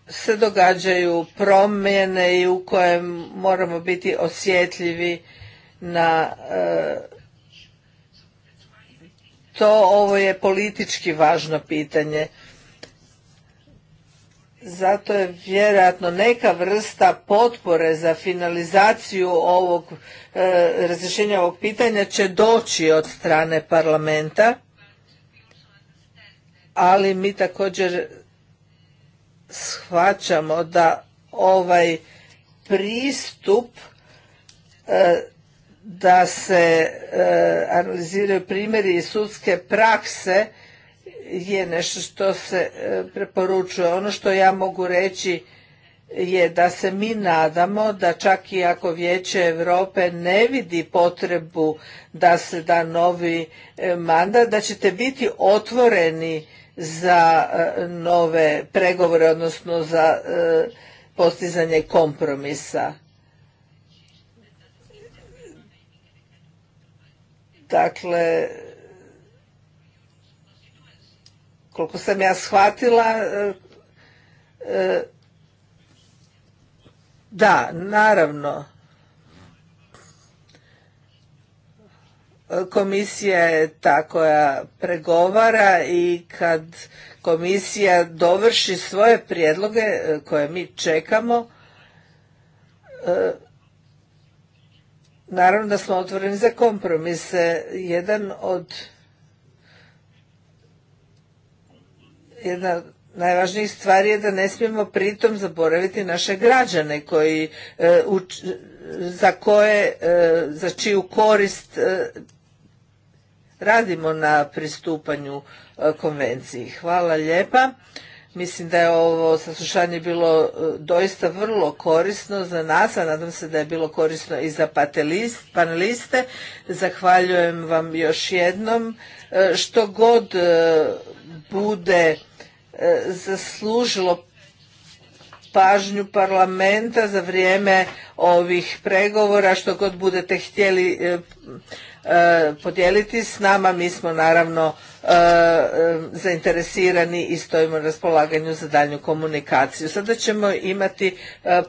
se događaju promjene i u kojem moramo biti osjetljivi na e, to ovo je politički važno pitanje zato je vjerojatno neka vrsta potpore za finalizaciju ovog e, razrješenja ovog pitanja će doći od strane parlamenta ali mi također shvaćamo da ovaj pristup e, da se e, analiziraju primjeri i sudske prakse je nešto što se e, preporučuje. Ono što ja mogu reći je da se mi nadamo da čak i ako Vijeće Europe ne vidi potrebu da se da novi e, mandat, da ćete biti otvoreni za e, nove pregovore, odnosno za postizanje kompromisa. Dakle, koliko sam ja shvatila, e, e, da, naravno, komisija je ta koja pregovara i kad komisija dovrši svoje prijedloge e, koje mi čekamo, naravno da smo otvoreni za kompromise. Jedan od jedna od najvažnijih stvari je da ne smijemo pritom zaboraviti naše građane koji e, za koje e, za čiju korist e, radimo na pristupanju konvenciji. Hvala lijepa. Mislim da je ovo saslušanje bilo doista vrlo korisno za nas, a nadam se da je bilo korisno i za paneliste. Zahvaljujem vam još jednom. Što god bude E, zaslužilo pažnju parlamenta za vrijeme ovih pregovora što god budete htjeli e, e, podijeliti s nama mi smo naravno zainteresirani i stojimo na raspolaganju za daljnju komunikaciju sada ćemo imati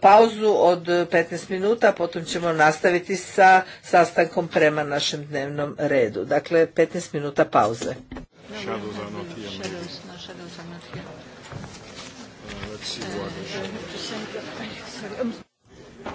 pauzu od 15 minuta potom ćemo nastaviti sa sastankom prema našem dnevnom redu dakle 15 minuta pauze shadows are not here. Shadows, no shadows are not uh,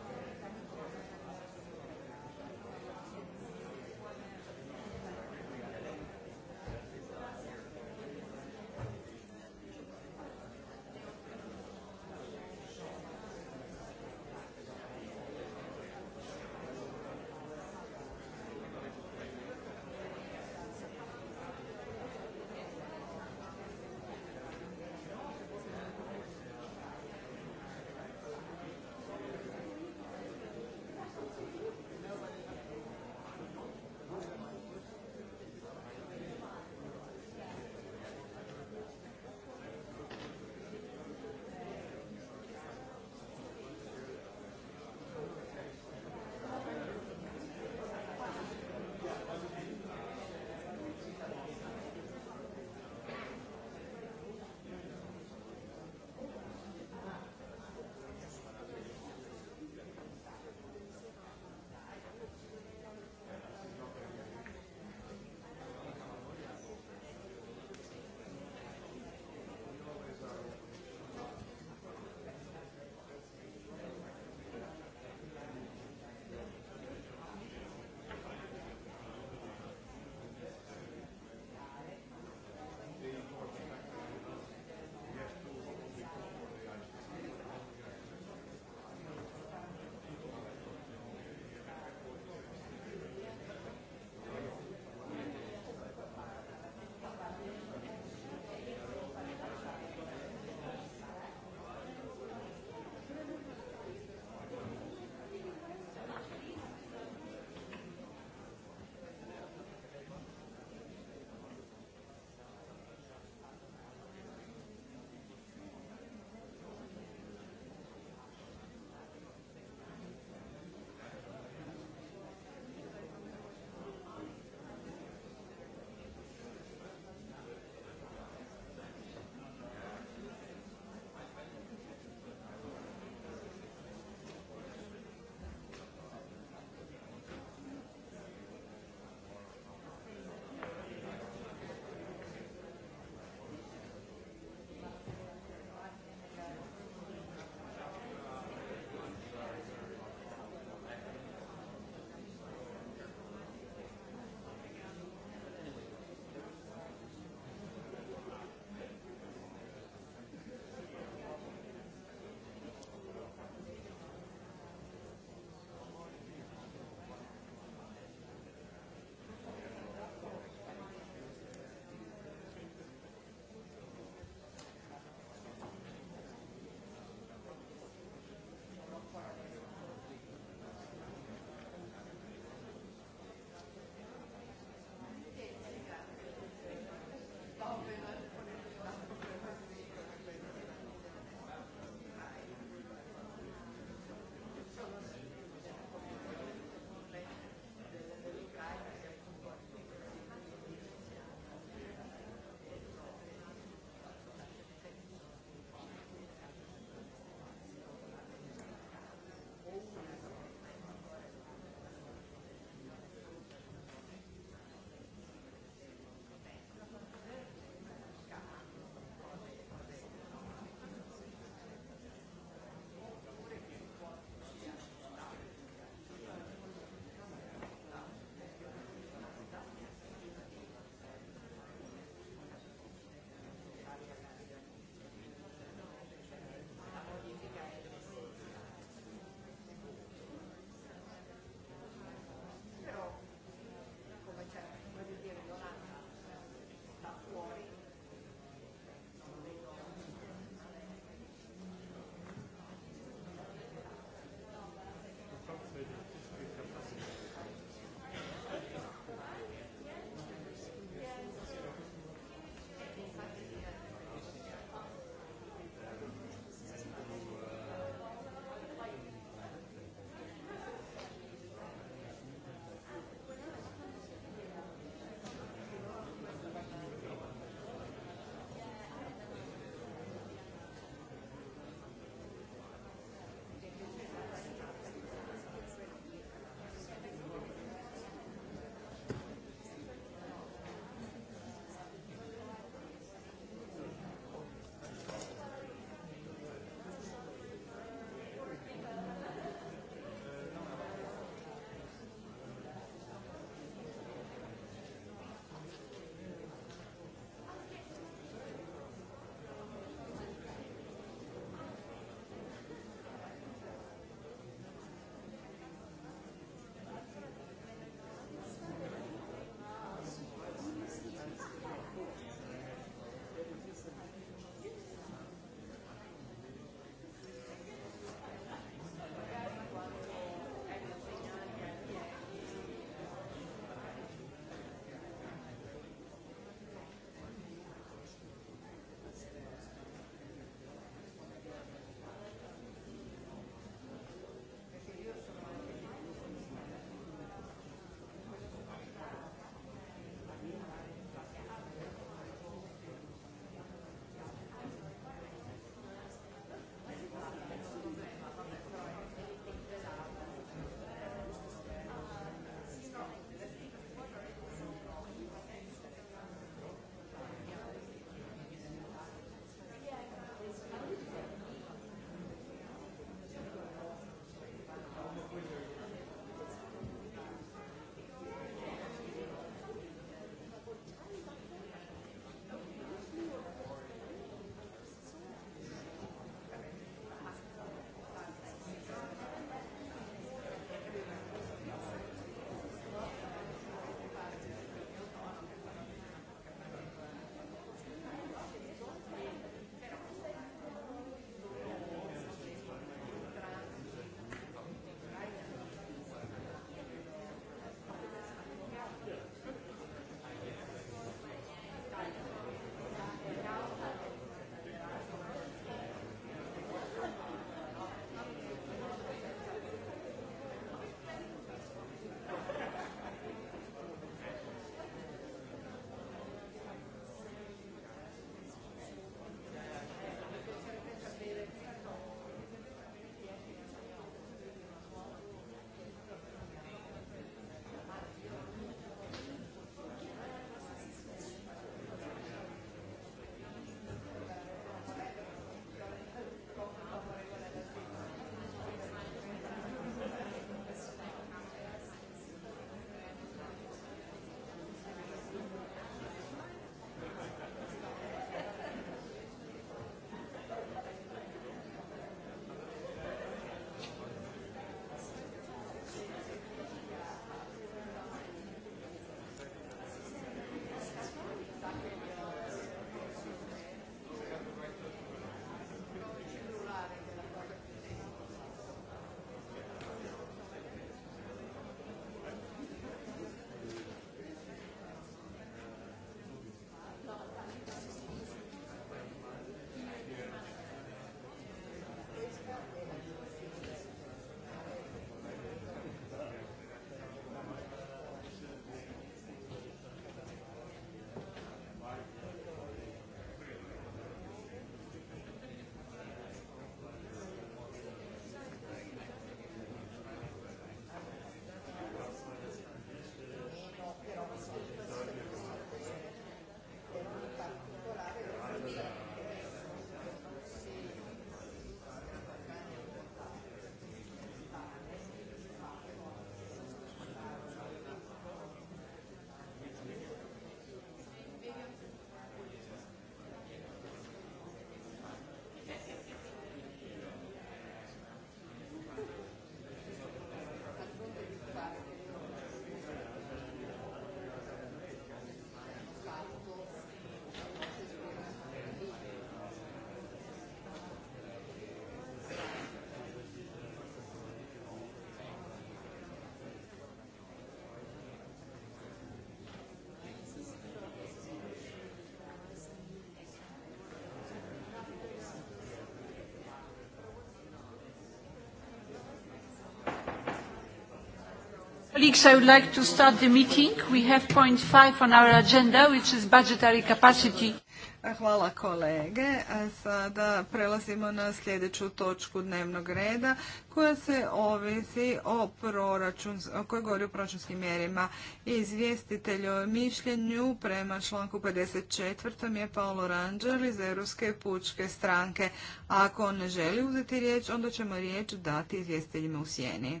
Colleagues, I would like to start the meeting. We have point five on our agenda, which is budgetary capacity. Hvala kolege. sada prelazimo na sljedeću točku dnevnog reda koja se ovisi o proračun, koja govori o proračunskim mjerima. Izvjestitelj o mišljenju prema članku 54. je Paolo Ranđer iz Europske pučke stranke. ako on ne želi uzeti riječ, onda ćemo riječ dati izvjestiteljima u sjeni.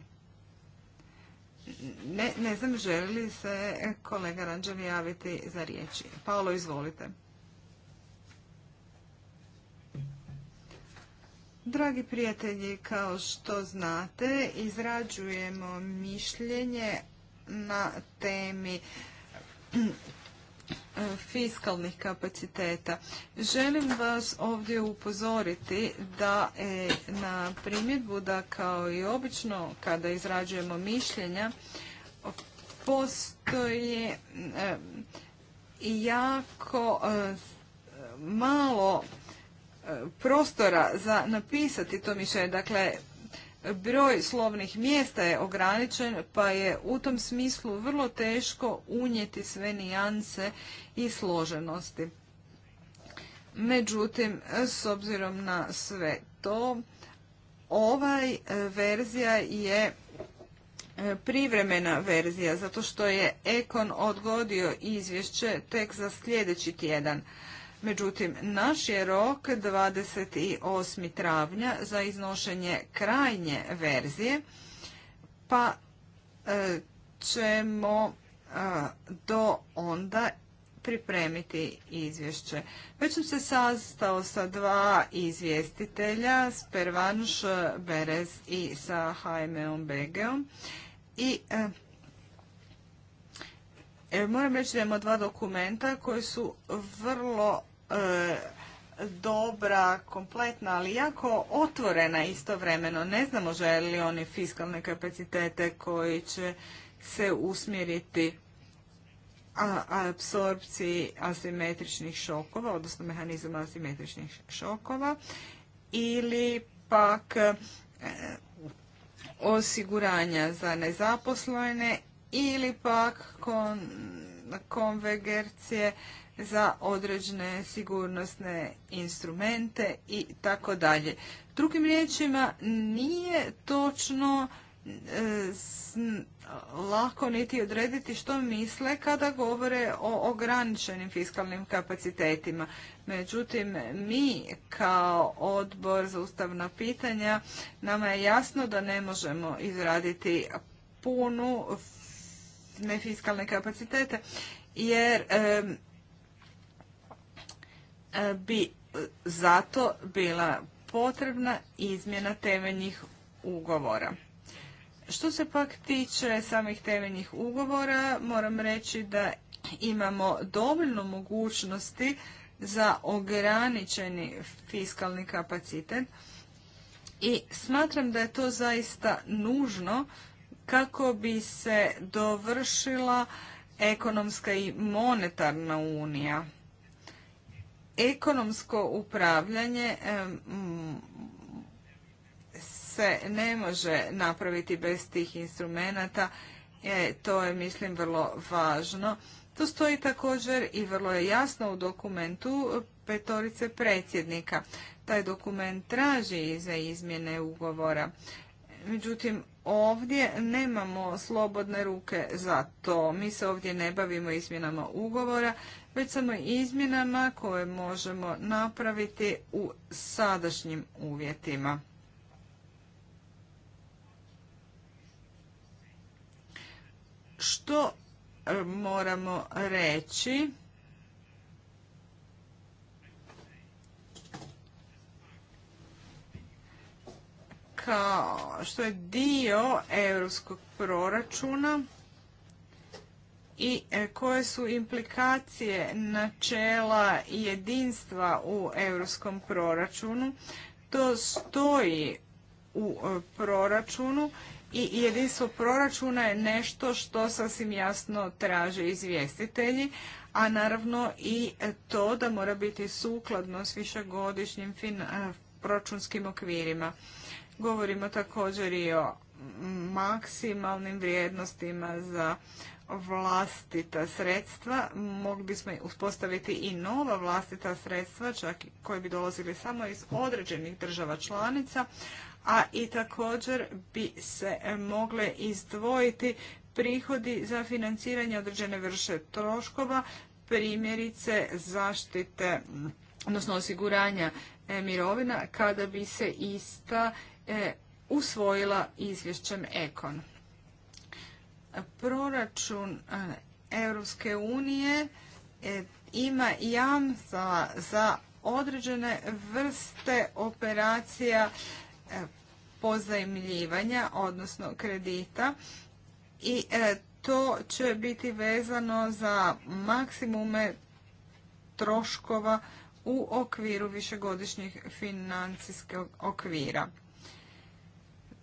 Ne, znam, želi li se kolega Ranđevi javiti za riječi? Paolo, izvolite. Dragi prijatelji, kao što znate, izrađujemo mišljenje na temi fiskalnih kapaciteta. Želim vas ovdje upozoriti da e, na primjedbu da kao i obično kada izrađujemo mišljenja postoji e, jako e, malo e, prostora za napisati to mišljenje. Dakle, broj slovnih mjesta je ograničen, pa je u tom smislu vrlo teško unijeti sve nijanse i složenosti. Međutim, s obzirom na sve to, ovaj verzija je E, privremena verzija, zato što je Ekon odgodio izvješće tek za sljedeći tjedan. Međutim, naš je rok 28. travnja za iznošenje krajnje verzije, pa e, ćemo e, do onda pripremiti izvješće. Već sam se sastao sa dva izvjestitelja, s Pervanš Berez i sa Haimeom Begeom i e, e, moram reći da imamo dva dokumenta koji su vrlo e, dobra, kompletna, ali jako otvorena istovremeno. Ne znamo želi li oni fiskalne kapacitete koji će se usmjeriti apsorpciji asimetričnih šokova, odnosno mehanizama asimetričnih šokova, ili pak osiguranja za nezaposlene ili pak kon, konvergencije za određene sigurnosne instrumente i tako dalje. Drugim riječima nije točno E, lako niti odrediti što misle kada govore o ograničenim fiskalnim kapacitetima. Međutim, mi kao odbor za ustavna pitanja, nama je jasno da ne možemo izraditi punu nefiskalne kapacitete, jer e, bi zato bila potrebna izmjena temeljnih ugovora. Što se pak tiče samih temeljnih ugovora, moram reći da imamo dovoljno mogućnosti za ograničeni fiskalni kapacitet i smatram da je to zaista nužno kako bi se dovršila ekonomska i monetarna unija. Ekonomsko upravljanje se ne može napraviti bez tih instrumenata. E, to je, mislim, vrlo važno. To stoji također i vrlo je jasno u dokumentu petorice predsjednika. Taj dokument traži za izmjene ugovora. Međutim, ovdje nemamo slobodne ruke za to. Mi se ovdje ne bavimo izmjenama ugovora, već samo izmjenama koje možemo napraviti u sadašnjim uvjetima. što e, moramo reći kao što je dio europskog proračuna i e, koje su implikacije načela jedinstva u europskom proračunu. To stoji u e, proračunu i jedinstvo proračuna je nešto što sasvim jasno traže izvjestitelji, a naravno i to da mora biti sukladno s višegodišnjim proračunskim okvirima. Govorimo također i o maksimalnim vrijednostima za vlastita sredstva. Mogli bismo uspostaviti i nova vlastita sredstva, čak koje bi dolazili samo iz određenih država članica, a i također bi se e, mogle izdvojiti prihodi za financiranje određene vrše troškova, primjerice zaštite, odnosno osiguranja e, mirovina kada bi se ista e, usvojila izvješćem Ekon. Proračun Europske unije ima jamstva za određene vrste operacija E, pozajmljivanja, odnosno kredita i e, to će biti vezano za maksimume troškova u okviru višegodišnjih financijskog okvira.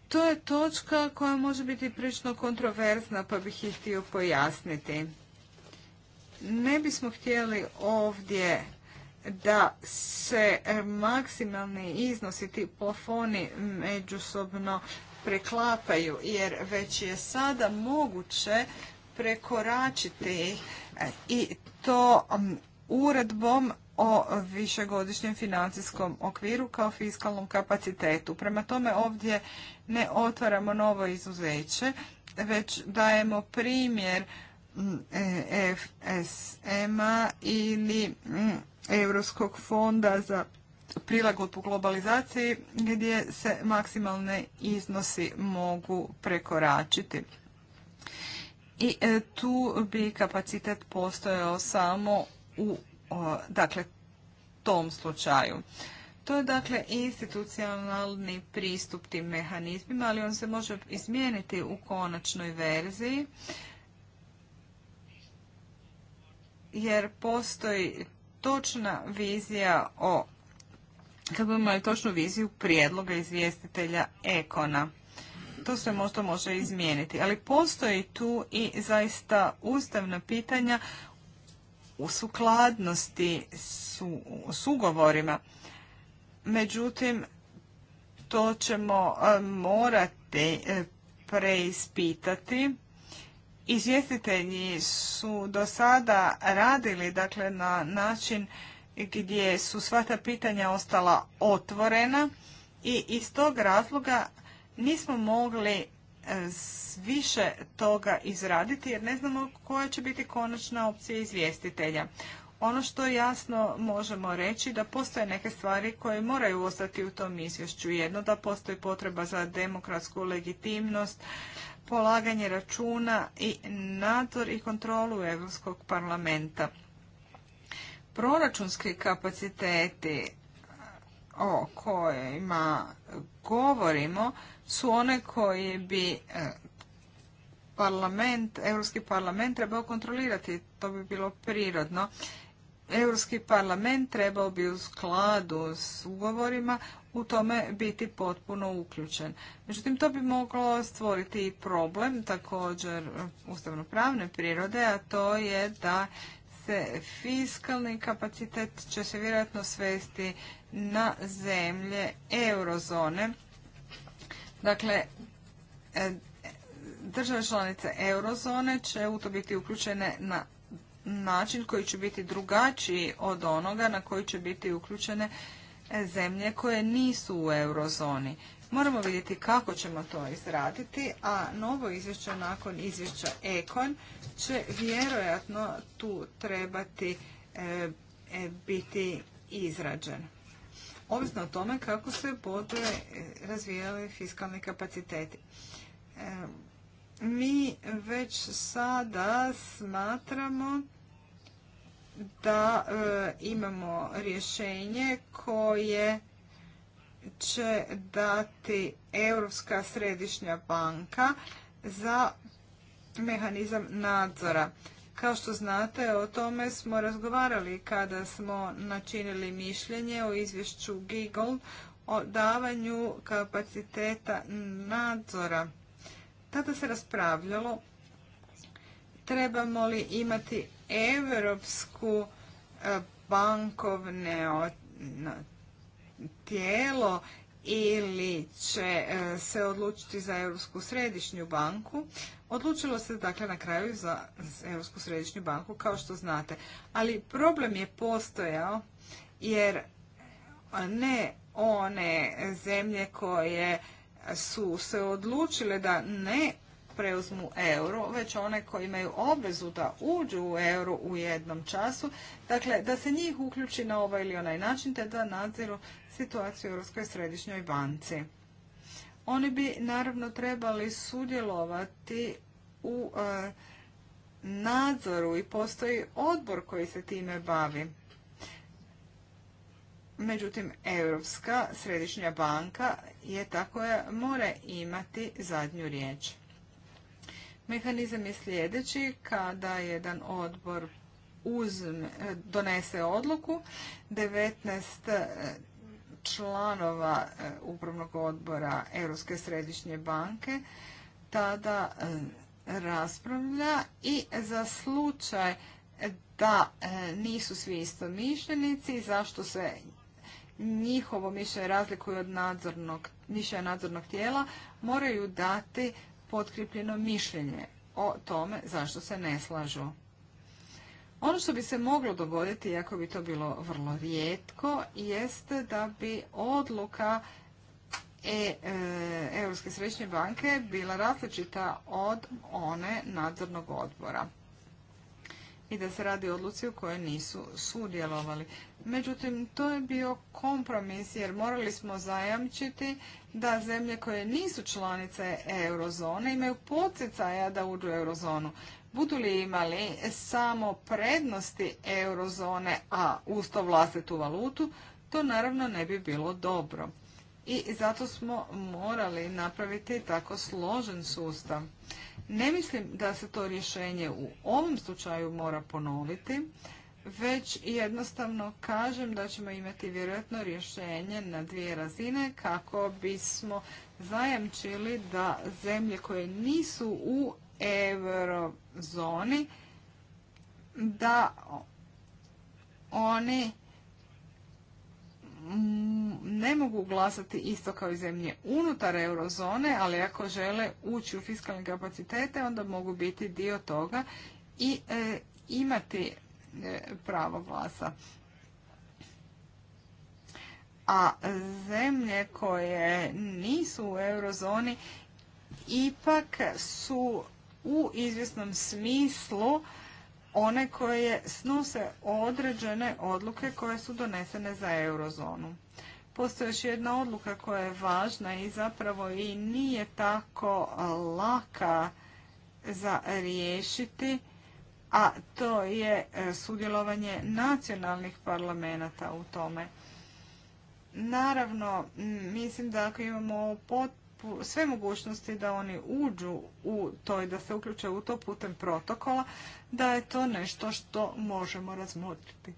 To je točka koja može biti prilično kontroverzna, pa bih ih htio pojasniti. Ne bismo htjeli ovdje da se e, maksimalni iznosi ti plafoni međusobno preklapaju jer već je sada moguće prekoračiti e, i to uredbom o višegodišnjem financijskom okviru kao fiskalnom kapacitetu. Prema tome ovdje ne otvaramo novo izuzeće, već dajemo primjer e, FSM-a ili Europskog fonda za prilagodbu globalizaciji gdje se maksimalne iznosi mogu prekoračiti. I e, tu bi kapacitet postojao samo u dakle, tom slučaju. To je dakle institucionalni pristup tim mehanizmima, ali on se može izmijeniti u konačnoj verziji jer postoji točna vizija o kad budemo imali točnu viziju prijedloga izvjestitelja Ekona. To se možda može izmijeniti. Ali postoji tu i zaista ustavna pitanja u sukladnosti s ugovorima. Međutim, to ćemo e, morati e, preispitati Izvjestitelji su do sada radili dakle, na način gdje su sva ta pitanja ostala otvorena i iz tog razloga nismo mogli e, više toga izraditi jer ne znamo koja će biti konačna opcija izvjestitelja. Ono što jasno možemo reći da postoje neke stvari koje moraju ostati u tom izvješću. Jedno da postoji potreba za demokratsku legitimnost polaganje računa i nadzor i kontrolu Europskog parlamenta. Proračunske kapaciteti o kojima govorimo su one koje bi e, parlament, Europski parlament trebao kontrolirati. To bi bilo prirodno. Europski parlament trebao bi u skladu s ugovorima u tome biti potpuno uključen. Međutim, to bi moglo stvoriti i problem također ustavno-pravne prirode, a to je da se fiskalni kapacitet će se vjerojatno svesti na zemlje eurozone. Dakle, e, države članice eurozone će u to biti uključene na način koji će biti drugačiji od onoga na koji će biti uključene zemlje koje nisu u eurozoni. Moramo vidjeti kako ćemo to izraditi, a novo izvješće nakon izvješća Ekon će vjerojatno tu trebati eh, biti izrađen. Ovisno o tome kako se budu eh, razvijali fiskalni kapaciteti. Eh, mi već sada smatramo da e, imamo rješenje koje će dati Europska središnja banka za mehanizam nadzora. Kao što znate, o tome smo razgovarali kada smo načinili mišljenje o izvješću Giggle o davanju kapaciteta nadzora. Tada se raspravljalo trebamo li imati europsku e, bankovne tijelo ili će e, se odlučiti za Europsku središnju banku. Odlučilo se dakle na kraju za Europsku središnju banku kao što znate. Ali problem je postojao jer ne one zemlje koje su se odlučile da ne preuzmu euro, već one koji imaju obvezu da uđu u euro u jednom času, dakle da se njih uključi na ovaj ili onaj način, te da nadziru situaciju u Europskoj središnjoj banci. Oni bi naravno trebali sudjelovati u e, nadzoru i postoji odbor koji se time bavi. Međutim, Europska središnja banka je tako je, mora imati zadnju riječ. Mehanizam je sljedeći kada jedan odbor uzme, donese odluku, 19 e, članova e, upravnog odbora Europske središnje banke tada e, raspravlja i za slučaj da nisu svi istomišljenici mišljenici zašto se njihovo mišljenje razlikuje od nadzornog, mišljenja nadzornog tijela, moraju dati potkripljeno mišljenje o tome zašto se ne slažu. Ono što bi se moglo dogoditi, iako bi to bilo vrlo rijetko, jeste da bi odluka e, e, Europske središnje banke bila različita od one nadzornog odbora i da se radi odluci u kojoj nisu sudjelovali. Međutim, to je bio kompromis jer morali smo zajamčiti da zemlje koje nisu članice eurozone imaju poticaja da uđu u eurozonu. Budu li imali samo prednosti eurozone, a usto vlastitu valutu, to naravno ne bi bilo dobro. I zato smo morali napraviti tako složen sustav. Ne mislim da se to rješenje u ovom slučaju mora ponoviti, već jednostavno kažem da ćemo imati vjerojatno rješenje na dvije razine kako bismo zajamčili da zemlje koje nisu u eurozoni da oni ne mogu glasati isto kao i zemlje unutar eurozone, ali ako žele ući u fiskalne kapacitete, onda mogu biti dio toga i e, imati e, pravo glasa. A zemlje koje nisu u eurozoni ipak su u izvjesnom smislu one koje snose određene odluke koje su donesene za eurozonu. Postoji još jedna odluka koja je važna i zapravo i nije tako laka za riješiti, a to je e, sudjelovanje nacionalnih parlamenta u tome. Naravno, mislim da ako imamo potpuno sve mogućnosti da oni uđu u to i da se uključe u to putem protokola, da je to nešto što možemo razmotriti.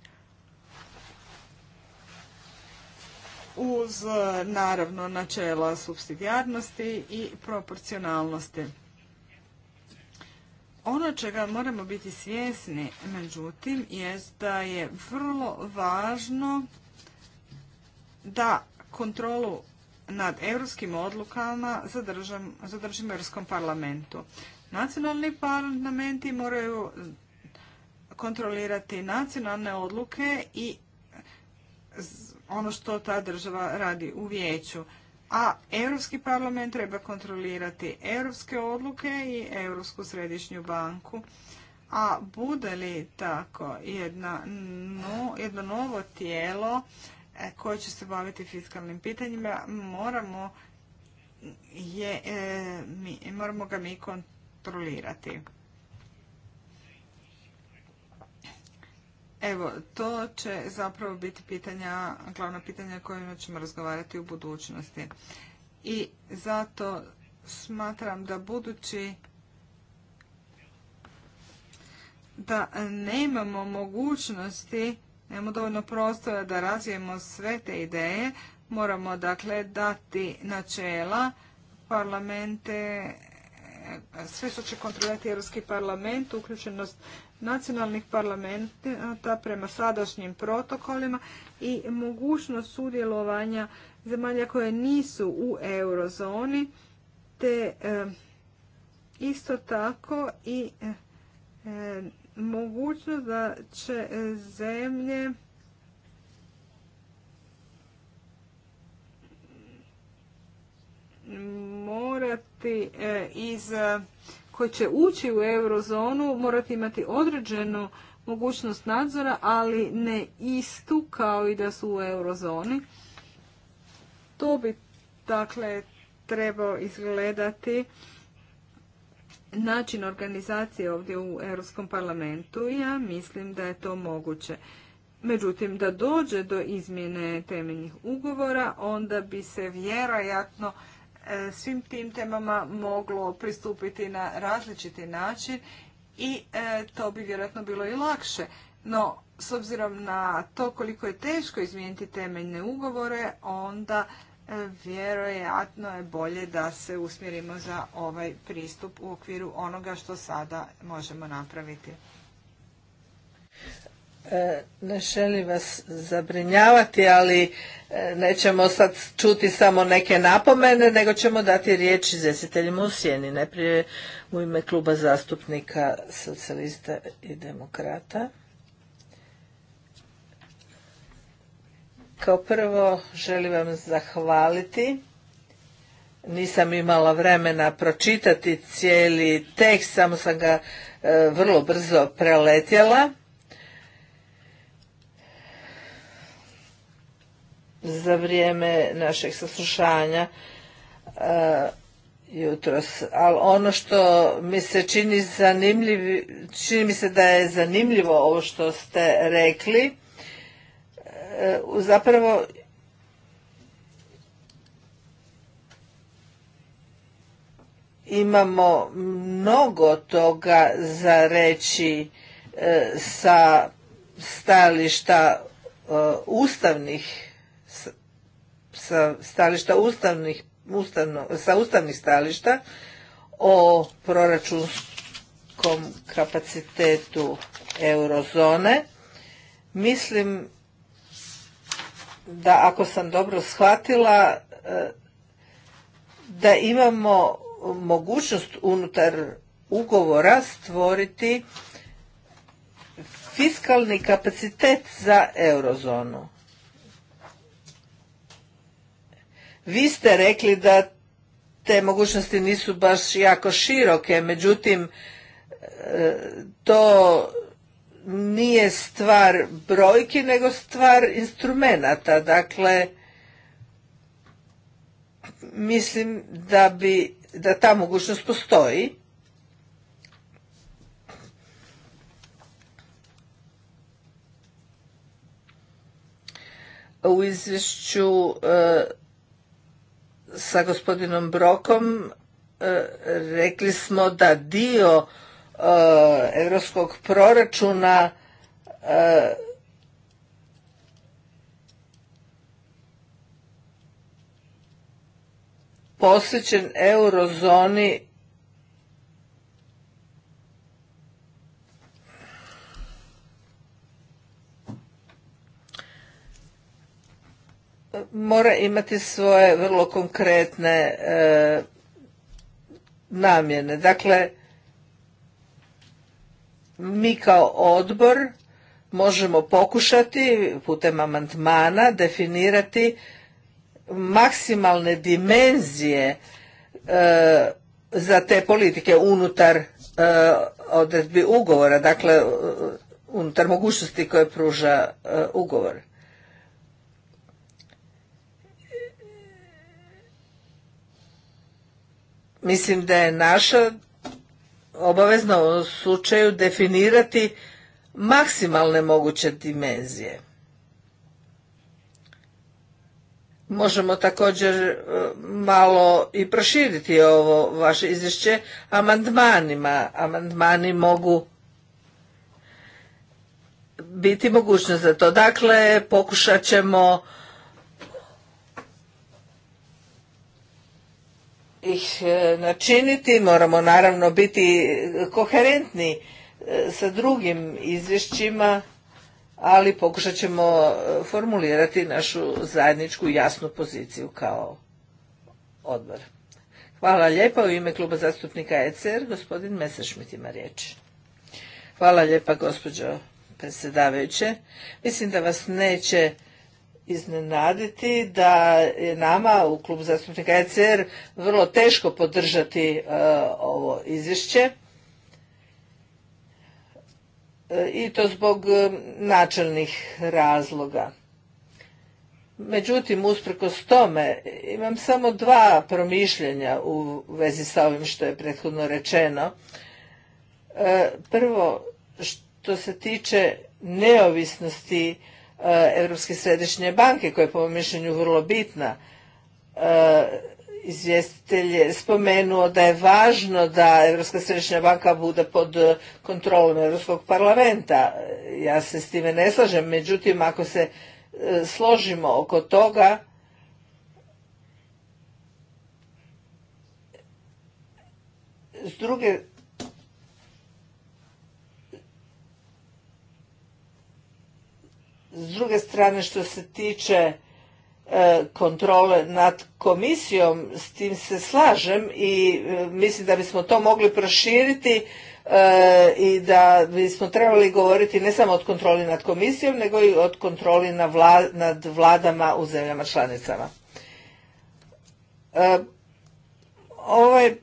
Uz naravno načela subsidijarnosti i proporcionalnosti. Ono čega moramo biti svjesni, međutim, je da je vrlo važno da kontrolu nad europskim odlukama zadržimo Europskom parlamentu. Nacionalni parlamenti moraju kontrolirati nacionalne odluke i ono što ta država radi u vijeću. A Europski parlament treba kontrolirati europske odluke i Europsku središnju banku. A bude li tako jedno novo tijelo E, koje će se baviti fiskalnim pitanjima, moramo, je, e, mi, moramo ga mi kontrolirati. Evo, to će zapravo biti pitanja, glavna pitanja kojima ćemo razgovarati u budućnosti. I zato smatram da budući da nemamo mogućnosti nemamo dovoljno prostora da razvijemo sve te ideje. Moramo dakle dati načela parlamente, sve što će kontrolirati Europski parlament, uključenost nacionalnih parlamenta prema sadašnjim protokolima i mogućnost sudjelovanja zemalja koje nisu u eurozoni, te eh, isto tako i eh, mogućnost da će e, zemlje morati e, iz e, koji će ući u eurozonu morati imati određenu mogućnost nadzora, ali ne istu kao i da su u eurozoni. To bi dakle trebao izgledati način organizacije ovdje u Europskom parlamentu, ja mislim da je to moguće. Međutim, da dođe do izmjene temeljnih ugovora, onda bi se vjerojatno e, svim tim temama moglo pristupiti na različiti način i e, to bi vjerojatno bilo i lakše. No, s obzirom na to koliko je teško izmijeniti temeljne ugovore, onda vjerojatno je bolje da se usmjerimo za ovaj pristup u okviru onoga što sada možemo napraviti. E, ne želim vas zabrinjavati, ali e, nećemo sad čuti samo neke napomene, nego ćemo dati riječ izvjestiteljima u sjeni. Najprije u ime kluba zastupnika socijalista i demokrata. Kao prvo želim vam zahvaliti. Nisam imala vremena pročitati cijeli tekst, samo sam ga e, vrlo brzo preletjela. Za vrijeme našeg saslušanja e, jutros. Ali ono što mi se čini zanimljivo, čini mi se da je zanimljivo ovo što ste rekli, zapravo imamo mnogo toga za reći e, sa stajališta e, ustavnih sa stajališta ustavnih ustavno, sa ustavnih stajališta o proračunskom kapacitetu eurozone. Mislim da ako sam dobro shvatila e, da imamo mogućnost unutar ugovora stvoriti fiskalni kapacitet za eurozonu. Vi ste rekli da te mogućnosti nisu baš jako široke, međutim e, to nije stvar brojki, nego stvar instrumenta. Dakle, mislim da bi da ta mogućnost postoji. U izvješću e, sa gospodinom Brokom e, rekli smo da dio europskog eh, proračuna eh, posvećen eurozoni mora imati svoje vrlo konkretne eh, namjene. Dakle, mi kao odbor možemo pokušati putem amandmana definirati maksimalne dimenzije e, za te politike unutar e, odredbi ugovora, dakle e, unutar mogućnosti koje pruža ugovor. Mislim da je naša obavezno u slučaju definirati maksimalne moguće dimenzije. Možemo također e, malo i proširiti ovo vaše izvješće amandmanima. Amandmani mogu biti mogućnost za to. Dakle, pokušat ćemo ih e, načiniti, moramo naravno biti koherentni e, sa drugim izvješćima, ali pokušat ćemo e, formulirati našu zajedničku jasnu poziciju kao odbor. Hvala lijepa. U ime kluba zastupnika ECR, gospodin mi ima riječ. Hvala lijepa, gospođo predsjedavajuće. Mislim da vas neće iznenaditi da je nama u klubu zastupnika ECR vrlo teško podržati e, ovo izvješće e, i to zbog e, načelnih razloga. Međutim, usprkos tome, imam samo dva promišljenja u vezi sa ovim što je prethodno rečeno. prvo, što se tiče neovisnosti Eh, Europske središnje banke koja je po mom mišljenju vrlo bitna. Eh, izvjestitelj je spomenuo da je važno da Europska središnja banka bude pod kontrolom Europskog parlamenta. Ja se s time ne slažem, međutim ako se eh, složimo oko toga, s druge S druge strane što se tiče e, kontrole nad komisijom, s tim se slažem i e, mislim da bismo to mogli proširiti e, i da bismo trebali govoriti ne samo od kontroli nad komisijom, nego i od kontroli nad vladama u zemljama članicama. Ovaj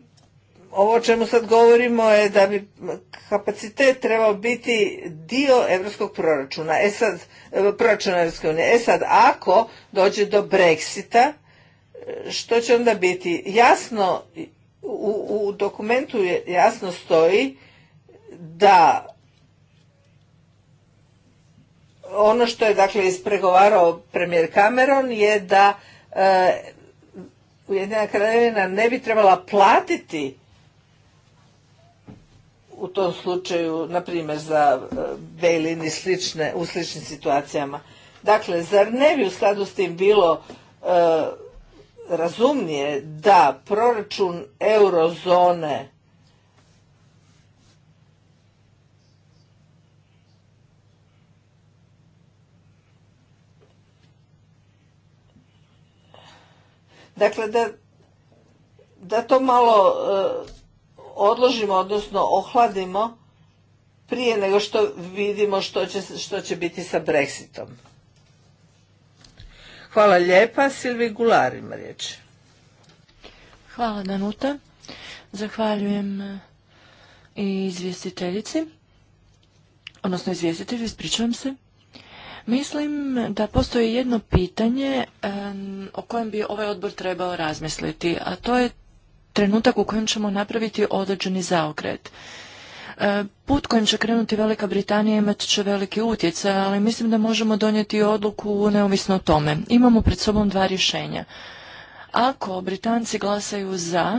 ovo o čemu sad govorimo je da bi kapacitet trebao biti dio europskog proračuna. E sad, e, proračuna Evropske unije. E sad, ako dođe do Brexita, e, što će onda biti? Jasno, u, dokumentu jasno stoji da ono što je dakle ispregovarao premijer Cameron je da e, Ujedinjena kraljevina ne bi trebala platiti u tom slučaju, na primjer za e, Bejlin i slične, u sličnim situacijama. Dakle, zar ne bi u skladu s tim bilo e, razumnije da proračun eurozone Dakle, da, da to malo e, odložimo, odnosno ohladimo prije nego što vidimo što će, što će biti sa Brexitom. Hvala lijepa. Silvi Gular ima riječ. Hvala Danuta. Zahvaljujem eh, i izvjestiteljici, odnosno izvjestitelju, ispričavam se. Mislim da postoji jedno pitanje eh, o kojem bi ovaj odbor trebao razmisliti, a to je trenutak u kojem ćemo napraviti određeni zaokret. E, put kojim će krenuti Velika Britanija imat će veliki utjecaj, ali mislim da možemo donijeti odluku neovisno o tome. Imamo pred sobom dva rješenja. Ako Britanci glasaju za,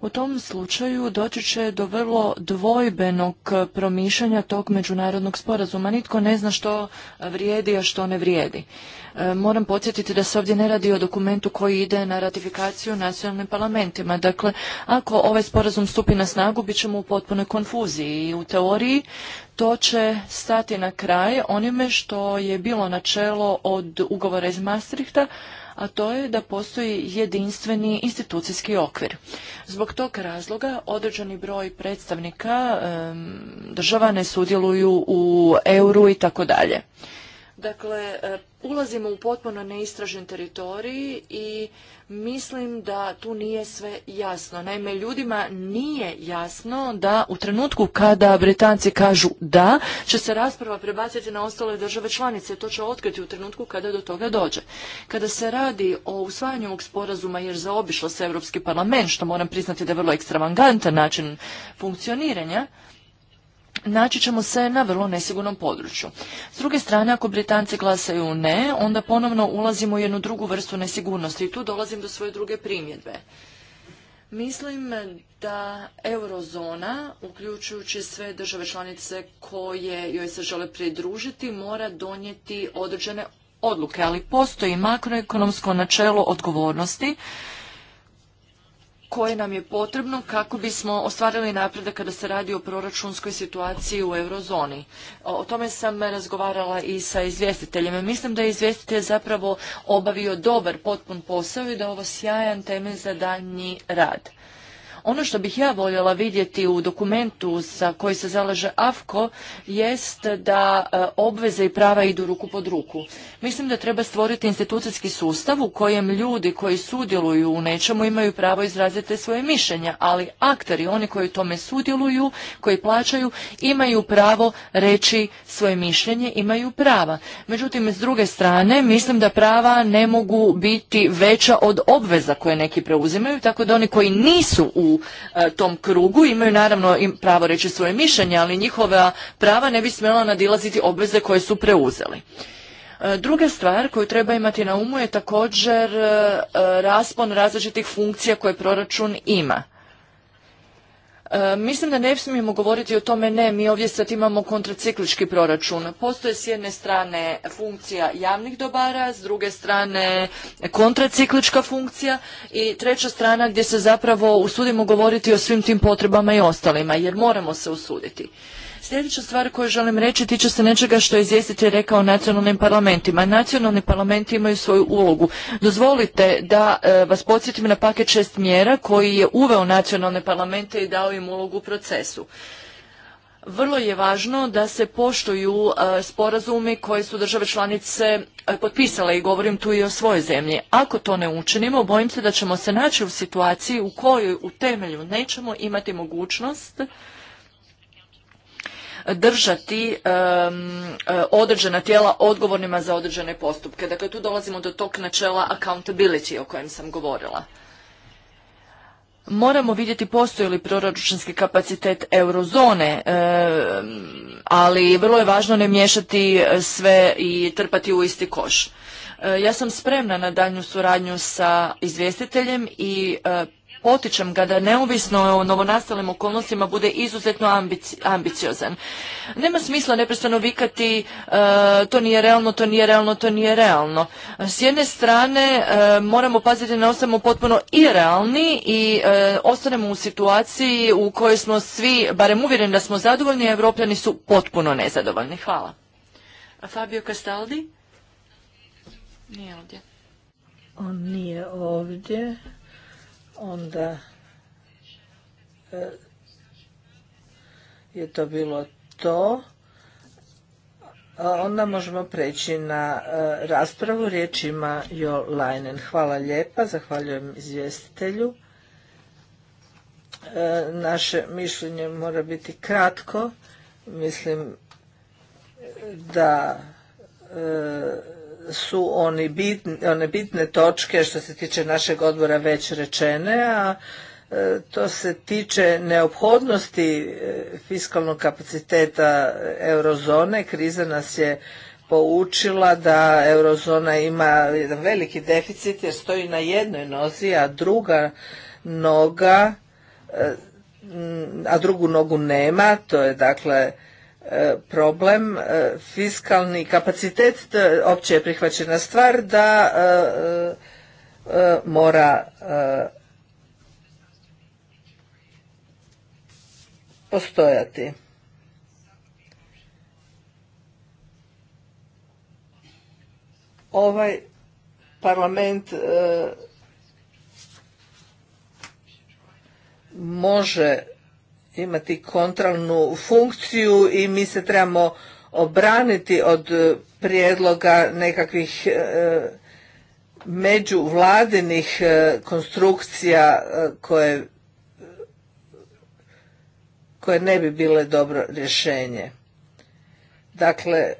u tom slučaju doći će do vrlo dvojbenog promišljanja tog međunarodnog sporazuma. Nitko ne zna što vrijedi, a što ne vrijedi. E, moram podsjetiti da se ovdje ne radi o dokumentu koji ide na ratifikaciju nacionalnim parlamentima. Dakle, ako ovaj sporazum stupi na snagu, bit ćemo u potpunoj konfuziji i u teoriji to će stati na kraj onime što je bilo načelo od ugovora iz Maastrichta, a to je da postoji jedinstveni institucijski okvir. Zbog tog razloga određeni broj predstavnika država ne sudjeluju u euru i tako dalje. Dakle, ulazimo u potpuno neistražen teritorij i mislim da tu nije sve jasno. Naime, ljudima nije jasno da u trenutku kada Britanci kažu da, će se rasprava prebaciti na ostale države članice. To će otkriti u trenutku kada do toga dođe. Kada se radi o usvajanju ovog sporazuma jer zaobišlo se Europski parlament, što moram priznati da je vrlo ekstravagantan način funkcioniranja, naći ćemo se na vrlo nesigurnom području. S druge strane, ako Britanci glasaju ne, onda ponovno ulazimo u jednu drugu vrstu nesigurnosti i tu dolazim do svoje druge primjedbe. Mislim da eurozona, uključujući sve države članice koje joj se žele pridružiti, mora donijeti određene odluke, ali postoji makroekonomsko načelo odgovornosti koje nam je potrebno kako bismo ostvarili napredak kada se radi o proračunskoj situaciji u eurozoni. O tome sam razgovarala i sa izvjestiteljima. Mislim da je izvjestitelj zapravo obavio dobar potpun posao i da je ovo sjajan temelj za daljnji rad. Ono što bih ja voljela vidjeti u dokumentu za koji se zalaže AFKO jest da e, obveze i prava idu ruku pod ruku. Mislim da treba stvoriti institucijski sustav u kojem ljudi koji sudjeluju u nečemu imaju pravo izraziti svoje mišljenja, ali akteri, oni koji tome sudjeluju, koji plaćaju, imaju pravo reći svoje mišljenje, imaju prava. Međutim, s druge strane, mislim da prava ne mogu biti veća od obveza koje neki preuzimaju, tako da oni koji nisu u u e, tom krugu imaju naravno pravo reći svoje mišljenje, ali njihova prava ne bi smjela nadilaziti obveze koje su preuzeli. E, druga stvar koju treba imati na umu je također e, raspon različitih funkcija koje proračun ima. E, mislim da ne smijemo govoriti o tome ne, mi ovdje sad imamo kontraciklički proračun. Postoje s jedne strane funkcija javnih dobara, s druge strane kontraciklička funkcija i treća strana gdje se zapravo usudimo govoriti o svim tim potrebama i ostalima, jer moramo se usuditi. Sljedeća stvar koju želim reći tiče se nečega što je izvjestitelj rekao o nacionalnim parlamentima. Nacionalni parlamenti imaju svoju ulogu. Dozvolite da e, vas podsjetim na paket šest mjera koji je uveo nacionalne parlamente i dao im ulogu u procesu. Vrlo je važno da se poštuju e, sporazumi koje su države članice e, potpisale i govorim tu i o svojoj zemlji. Ako to ne učinimo, bojim se da ćemo se naći u situaciji u kojoj u temelju nećemo imati mogućnost držati e, određena tijela odgovornima za određene postupke. Dakle, tu dolazimo do tog načela accountability o kojem sam govorila. Moramo vidjeti postoji li proračunski kapacitet eurozone, ali vrlo je važno ne miješati sve i trpati u isti koš. E, ja sam spremna na daljnju suradnju sa izvjestiteljem i e, potičem ga da neovisno o novonastalim okolnostima bude izuzetno ambiciozan. Nema smisla neprestano vikati e, to nije realno, to nije realno, to nije realno. S jedne strane e, moramo paziti na ostavimo potpuno irealni i e, ostanemo u situaciji u kojoj smo svi, barem uvjereni da smo zadovoljni, a Evropljani su potpuno nezadovoljni. Hvala. Fabio Castaldi? Nije ovdje. On nije ovdje onda e, je to bilo to. Onda možemo preći na e, raspravu. riječima ima Jo Leinen. Hvala lijepa, zahvaljujem izvjestitelju. E, naše mišljenje mora biti kratko. Mislim da su one bitne točke što se tiče našeg odbora već rečene, a e, to se tiče neophodnosti e, fiskalnog kapaciteta eurozone. Kriza nas je poučila da eurozona ima jedan veliki deficit jer stoji na jednoj nozi, a druga noga, e, a drugu nogu nema, to je dakle E, problem, e, fiskalni kapacitet, e, opće je prihvaćena stvar da mora postojati. Ovaj parlament može imati kontrolnu funkciju i mi se trebamo obraniti od e, prijedloga nekakvih e, međuvladinih e, konstrukcija koje koje ne bi bile dobro rješenje. Dakle,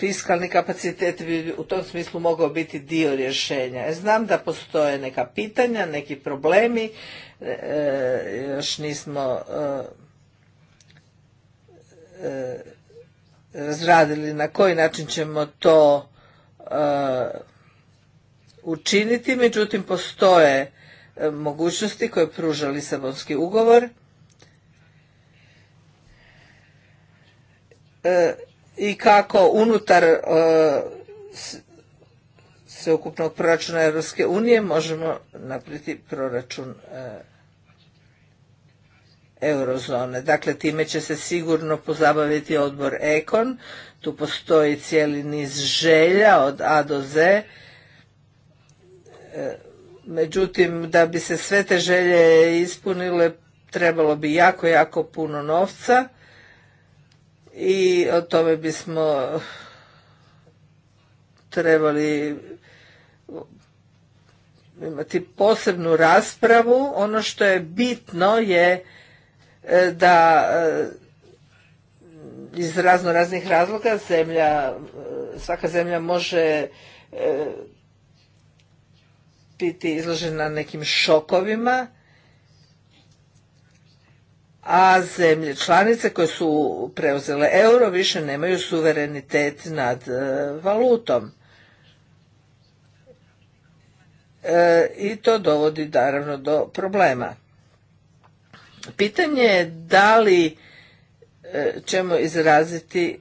fiskalni kapacitet bi u tom smislu mogao biti dio rješenja. E, znam da postoje neka pitanja, neki problemi, e, još nismo e, razradili na koji način ćemo to učiniti, međutim postoje mogućnosti koje pruža Lisabonski ugovor i kako unutar e, sveukupnog proračuna Europske unije možemo napriti proračun e, eurozone. Dakle, time će se sigurno pozabaviti odbor Ekon. Tu postoji cijeli niz želja od A do Z. E, međutim, da bi se sve te želje ispunile, trebalo bi jako, jako puno novca i o tome bismo trebali imati posebnu raspravu. Ono što je bitno je e, da e, iz razno raznih razloga zemlja, e, svaka zemlja može biti izložena nekim šokovima a zemlje članice koje su preuzele euro više nemaju suverenitet nad e, valutom. E, I to dovodi naravno do problema. Pitanje je da li e, ćemo izraziti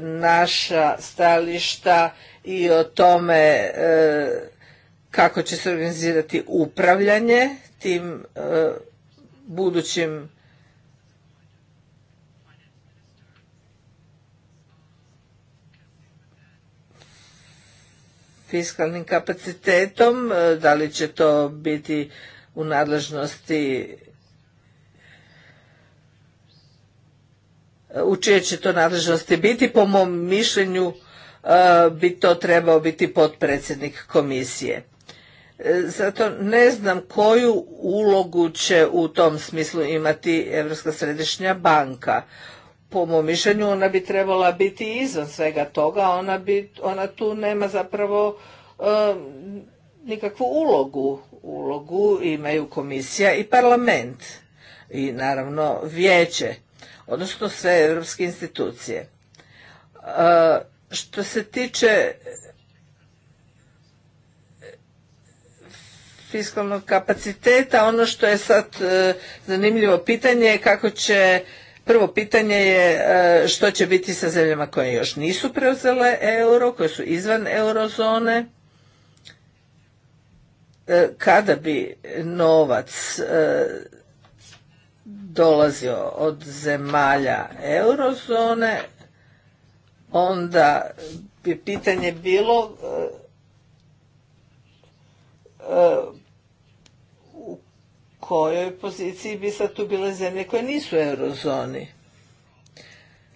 naša stajališta i o tome kako će se organizirati upravljanje tim budućim fiskalnim kapacitetom, e, da li će to biti u nadležnosti u čije će to nadležnosti biti, po mom mišljenju e, bi to trebao biti potpredsjednik komisije. E, zato ne znam koju ulogu će u tom smislu imati Europska središnja banka. Po mom mišljenju ona bi trebala biti izvan svega toga, ona, bi, ona tu nema zapravo e, nikakvu ulogu. Ulogu imaju komisija i parlament i naravno vijeće, odnosno sve europske institucije. E, što se tiče fiskalnog kapaciteta. Ono što je sad e, zanimljivo pitanje je kako će Prvo pitanje je e, što će biti sa zemljama koje još nisu preuzele euro, koje su izvan eurozone. E, kada bi novac dolazio od zemalja eurozone, onda bi pitanje bilo kojoj poziciji bi sad tu bile zemlje koje nisu u eurozoni,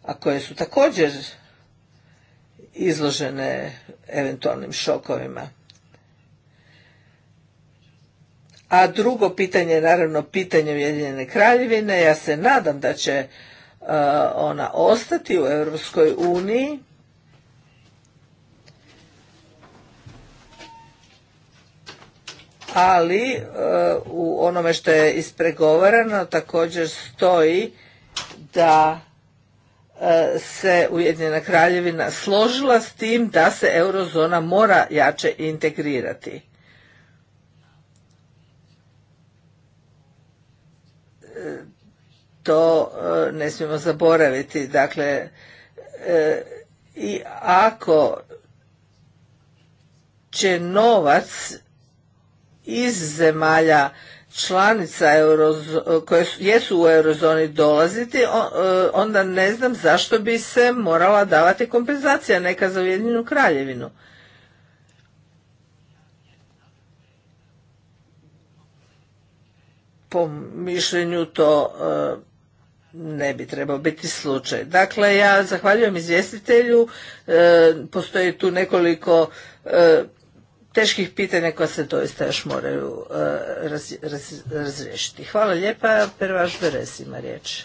a koje su također izložene eventualnim šokovima. A drugo pitanje je naravno pitanje Ujedinjene kraljevine. Ja se nadam da će uh, ona ostati u Europskoj uniji ali e, u onome što je ispregovarano također stoji da e, se Ujedinjena kraljevina složila s tim da se eurozona mora jače integrirati. E, to ne smijemo zaboraviti. Dakle, i ako će novac iz zemalja članica koje jesu u eurozoni dolaziti, e, onda ne znam zašto bi se morala davati kompenzacija neka za Ujedinjenu kraljevinu. Po mišljenju to e, ne bi trebao biti slučaj. Dakle, ja zahvaljujem izvjestitelju, e, postoji tu nekoliko teških pitanja koja se doista još moraju e, razriješiti. Hvala lijepa, Pervaš Beres ima riječ.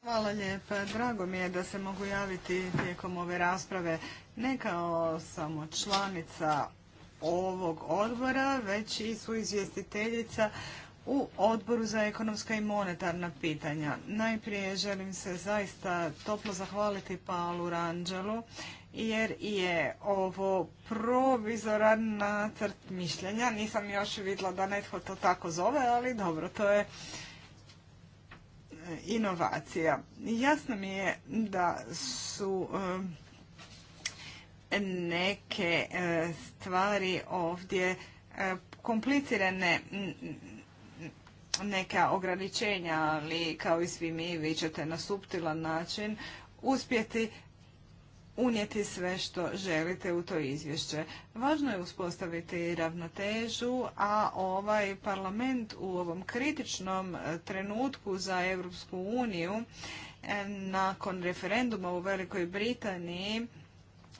Hvala lijepa. Drago mi je da se mogu javiti tijekom ove rasprave ne kao samo članica ovog odbora, već i su izvjestiteljica u odboru za ekonomska i monetarna pitanja. Najprije želim se zaista toplo zahvaliti Paolu Ranđelu jer je ovo provizoran nacrt mišljenja. Nisam još vidjela da netko to tako zove, ali dobro, to je e, inovacija. Jasno mi je da su e, neke e, stvari ovdje komplicirane neka ograničenja, ali kao i svi mi vi ćete na suptilan način uspjeti unijeti sve što želite u to izvješće. Važno je uspostaviti ravnotežu, a ovaj parlament u ovom kritičnom e, trenutku za Europsku uniju e, nakon referenduma u Velikoj Britaniji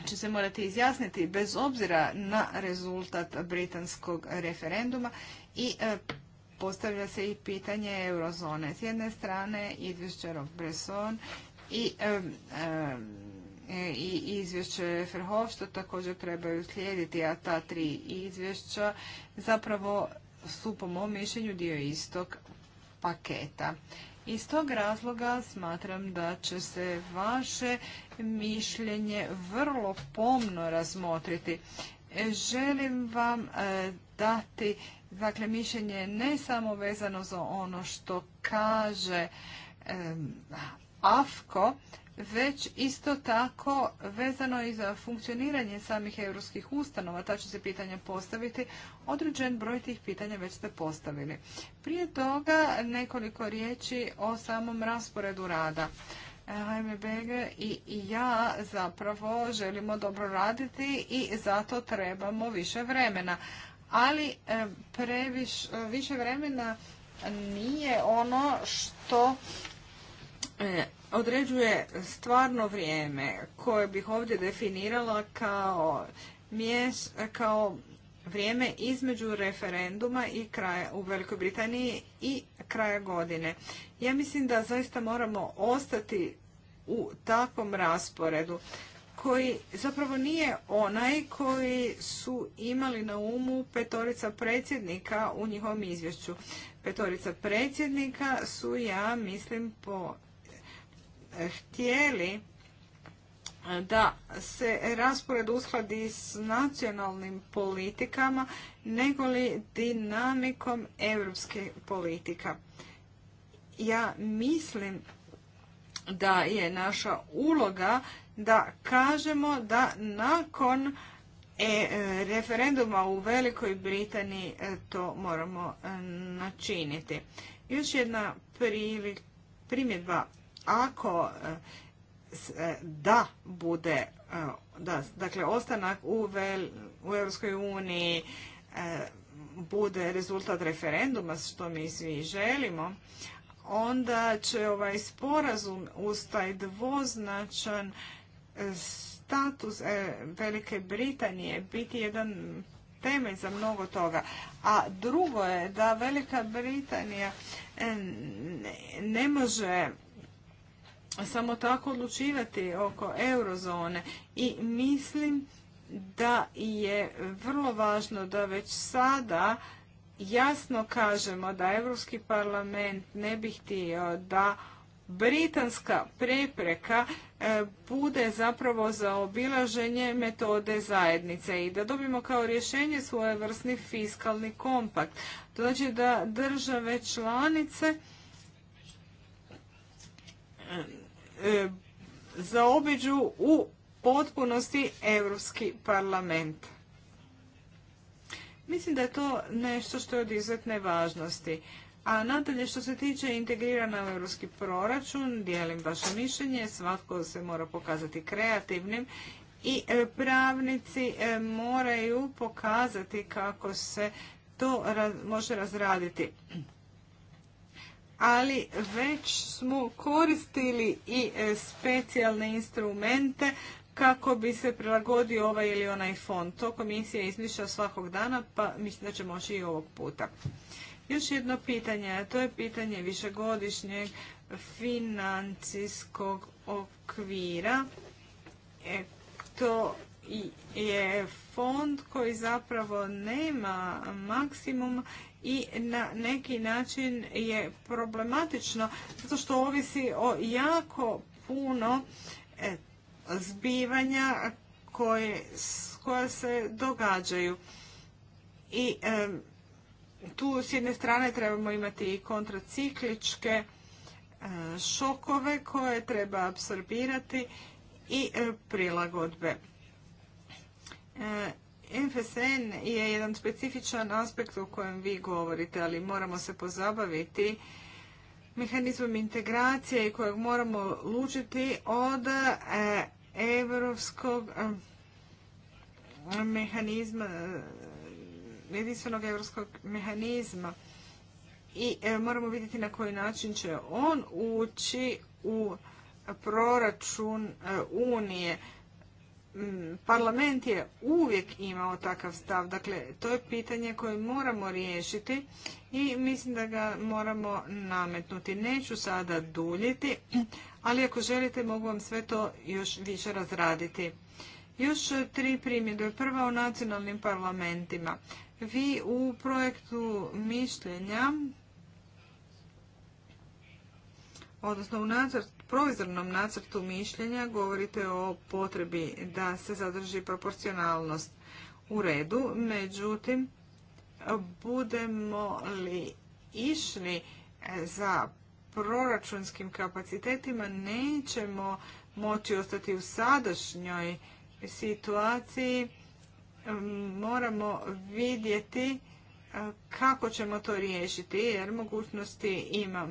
će se morati izjasniti bez obzira na rezultat britanskog referenduma i e, postavlja se i pitanje eurozone. S jedne strane izvješće Rob Bresson i E, i izvješće Ferhofšta također trebaju slijediti, a ta tri izvješća zapravo su po mom mišljenju dio istog paketa. Iz tog razloga smatram da će se vaše mišljenje vrlo pomno razmotriti. Želim vam e, dati dakle, mišljenje ne samo vezano za ono što kaže AFKO, već isto tako vezano i za funkcioniranje samih europskih ustanova, ta će se pitanja postaviti, određen broj tih pitanja već ste postavili. Prije toga nekoliko riječi o samom rasporedu rada. bege, i ja zapravo želimo dobro raditi i zato trebamo više vremena. Ali e, previš, više vremena nije ono što e, određuje stvarno vrijeme koje bih ovdje definirala kao, mjes, kao vrijeme između referenduma i kraja u Velikoj Britaniji i kraja godine. Ja mislim da zaista moramo ostati u takvom rasporedu koji zapravo nije onaj koji su imali na umu petorica predsjednika u njihovom izvješću. Petorica predsjednika su, ja mislim, po htjeli eh, da se raspored uskladi s nacionalnim politikama negoli dinamikom europskih politika. Ja mislim da je naša uloga da kažemo da nakon eh, referenduma u Velikoj Britaniji eh, to moramo načiniti. Još jedna primjedba ako e, e, da bude e, da, dakle ostanak u, vel, Europskoj uniji bude rezultat referenduma što mi svi želimo onda će ovaj sporazum uz taj dvoznačan status Velike Britanije biti jedan temelj za mnogo toga. A drugo je da Velika Britanija ne može samo tako odlučivati oko eurozone i mislim da je vrlo važno da već sada jasno kažemo da Europski parlament ne bi htio da britanska prepreka e, bude zapravo za obilaženje metode zajednice i da dobimo kao rješenje svojevrsni fiskalni kompakt. To znači da države članice E, zaobiđu u potpunosti Europski parlament. Mislim da je to nešto što je od izuzetne važnosti. A nadalje što se tiče integrirana u europski proračun, dijelim vaše mišljenje, svatko se mora pokazati kreativnim i e, pravnici e, moraju pokazati kako se to može razraditi ali već smo koristili i e, specijalne instrumente kako bi se prilagodio ovaj ili onaj fond. To komisija izmišlja svakog dana, pa mislim da će moći i ovog puta. Još jedno pitanje, a to je pitanje višegodišnjeg financijskog okvira. E, to je fond koji zapravo nema maksimum i na neki način je problematično zato što ovisi o jako puno e, zbivanja koje, koja se događaju. I e, tu s jedne strane trebamo imati i kontracikličke e, šokove koje treba apsorbirati i e, prilagodbe. FSN je jedan specifičan aspekt o kojem vi govorite, ali moramo se pozabaviti mehanizmom integracije i kojeg moramo lučiti od europskog eh, eh, mehanizma, eh, jedinstvenog europskog mehanizma i moramo vidjeti na koji način će on ući u proračun Unije Mm, parlament je uvijek imao takav stav. Dakle, to je pitanje koje moramo riješiti i mislim da ga moramo nametnuti. Neću sada duljiti, ali ako želite mogu vam sve to još više razraditi. Još tri primjedbe. Prva o nacionalnim parlamentima. Vi u projektu mišljenja, odnosno u nacrtu provizornom nacrtu mišljenja govorite o potrebi da se zadrži proporcionalnost u redu, međutim, budemo li išli e, za proračunskim kapacitetima, nećemo moći ostati u sadašnjoj situaciji. Moramo vidjeti e, kako ćemo to riješiti, jer mogućnosti ima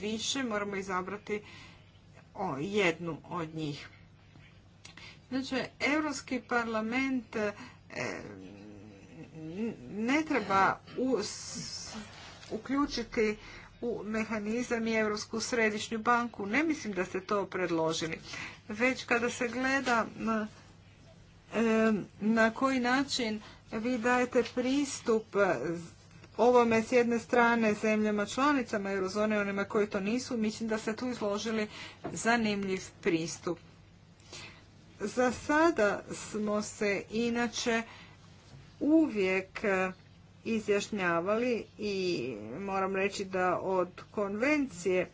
više, moramo izabrati jednu od njih. Znači, Europski parlament e, ne treba uključiti u mehanizam i Europsku središnju banku. Ne mislim da ste to predložili. Već kada se gleda na, e, na koji način vi dajete pristup ovome s jedne strane zemljama članicama eurozone, onima koji to nisu, mislim da se tu izložili zanimljiv pristup. Za sada smo se inače uvijek e, izjašnjavali i moram reći da od konvencije e,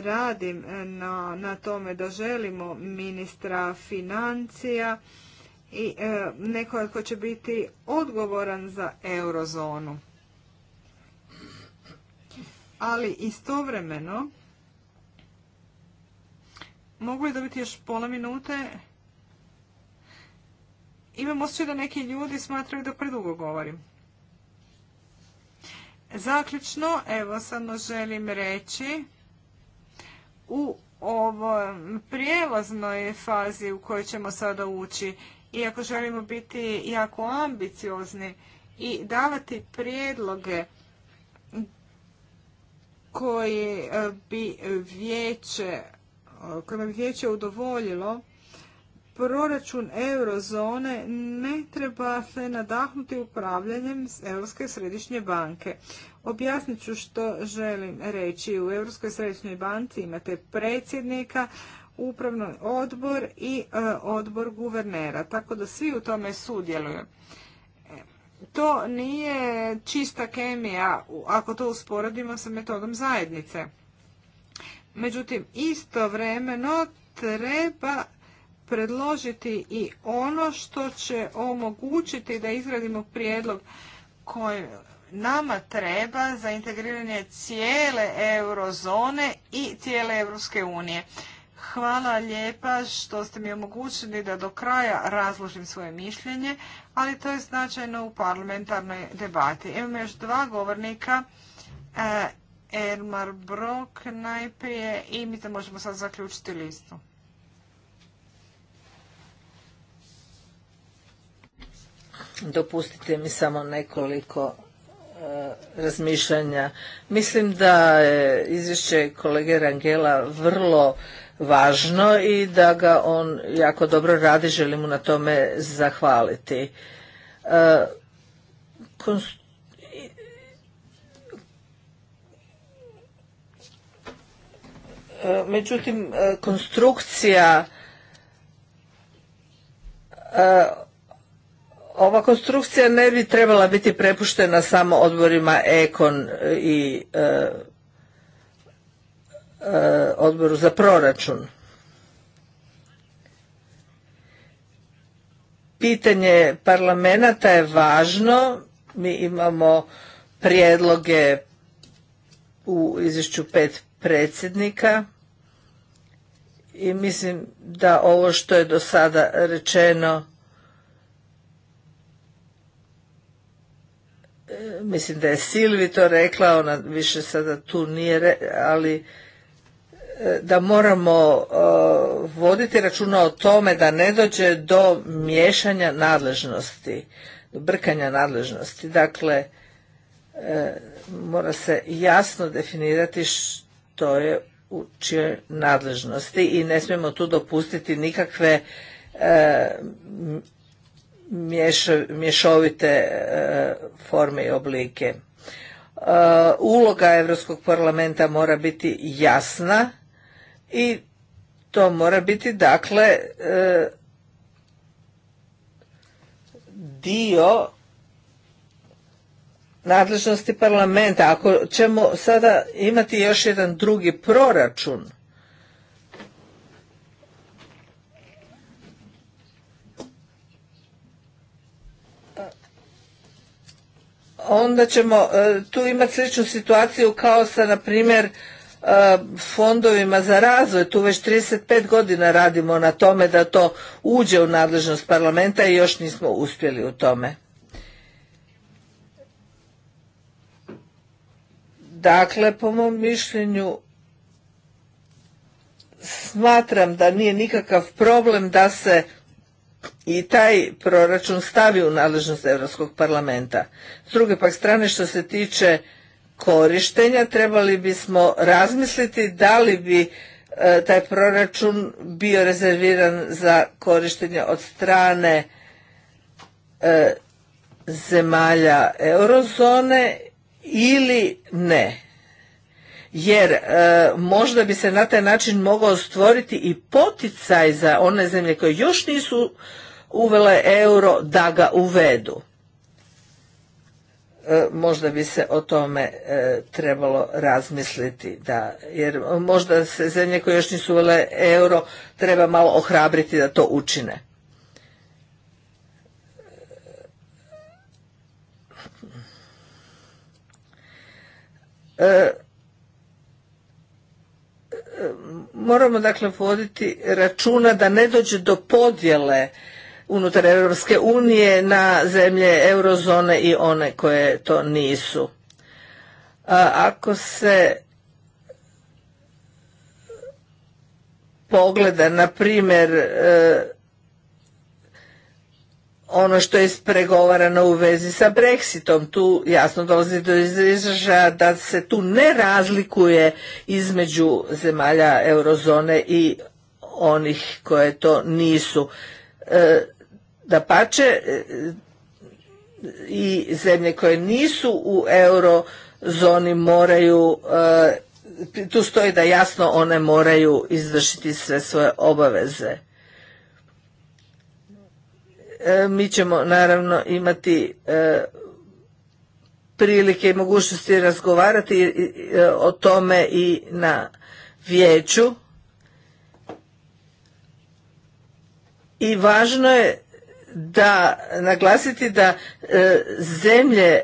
radim e, na, na tome da želimo ministra financija i e, neko tko će biti odgovoran za eurozonu ali istovremeno mogu li dobiti još pola minute? Imam osjećaj da neki ljudi smatraju da predugo govorim. Zaključno, evo samo želim reći u ovoj prijelaznoj fazi u kojoj ćemo sada ući, iako želimo biti jako ambiciozni i davati prijedloge koje e, bi vijeće e, kojima bi vijeće udovoljilo proračun eurozone ne treba se nadahnuti upravljanjem Europske središnje banke. Objasnit ću što želim reći. U Europskoj središnjoj banci imate predsjednika, upravni odbor i e, odbor guvernera, tako da svi u tome sudjeluju to nije čista kemija ako to usporedimo sa metodom zajednice. Međutim, istovremeno treba predložiti i ono što će omogućiti da izradimo prijedlog koji nama treba za integriranje cijele eurozone i cijele Europske unije. Hvala lijepa što ste mi omogućili da do kraja razložim svoje mišljenje, ali to je značajno u parlamentarnoj debati. Imamo još dva govornika, e, Elmar Brok najprije i mi to možemo sad zaključiti listu. Dopustite mi samo nekoliko e, razmišljanja. Mislim da je izvješće kolege Rangela vrlo važno i da ga on jako dobro radi, želim mu na tome zahvaliti. E, e, međutim, e, konstrukcija ova konstrukcija ne bi trebala biti prepuštena samo odborima Ekon i E, odboru za proračun. Pitanje parlamenta je važno. Mi imamo prijedloge u izvješću pet predsjednika i mislim da ovo što je do sada rečeno e, mislim da je Silvi to rekla, ona više sada tu nije, ali da moramo e, voditi računa o tome da ne dođe do miješanja nadležnosti, do brkanja nadležnosti. Dakle, e, mora se jasno definirati što je u čijoj nadležnosti i ne smijemo tu dopustiti nikakve e, mješovite forme i oblike. uloga Europskog parlamenta mora biti jasna i to mora biti dakle e, dio nadležnosti parlamenta. Ako ćemo sada imati još jedan drugi proračun, onda ćemo e, tu imati sličnu situaciju kao sa, na primjer, E, fondovima za razvoj. Tu već 35 godina radimo na tome da to uđe u nadležnost parlamenta i još nismo uspjeli u tome. Dakle, po mom mišljenju, smatram da nije nikakav problem da se i taj proračun stavi u nadležnost Europskog parlamenta. S druge pak strane, što se tiče korištenja trebali bismo razmisliti da li bi e, taj proračun bio rezerviran za korištenje od strane e, zemalja eurozone ili ne jer e, možda bi se na taj način mogao stvoriti i poticaj za one zemlje koje još nisu uvele euro da ga uvedu E, možda bi se o tome e, trebalo razmisliti da jer možda se zemlje koje još nisu uvele euro treba malo ohrabriti da to učine e, moramo dakle voditi računa da ne dođe do podjele unutar Europske unije na zemlje eurozone i one koje to nisu. ako se pogleda, na primjer, e, ono što je ispregovarano u vezi sa Brexitom. Tu jasno dolazi do izražaja da se tu ne razlikuje između zemalja eurozone i onih koje to nisu. E, da pače e, i zemlje koje nisu u eurozoni moraju e, tu stoji da jasno one moraju izvršiti sve svoje obaveze. E, mi ćemo naravno imati prilike i mogućnosti razgovarati o tome i na vijeću. I važno je da naglasiti da e, zemlje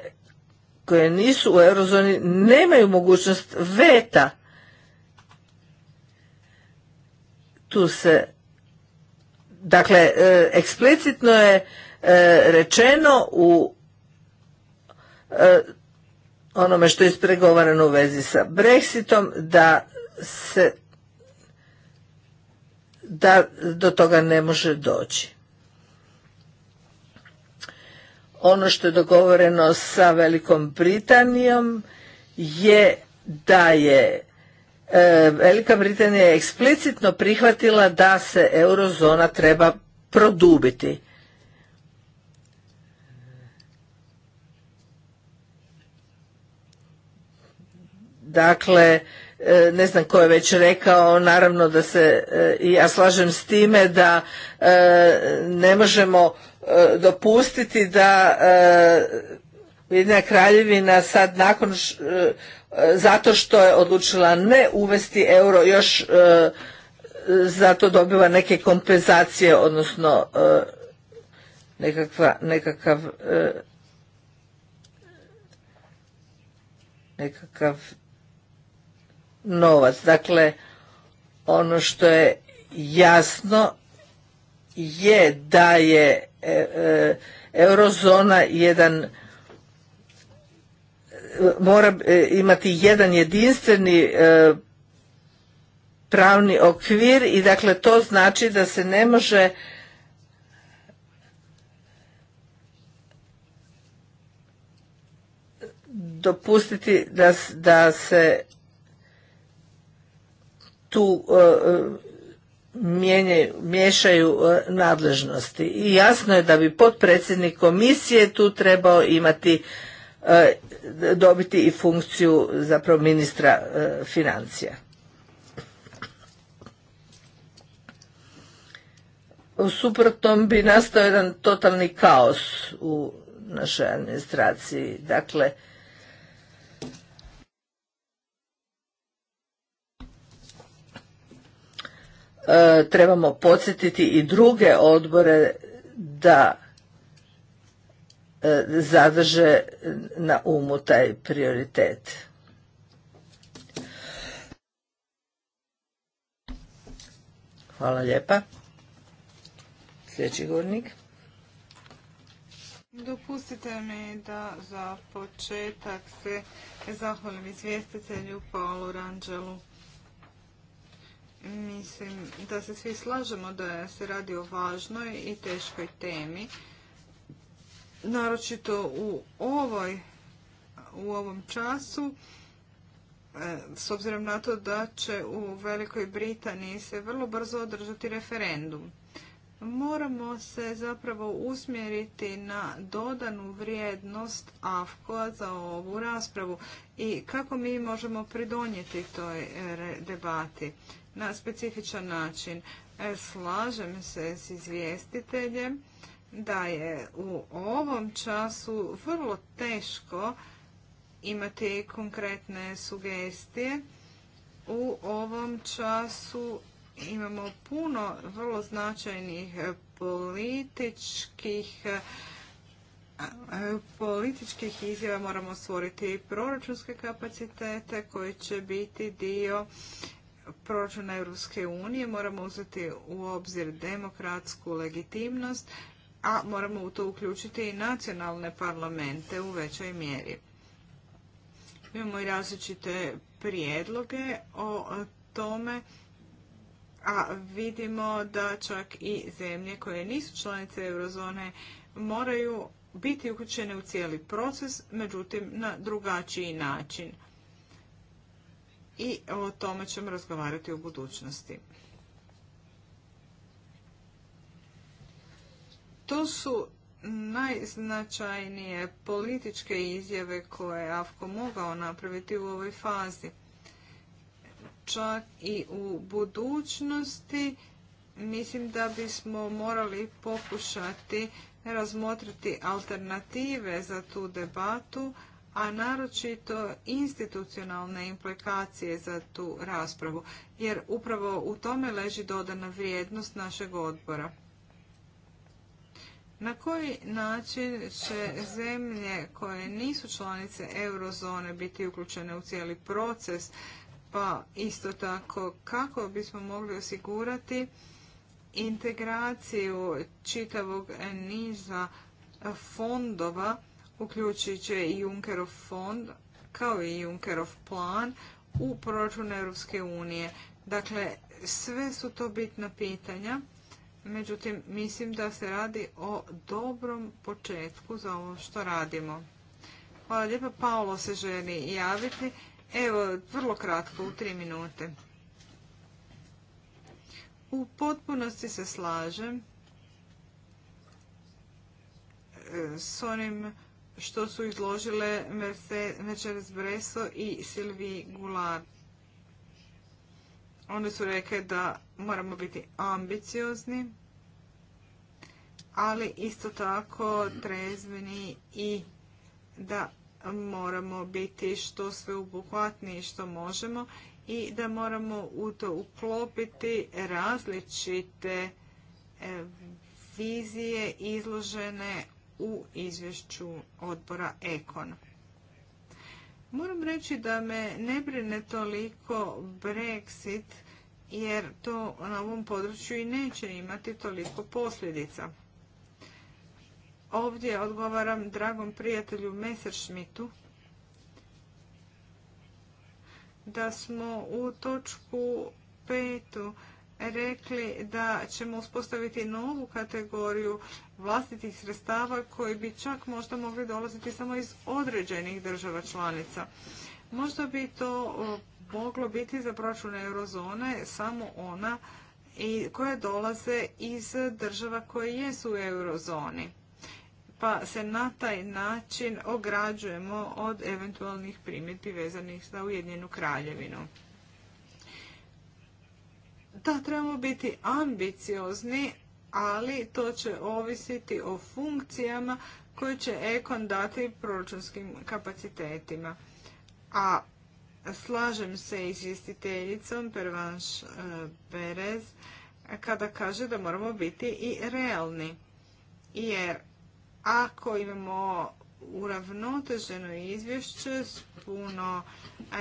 koje nisu u eurozoni nemaju mogućnost veta. Tu se dakle e, eksplicitno je e, rečeno u onome što je ispregovarano u vezi sa Brexitom da se da do toga ne može doći. ono što je dogovoreno sa Velikom Britanijom je da je e, Velika Britanija eksplicitno prihvatila da se eurozona treba produbiti. Dakle, e, ne znam ko je već rekao, naravno da se, e, i ja slažem s time da ne možemo E, dopustiti da e, Ujedinjena kraljevina sad nakon e, zato što je odlučila ne uvesti euro još zato dobiva neke kompenzacije odnosno nekakva, nekakav nekakav novac. Dakle, ono što je jasno je da je e, e, eurozona jedan e, mora imati jedan jedinstveni pravni okvir i dakle to znači da se ne može dopustiti da, se tu miješaju e, nadležnosti. I jasno je da bi potpredsjednik komisije tu trebao imati e, dobiti i funkciju zapravo ministra e, financija. U suprotnom bi nastao jedan totalni kaos u našoj administraciji. Dakle, E, trebamo podsjetiti i druge odbore da e, zadrže na umu taj prioritet. Hvala lijepa. Sljedeći govornik. Dopustite mi da za početak se zahvalim izvjestitelju Paolo Ranđelu Mislim da se svi slažemo da se radi o važnoj i teškoj temi, naročito u ovoj u ovom času, e, s obzirom na to da će u Velikoj Britaniji se vrlo brzo održati referendum. Moramo se zapravo usmjeriti na dodanu vrijednost AFKO za ovu raspravu i kako mi možemo pridonijeti toj e, debati na specifičan način. E, slažem se s izvjestiteljem da je u ovom času vrlo teško imati konkretne sugestije. U ovom času imamo puno vrlo značajnih političkih e, političkih izjava moramo stvoriti proračunske kapacitete koji će biti dio proračuna Europske unije moramo uzeti u obzir demokratsku legitimnost, a moramo u to uključiti i nacionalne parlamente u većoj mjeri. Imamo i različite prijedloge o tome, a vidimo da čak i zemlje koje nisu članice eurozone moraju biti uključene u cijeli proces, međutim na drugačiji način i o tome ćemo razgovarati u budućnosti. To su najznačajnije političke izjave koje je AFKO mogao napraviti u ovoj fazi. Čak i u budućnosti mislim da bismo morali pokušati razmotriti alternative za tu debatu, a naročito institucionalne implikacije za tu raspravu, jer upravo u tome leži dodana vrijednost našeg odbora. Na koji način će zemlje koje nisu članice eurozone biti uključene u cijeli proces, pa isto tako kako bismo mogli osigurati integraciju čitavog niza fondova uključujući i Junckerov fond, kao i Junckerov plan u proračun Europske unije. Dakle, sve su to bitna pitanja, međutim, mislim da se radi o dobrom početku za ovo što radimo. Hvala lijepa, Paolo se želi javiti. Evo, vrlo kratko, u tri minute. U potpunosti se slažem eh, s onim što su izložile Mercedes Bresso i Silvi Goulart. One su rekle da moramo biti ambiciozni, ali isto tako trezveni i da moramo biti što sve i što možemo i da moramo u to uklopiti različite e, vizije izložene u izvješću odbora Ekon. Moram reći da me ne brine toliko Brexit jer to na ovom području i neće imati toliko posljedica. Ovdje odgovaram dragom prijatelju Messerschmittu da smo u točku petu rekli da ćemo uspostaviti novu kategoriju vlastitih sredstava koji bi čak možda mogli dolaziti samo iz određenih država članica. Možda bi to moglo biti za proračun eurozone samo ona koja dolaze iz država koje jesu u eurozoni. Pa se na taj način ograđujemo od eventualnih primjedbi vezanih za Ujedinjenu kraljevinu. Da, trebamo biti ambiciozni, ali to će ovisiti o funkcijama koje će Ekon dati proračunskim kapacitetima. A slažem se izvjestiteljicom Pervanš e, Perez kada kaže da moramo biti i realni. Jer ako imamo uravnoteženo izvješće s puno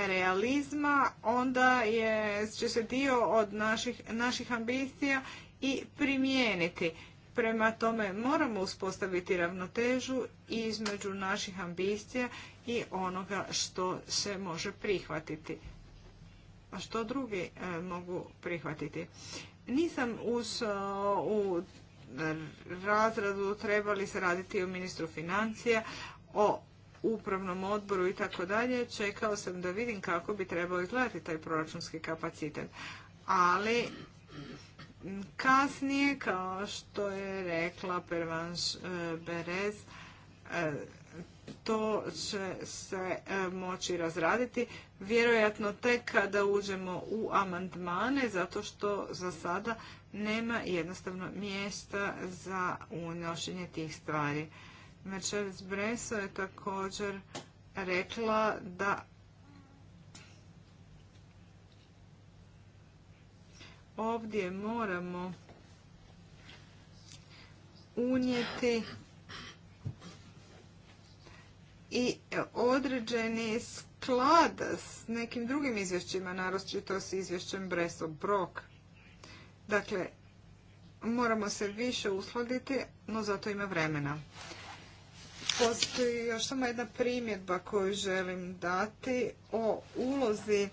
realizma, onda je, će se dio od naših, naših ambicija i primijeniti. Prema tome moramo uspostaviti ravnotežu između naših ambicija i onoga što se može prihvatiti. A što drugi e, mogu prihvatiti? Nisam uz e, u razradu trebali se raditi o ministru financija, o upravnom odboru i tako dalje. Čekao sam da vidim kako bi trebalo izgledati taj proračunski kapacitet. Ali kasnije, kao što je rekla Pervanš e, Berez, e, to će se e, moći razraditi. Vjerojatno tek kada uđemo u amandmane, zato što za sada nema jednostavno mjesta za unošenje tih stvari. Mercedes Breso je također rekla da ovdje moramo unijeti i određeni sklad s nekim drugim izvješćima, naročito s izvješćem Breso Brok. Dakle, moramo se više uskladiti, no zato ima vremena. Postoji još samo jedna primjedba koju želim dati o ulozi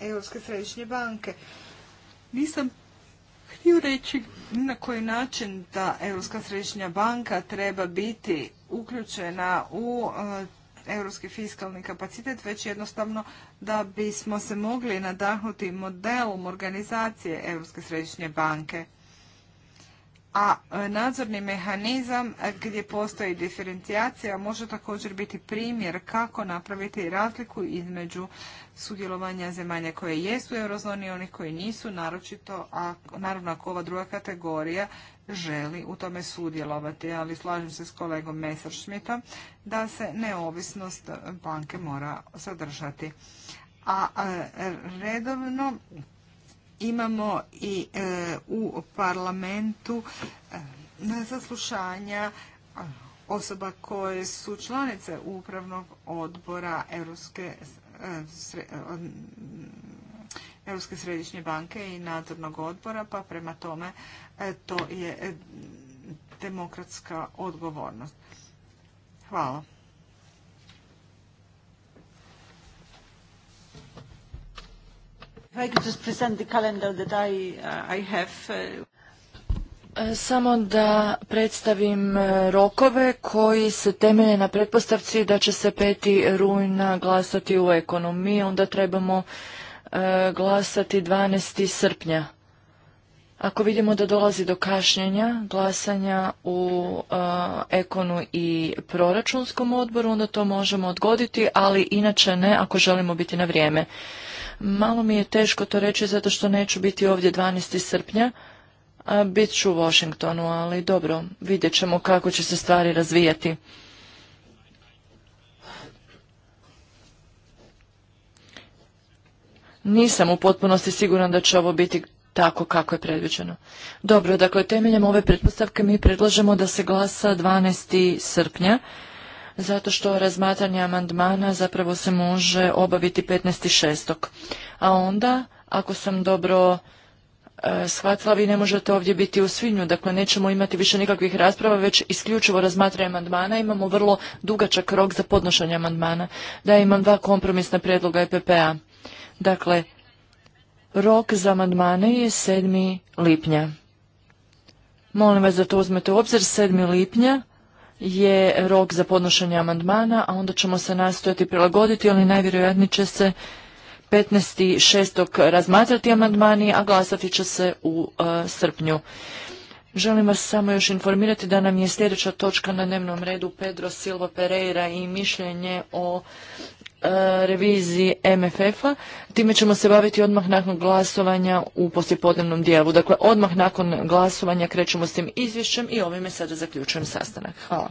Europske središnje banke. Nisam htio reći na koji način da Europska središnja banka treba biti uključena u europski fiskalni kapacitet, već jednostavno da bismo se mogli nadahnuti modelom organizacije Europske središnje banke. A e, nadzorni mehanizam gdje postoji diferencijacija može također biti primjer kako napraviti razliku između sudjelovanja zemalja koje jesu u eurozoni i onih koji nisu, naročito, a naravno ako ova druga kategorija želi u tome sudjelovati, ali slažem se s kolegom Messerschmittom da se neovisnost banke mora zadržati. A redovno imamo i e, u parlamentu e, zaslušanja osoba koje su članice upravnog odbora Europske e, Europske središnje banke i nadzornog odbora, pa prema tome to je e, demokratska odgovornost. Hvala. Samo da predstavim e, rokove koji se temelje na pretpostavci da će se peti rujna glasati u ekonomiji, onda trebamo e, glasati 12. srpnja. Ako vidimo da dolazi do kašnjenja glasanja u e, ekonu i proračunskom odboru, onda to možemo odgoditi, ali inače ne ako želimo biti na vrijeme. Malo mi je teško to reći zato što neću biti ovdje 12. srpnja, bit ću u Washingtonu, ali dobro, vidjet ćemo kako će se stvari razvijati. Nisam u potpunosti siguran da će ovo biti tako kako je predviđeno. Dobro, dakle, temeljem ove pretpostavke mi predlažemo da se glasa 12. srpnja, zato što razmatranje amandmana zapravo se može obaviti šestog. A onda, ako sam dobro e, shvatila, vi ne možete ovdje biti u svinju, dakle nećemo imati više nikakvih rasprava, već isključivo razmatranje amandmana. Imamo vrlo dugačak rok za podnošanje amandmana. Da, imam dva kompromisna prijedloga EPP-a. Dakle, Rok za amandmane je 7. lipnja. Molim vas da to uzmete u obzir. 7. lipnja je rok za podnošenje amandmana, a onda ćemo se nastojati prilagoditi, ali najvjerojatnije će se 15.6. razmatrati amandmani, a glasati će se u uh, srpnju. Želim vas samo još informirati da nam je sljedeća točka na dnevnom redu Pedro Silva Pereira i mišljenje o E, reviziji MFF-a. Time ćemo se baviti odmah nakon glasovanja u poslijepodnevnom dijelu. Dakle, odmah nakon glasovanja krećemo s tim izvješćem i ovime sada zaključujem sastanak. Hvala.